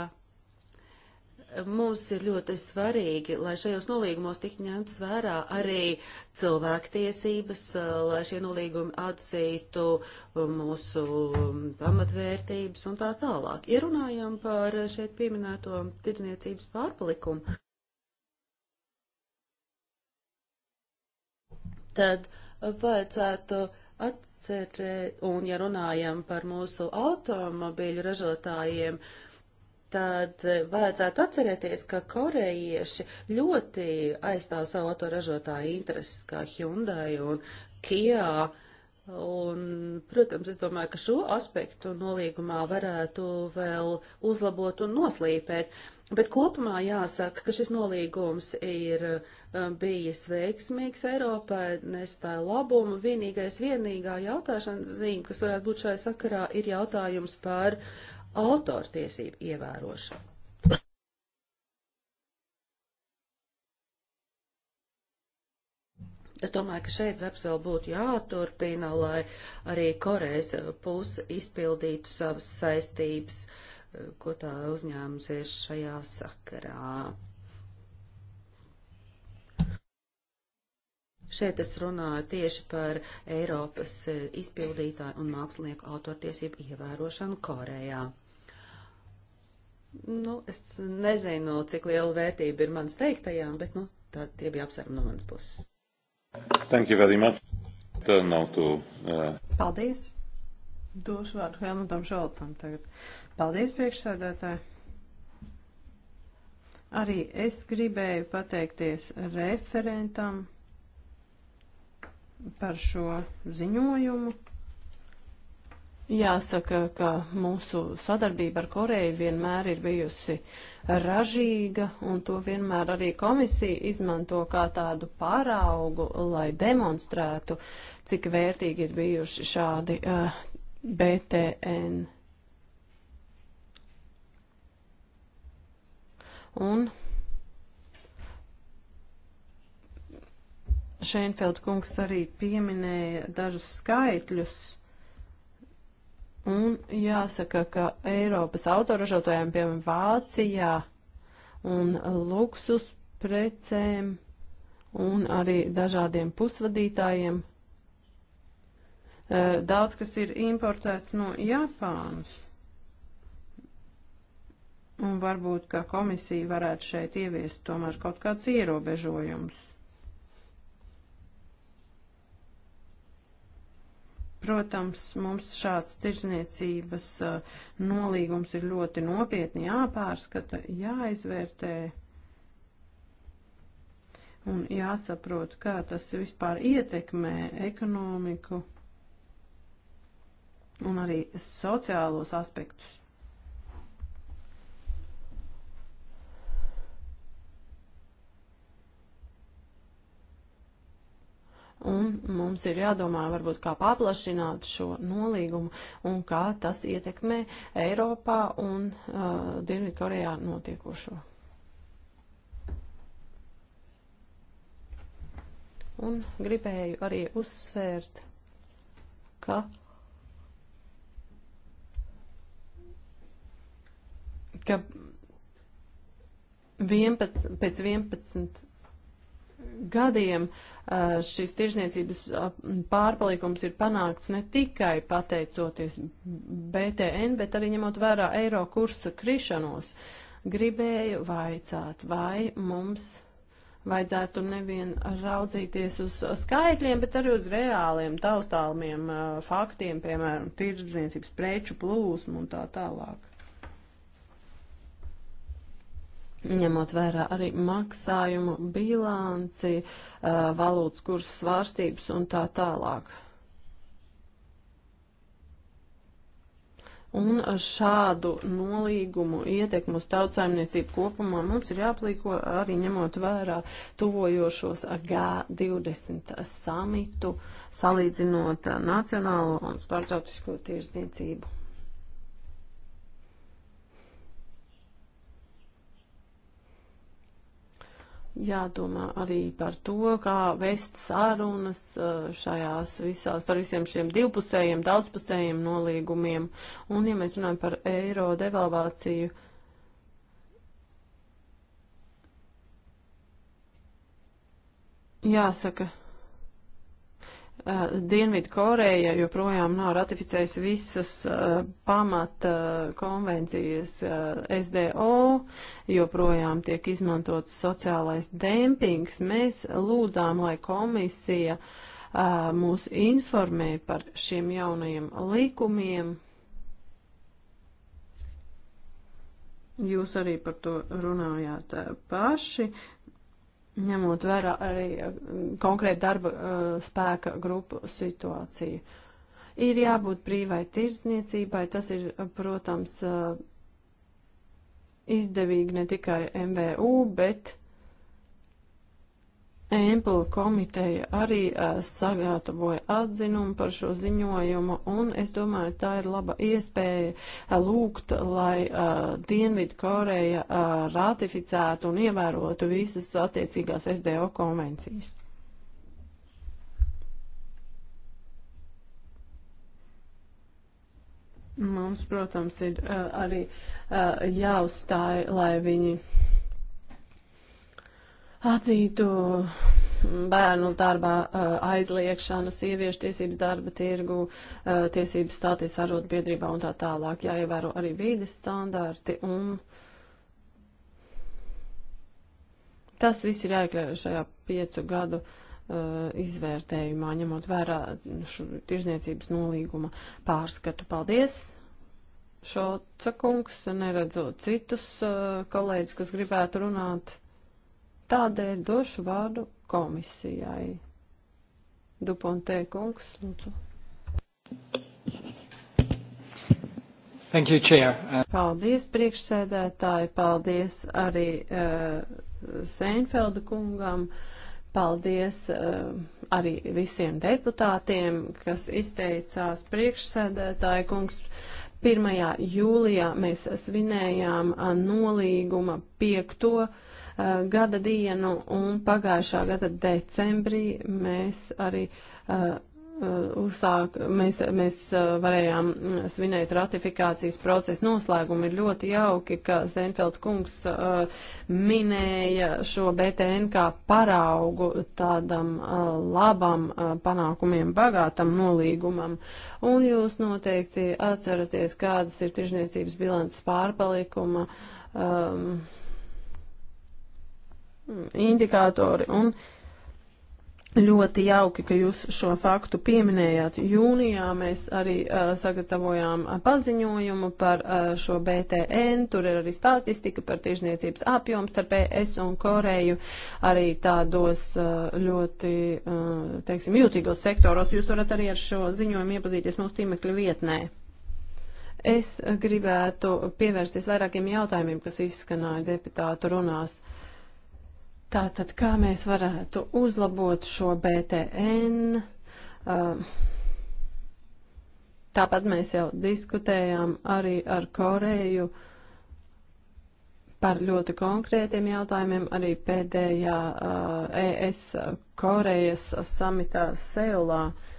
mums ir ļoti svarīgi, lai šajos nolīgumos tik ņemtas vērā arī cilvēktiesības, lai šie nolīgumi atzītu mūsu pamatvērtības un tā tālāk. Ja runājam par šeit pieminēto tirdzniecības pārpalikumu, tad vajadzētu atcerēt, un ja runājam par mūsu automobīļu ražotājiem, uh, tad vajadzētu atcerēties, ka korejieši ļoti aizstāv savu autoražotāju intereses, kā Hyundai un Kia. Un, protams, es domāju, ka šo aspektu nolīgumā varētu vēl uzlabot un noslīpēt. Bet kopumā jāsaka, ka šis nolīgums ir um, bijis veiksmīgs Eiropai, nestāja labumu. Vienīgais vienīgā jautāšanas zīme, kas varētu būt šai sakarā, ir jautājums par uh, autortiesību ievērošanu. Es domāju, ka šeit darbs vēl būtu jāturpina, lai arī Korejas puse izpildītu savas saistības, ko tā uzņēmusies šajā sakarā. Šeit es runāju tieši par Eiropas izpildītāju un mākslinieku autortiesību ievērošanu Korejā. Nu, es nezinu, cik liela vērtība ir manas teiktajām, bet nu, tā, tie bija apsvērumi no manas puses. Thank you very much. Tā nav tu. Uh... Paldies. Došu vārdu Helmutam Šolcam tagad. Paldies, priekšsēdētāji. Arī es gribēju pateikties referentam par šo ziņojumu. Jāsaka, ka mūsu sadarbība ar Koreju vienmēr ir bijusi ražīga, un to vienmēr arī komisija izmanto kā tādu pāraugu, lai demonstrētu, cik vērtīgi ir bijuši šādi uh, eh, BTN. Un Šeinfeld kungs arī pieminēja dažus skaitļus Un jāsaka, ka Eiropas autoražotājiem, piemēram, Vācijā un luksus precēm un arī dažādiem pusvadītājiem, eh, daudz kas ir importēts no Japānas. Un varbūt, ka komisija varētu šeit ieviest tomēr kaut kāds ierobežojums. Protams, mums šāds tirzniecības uh, nolīgums ir ļoti nopietni jāpārskata, jāizvērtē un jāsaprot, kā tas vispār ietekmē ekonomiku un arī sociālos aspektus. un mums ir jādomā varbūt kā paplašināt šo nolīgumu un kā tas ietekmē Eiropā un uh, Dienvidkorejā notiekošo. Un gribēju arī uzsvērt, ka ka 11, pēc 11 gadiem uh, šis tirzniecības uh, pārpalikums ir panākts ne tikai pateicoties BTN, bet arī ņemot vērā eiro kursa krišanos. Gribēju vaicāt, vai mums vajadzētu nevien raudzīties uz skaitļiem, bet arī uz reāliem, taustāliem uh, faktiem, piemēram, tirdzniecības preču plūsmu un tā tālāk. ņemot vērā arī maksājumu bilanci, valūtas kursu svārstības un tā tālāk. Un šādu nolīgumu ietekmu uz tautsājumniecību kopumā mums ir jāplīko arī ņemot vērā tuvojošos G20 samitu, salīdzinot nacionālo un starptautisko tirsniecību. jādomā arī par to, kā vest sarunas šajās visās, par visiem šiem divpusējiem, daudzpusējiem nolīgumiem. Un, ja mēs runājam par eiro devalvāciju, jāsaka. Eh, Dienvidu Koreja joprojām nav ratificējusi visas uh, pamata eh, konvencijas uh, SDO, joprojām tiek izmantots sociālais dempings. Mēs lūdzām, lai komisija uh, mūs informē par šiem jaunajiem likumiem. Jūs arī par to runājāt paši ņemot vērā arī eh, konkrēti darba eh, spēka grupu situāciju. Ir jābūt brīvai tirdzniecībai, tas ir, eh, protams, izdevīgi ne tikai MVU, bet Empla komiteja arī uh, sagatavoja atzinumu par šo ziņojumu, un es domāju, tā ir laba iespēja uh, lūgt, lai uh, Dienvidu Koreja uh, ratificētu un ievērotu visas attiecīgās SDO konvencijas. Mums, protams, ir uh, arī uh, jāuzstāj, lai viņi atzītu bērnu darbā eh, aizliekšanu, sieviešu tiesības darba tirgu, eh, tiesības stāties arotbiedrībā un tā tālāk. Jāievēro arī vīdes standarti un tas viss ir jāiekļauj šajā piecu gadu eh, izvērtējumā, ņemot vērā tirzniecības nolīguma pārskatu. Paldies! Šoca kungs, neredzot citus kolēģis, kas gribētu runāt. Tādēļ došu vārdu komisijai. Dupontē kungs, lūdzu. Thank you, Chair. Paldies, priekšsēdētāji, paldies arī uh, Seinfelda kungam, paldies uh, arī visiem deputātiem, kas izteicās priekšsēdētāji kungs. 1. jūlijā mēs svinējām eh, nolīguma piekto uh, Uh, gada dienu, un pagājušā gada decembrī mēs arī uh, uh, uzsāk, mēs, mēs varējām svinēt ratifikācijas procesu noslēgumu. Ir ļoti jauki, ka Zenfeld kungs uh, minēja šo BTN kā paraugu tādam uh, labam uh, panākumiem bagātam nolīgumam. Un jūs noteikti atceraties, kādas ir tirzniecības bilances pārpalikuma. Um, indikātori. Un ļoti jauki, ka jūs šo faktu pieminējāt. Jūnijā mēs arī uh, sagatavojām paziņojumu par uh, šo BTN, tur ir arī statistika par tiežniecības apjomu starp ES un Koreju, arī tādos uh, ļoti, uh, teiksim, jūtīgos sektoros. Jūs varat arī ar šo ziņojumu iepazīties mūsu tīmekļa vietnē. Es gribētu pievērsties vairākiem jautājumiem, kas izskanāja deputātu runās. Uh, Tātad, kā mēs varētu uzlabot šo BTN? Tāpat mēs jau diskutējām arī ar Koreju par ļoti konkrētiem jautājumiem. Arī pēdējā ES Korejas samitā Seulā uh,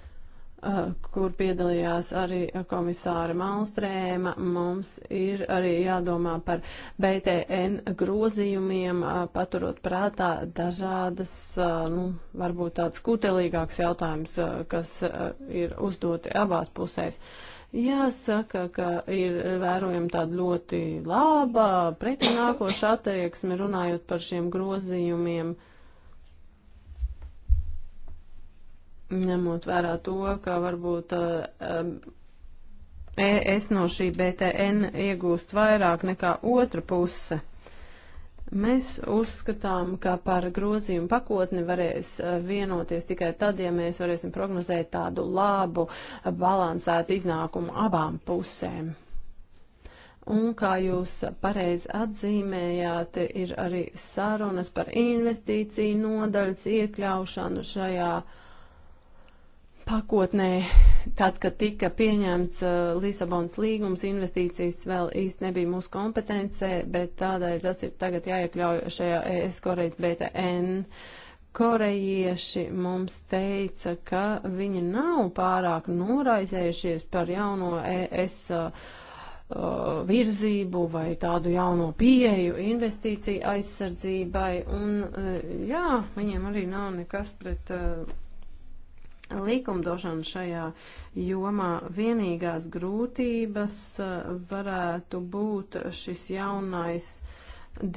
Eh, kur piedalījās arī komisāra Malstrēma. Mums ir arī jādomā par BTN grozījumiem, eh, paturot prātā dažādas, eh, nu, varbūt tāds kutelīgāks jautājums, kas ir uzdoti abās pusēs. Jāsaka, ka ir vērojama tāda ļoti laba, pretinākoša attieksme runājot par šiem grozījumiem. Uh, ņemot vērā to, ka varbūt uh, ES no šī BTN iegūst vairāk nekā otra puse. Mēs uzskatām, ka par grozījumu pakotni varēs uh, vienoties tikai tad, ja mēs varēsim prognozēt tādu labu, balansētu iznākumu abām pusēm. Un, kā jūs pareizi atzīmējāt, ir arī sarunas par investīciju nodaļas iekļaušanu šajā uh, pakotnē, tad, kad tika pieņemts uh, Lisabonas līgums, investīcijas vēl īsti nebija mūsu kompetencē, bet tādēļ tas ir tagad jāiekļauj šajā ES Korejas BTN. Korejieši mums teica, ka viņi nav pārāk noraizējušies par jauno ES uh, uh, virzību vai tādu jauno pieeju investīciju aizsardzībai. Un, uh, jā, viņiem arī nav nekas pret. Uh, likumdošana šajā jomā. Vienīgās grūtības eh, varētu būt šis jaunais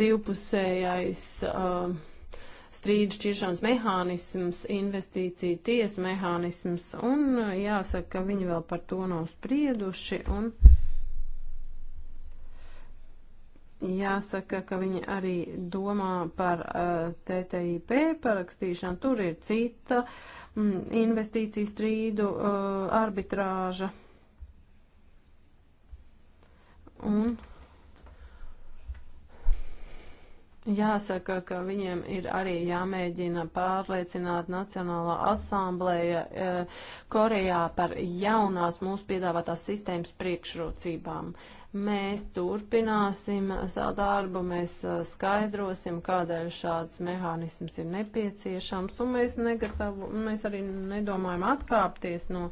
divpusējais uh, strīdu šķiršanas mehānisms, investīciju tiesu mehānisms, un eh, jāsaka, ka viņi vēl par to nav sprieduši. Un, uh, Jāsaka, ka viņi arī domā par uh, eh, TTIP parakstīšanu. Tur ir cita mm, investīciju strīdu uh, arbitrāža. Un jāsaka, ka viņiem ir arī jāmēģina pārliecināt Nacionālā asamblēja uh, Korejā par jaunās mūsu piedāvātās sistēmas priekšrocībām. Uh, Mēs turpināsim savu darbu, mēs skaidrosim, kādēļ šāds mehānisms ir nepieciešams, un mēs, negatavu, mēs arī nedomājam atkāpties no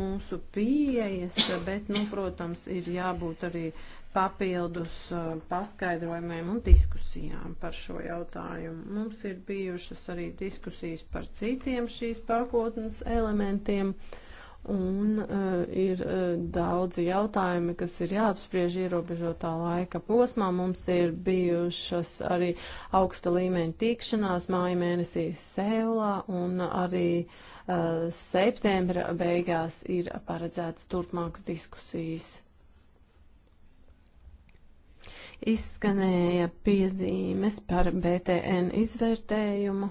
mūsu pieejas, bet, nu, protams, ir jābūt arī papildus paskaidrojumiem un diskusijām par šo jautājumu. Mums ir bijušas arī diskusijas par citiem šīs pakotnes elementiem. Uh, Un uh, ir uh, daudzi jautājumi, kas ir jāapspriež ierobežotā laika posmā. Mums ir bijušas arī augsta līmeņa tikšanās māja mēnesī Seulā un arī uh, septembra beigās ir paredzētas turpmākas diskusijas. Izskanēja piezīmes par BTN izvērtējumu.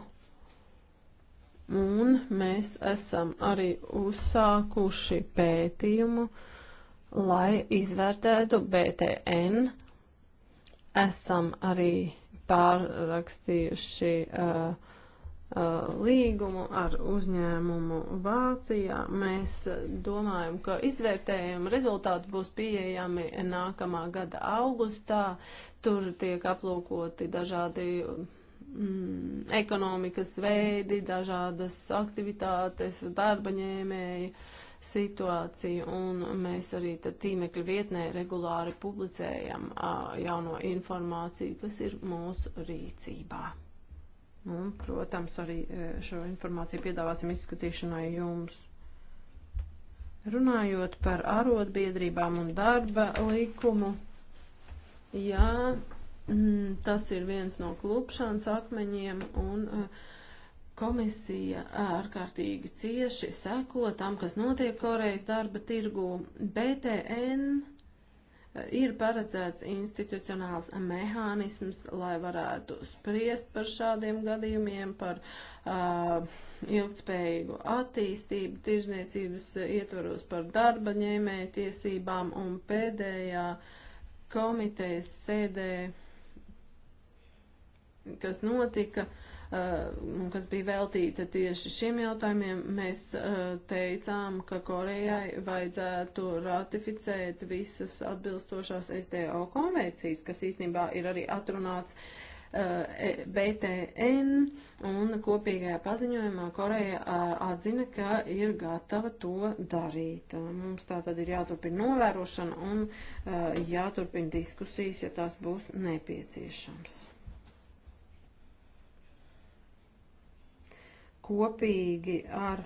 Un mēs esam arī uzsākuši pētījumu, lai izvērtētu BTN. Esam arī pārrakstījuši uh, uh, līgumu ar uzņēmumu Vācijā. Mēs domājam, ka izvērtējuma rezultāti būs pieejami nākamā gada augustā. Tur tiek aplūkoti dažādi mm, ekonomikas veidi, dažādas aktivitātes, darba ņēmēji situāciju, un mēs arī tad tīmekļa vietnē regulāri publicējam uh, jauno informāciju, kas ir mūsu rīcībā. Nu, un, protams, arī šo informāciju piedāvāsim izskatīšanai jums. Runājot par arotbiedrībām un darba likumu, jā, Mm, tas ir viens no klupšanas akmeņiem un uh, komisija ārkārtīgi cieši seko tam, kas notiek Korejas darba tirgū. BTN uh, ir paredzēts institucionāls mehānisms, lai varētu spriest par šādiem gadījumiem, par uh, ilgspējīgu attīstību, tirzniecības uh, ietvaros par darba ņēmēju tiesībām un pēdējā komitejas sēdē kas notika uh, un kas bija veltīta tieši šiem jautājumiem, mēs uh, teicām, ka Korejai vajadzētu ratificēt visas atbilstošās SDO konvencijas, kas īstenībā ir arī atrunāts uh, e- BTN un kopīgajā paziņojumā Koreja atzina, ka ir gatava to darīt. Mums tā tad ir jāturpina novērošana un jāturpina diskusijas, ja tās būs nepieciešams. kopīgi ar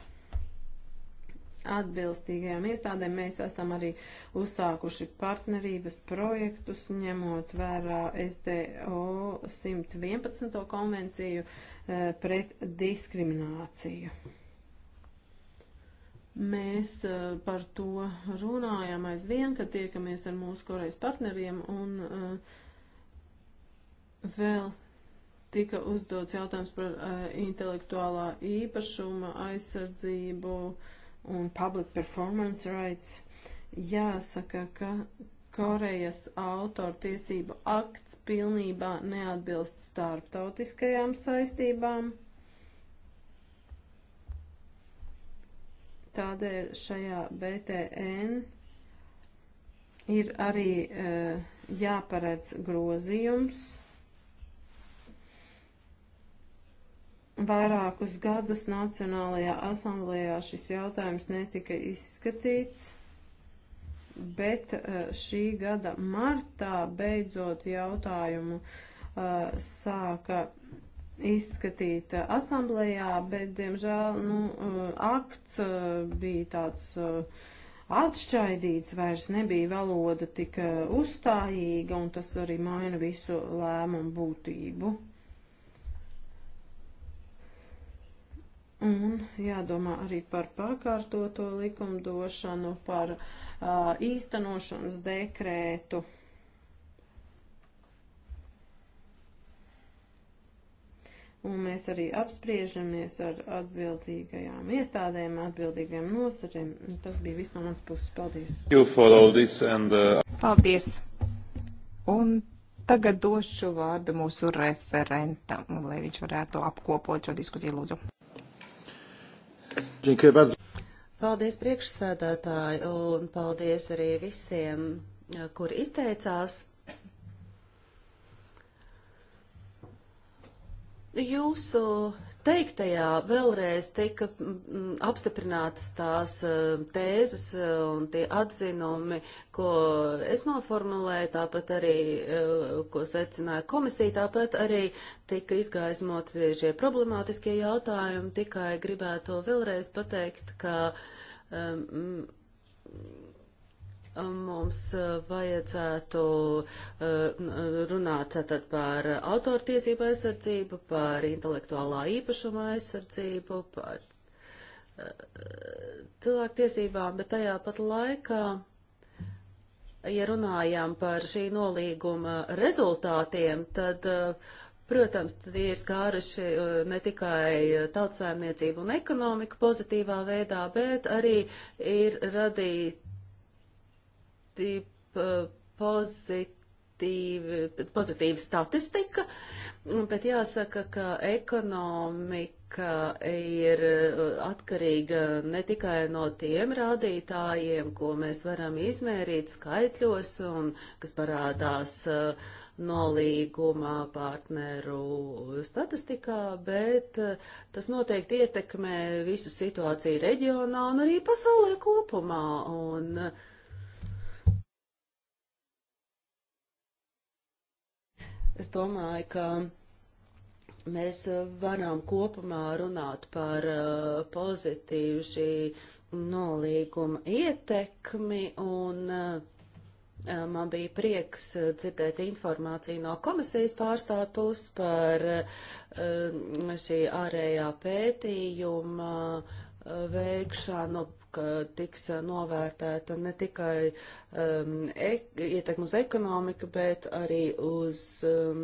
atbilstīgajām iestādēm mēs esam arī uzsākuši partnerības projektus, ņemot vērā SDO 111. konvenciju eh, pret diskrimināciju. Mēs eh, par to runājam aizvien, kad tiekamies ar mūsu korejas partneriem un eh, vēl tika uzdots jautājums par uh, intelektuālā īpašuma aizsardzību un public performance rights. Jāsaka, ka Korejas autortiesību akts pilnībā neatbilst starptautiskajām saistībām. Tādēļ šajā BTN ir arī uh, jāparedz grozījums Vairākus gadus Nacionālajā asamblējā šis jautājums netika izskatīts, bet eh, šī gada martā beidzot jautājumu uh, sāka izskatīt asamblējā, bet, diemžēl, nu, eh, akts bija tāds atšķaidīts, vairs nebija valoda tik uzstājīga, un tas arī maina visu lēmumu būtību. Un jādomā arī par pakārtoto likumdošanu, par uh, īstenošanas dekrētu. Un mēs arī apspriežamies ar atbildīgajām iestādēm, atbildīgajiem nosacījumiem. Tas bija viss no manas puses. Paldies! And, uh... Paldies! Un tagad došu vārdu mūsu referentam, lai viņš varētu apkopot šo diskusiju lūdzu. Paldies priekšsēdētāji un paldies arī visiem, kur izteicās. Jūsu teiktajā vēlreiz tika apstiprinātas tās e, tēzes e, un tie atzinumi, ko es noformulēju, tāpat arī, e, ko secināja komisija, tāpat arī tika izgaismoti šie problemātiskie jautājumi. Tikai gribētu to vēlreiz pateikt, ka um, mums uh, vajadzētu uh, runāt tad par autortiesību aizsardzību, par intelektuālā īpašuma aizsardzību, par uh, cilvēktiesībām, bet tajā pat laikā, ja runājām par šī nolīguma rezultātiem, tad uh, Protams, tad ir skāruši ne tikai tautsājumniecību un ekonomiku pozitīvā veidā, bet arī ir radīt ļoti uh, pozitīvi, pozitīva statistika, bet jāsaka, ka ekonomika ir uh, atkarīga ne tikai no tiem rādītājiem, ko mēs varam izmērīt skaitļos un kas parādās uh, nolīgumā partneru statistikā, bet uh, tas noteikti ietekmē visu situāciju reģionā un arī pasaulē kopumā. Un Es domāju, ka mēs eh, varam kopumā runāt par eh, pozitīvu šī nolīguma ietekmi, un eh, man bija prieks dzirdēt informāciju no komisijas pārstāvja puses par šī ārējā pētījuma veikšanu, ka tiks uh, novērtēta ne tikai um, e ietekme uz ekonomiku, bet arī uz um,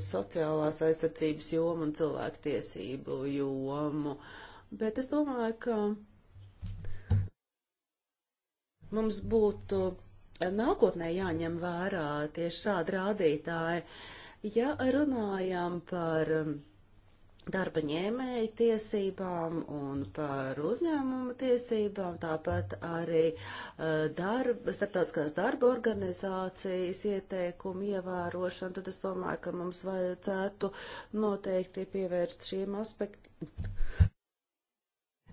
sociālās aizsardzības jomu un cilvēktiesību jomu. Bet es domāju, ka mums būtu uh, nākotnē jāņem vērā tieši šādi rādītāji. Ja runājam par um, darba ņēmēju tiesībām un par uzņēmumu tiesībām, tāpat arī uh, darba, starptautiskās darba organizācijas ieteikumu ievērošanu, tad es domāju, ka mums vajadzētu noteikti pievērst šiem aspektiem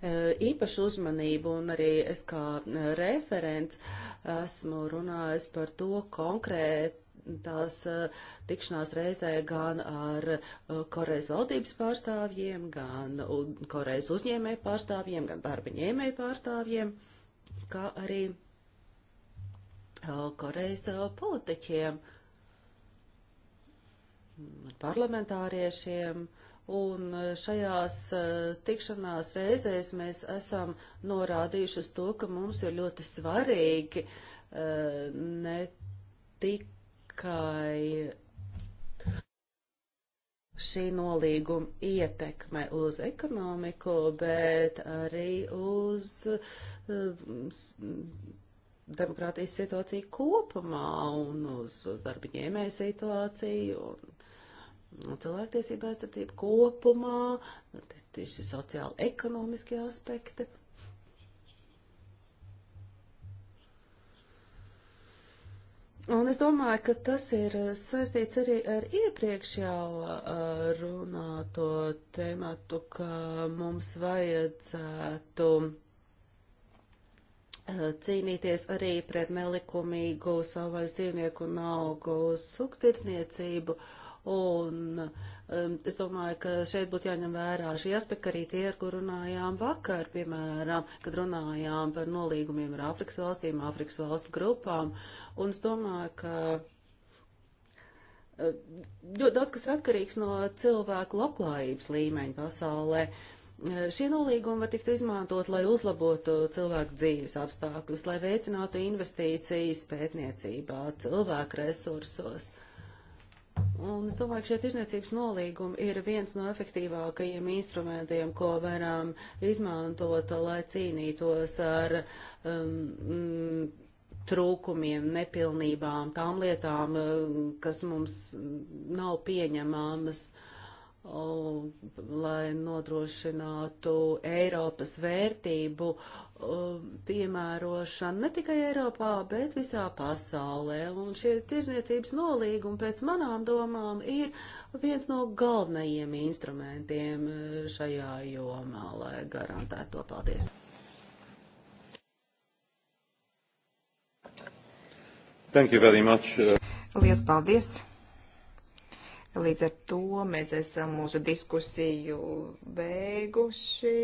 uh, īpašu uzmanību, un arī es kā uh, referents esmu runājis par to konkrēti tās eh, tikšanās reizē gan ar eh, Korejas valdības pārstāvjiem, gan Korejas uzņēmēju pārstāvjiem, gan darba ņēmēju pārstāvjiem, kā arī eh, Korejas politiķiem, parlamentāriešiem. Un šajās tikšanās reizēs mēs esam norādījuši uz to, ka mums ir ļoti svarīgi ne tik tikai šī nolīguma ietekme uz ekonomiku, bet arī uz um, demokrātijas situāciju kopumā un uz darba ņēmēju situāciju un cilvēktiesību aizsardzību kopumā, tieši sociāli ekonomiskie aspekti. Un es domāju, ka tas ir eh, saistīts arī ar iepriekš jau eh, runāto tematu, ka mums vajadzētu eh, cīnīties arī pret nelikumīgu savvaļas dzīvnieku un augu suktirdzniecību. Un uh, Um, es domāju, ka šeit būtu jāņem vērā šie aspekti arī tie, ar kur runājām vakar, piemēram, kad runājām par nolīgumiem ar Āfrikas valstīm, Āfrikas valstu grupām. Un es domāju, ka uh, ļoti daudz kas ir atkarīgs no cilvēku labklājības līmeņa pasaulē. Uh, šie nolīgumi var tikt izmantot, lai uzlabotu cilvēku dzīves apstākļus, lai veicinātu investīcijas pētniecībā, cilvēku resursos. Uh, Un es domāju, ka šie tirzniecības nolīgumi ir viens no efektīvākajiem instrumentiem, ko varam izmantot, lai cīnītos ar um, mm, trūkumiem, nepilnībām, tām lietām, um, kas mums nav pieņemāmas, um, lai nodrošinātu Eiropas vērtību Um, piemērošana ne tikai Eiropā, bet visā pasaulē. Un šie tirzniecības nolīgumi, pēc manām domām, ir viens no galvenajiem instrumentiem uh, šajā jomā, lai garantētu to. Paldies! Thank you very much. Uh, Lielas paldies! Līdz ar to mēs esam mūsu diskusiju beiguši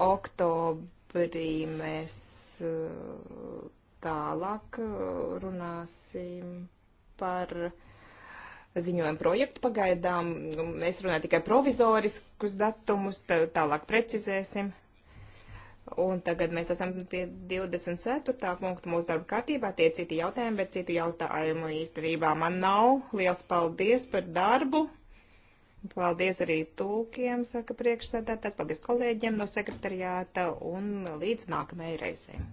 oktobrī mēs eh, tālāk eh, runāsim par ziņojumu projektu pagaidām. Es nu, runāju tikai provizoriskus datumus, tālāk precizēsim. Un tagad mēs esam pie 24. punktu mūsu darba kārtībā. Tie citi jautājumi, bet citu jautājumu īstenībā man nav. Liels paldies par darbu! Paldies arī tūkiem, saka priekšsēdētājs, paldies kolēģiem no sekretariāta un līdz nākamajai reizei.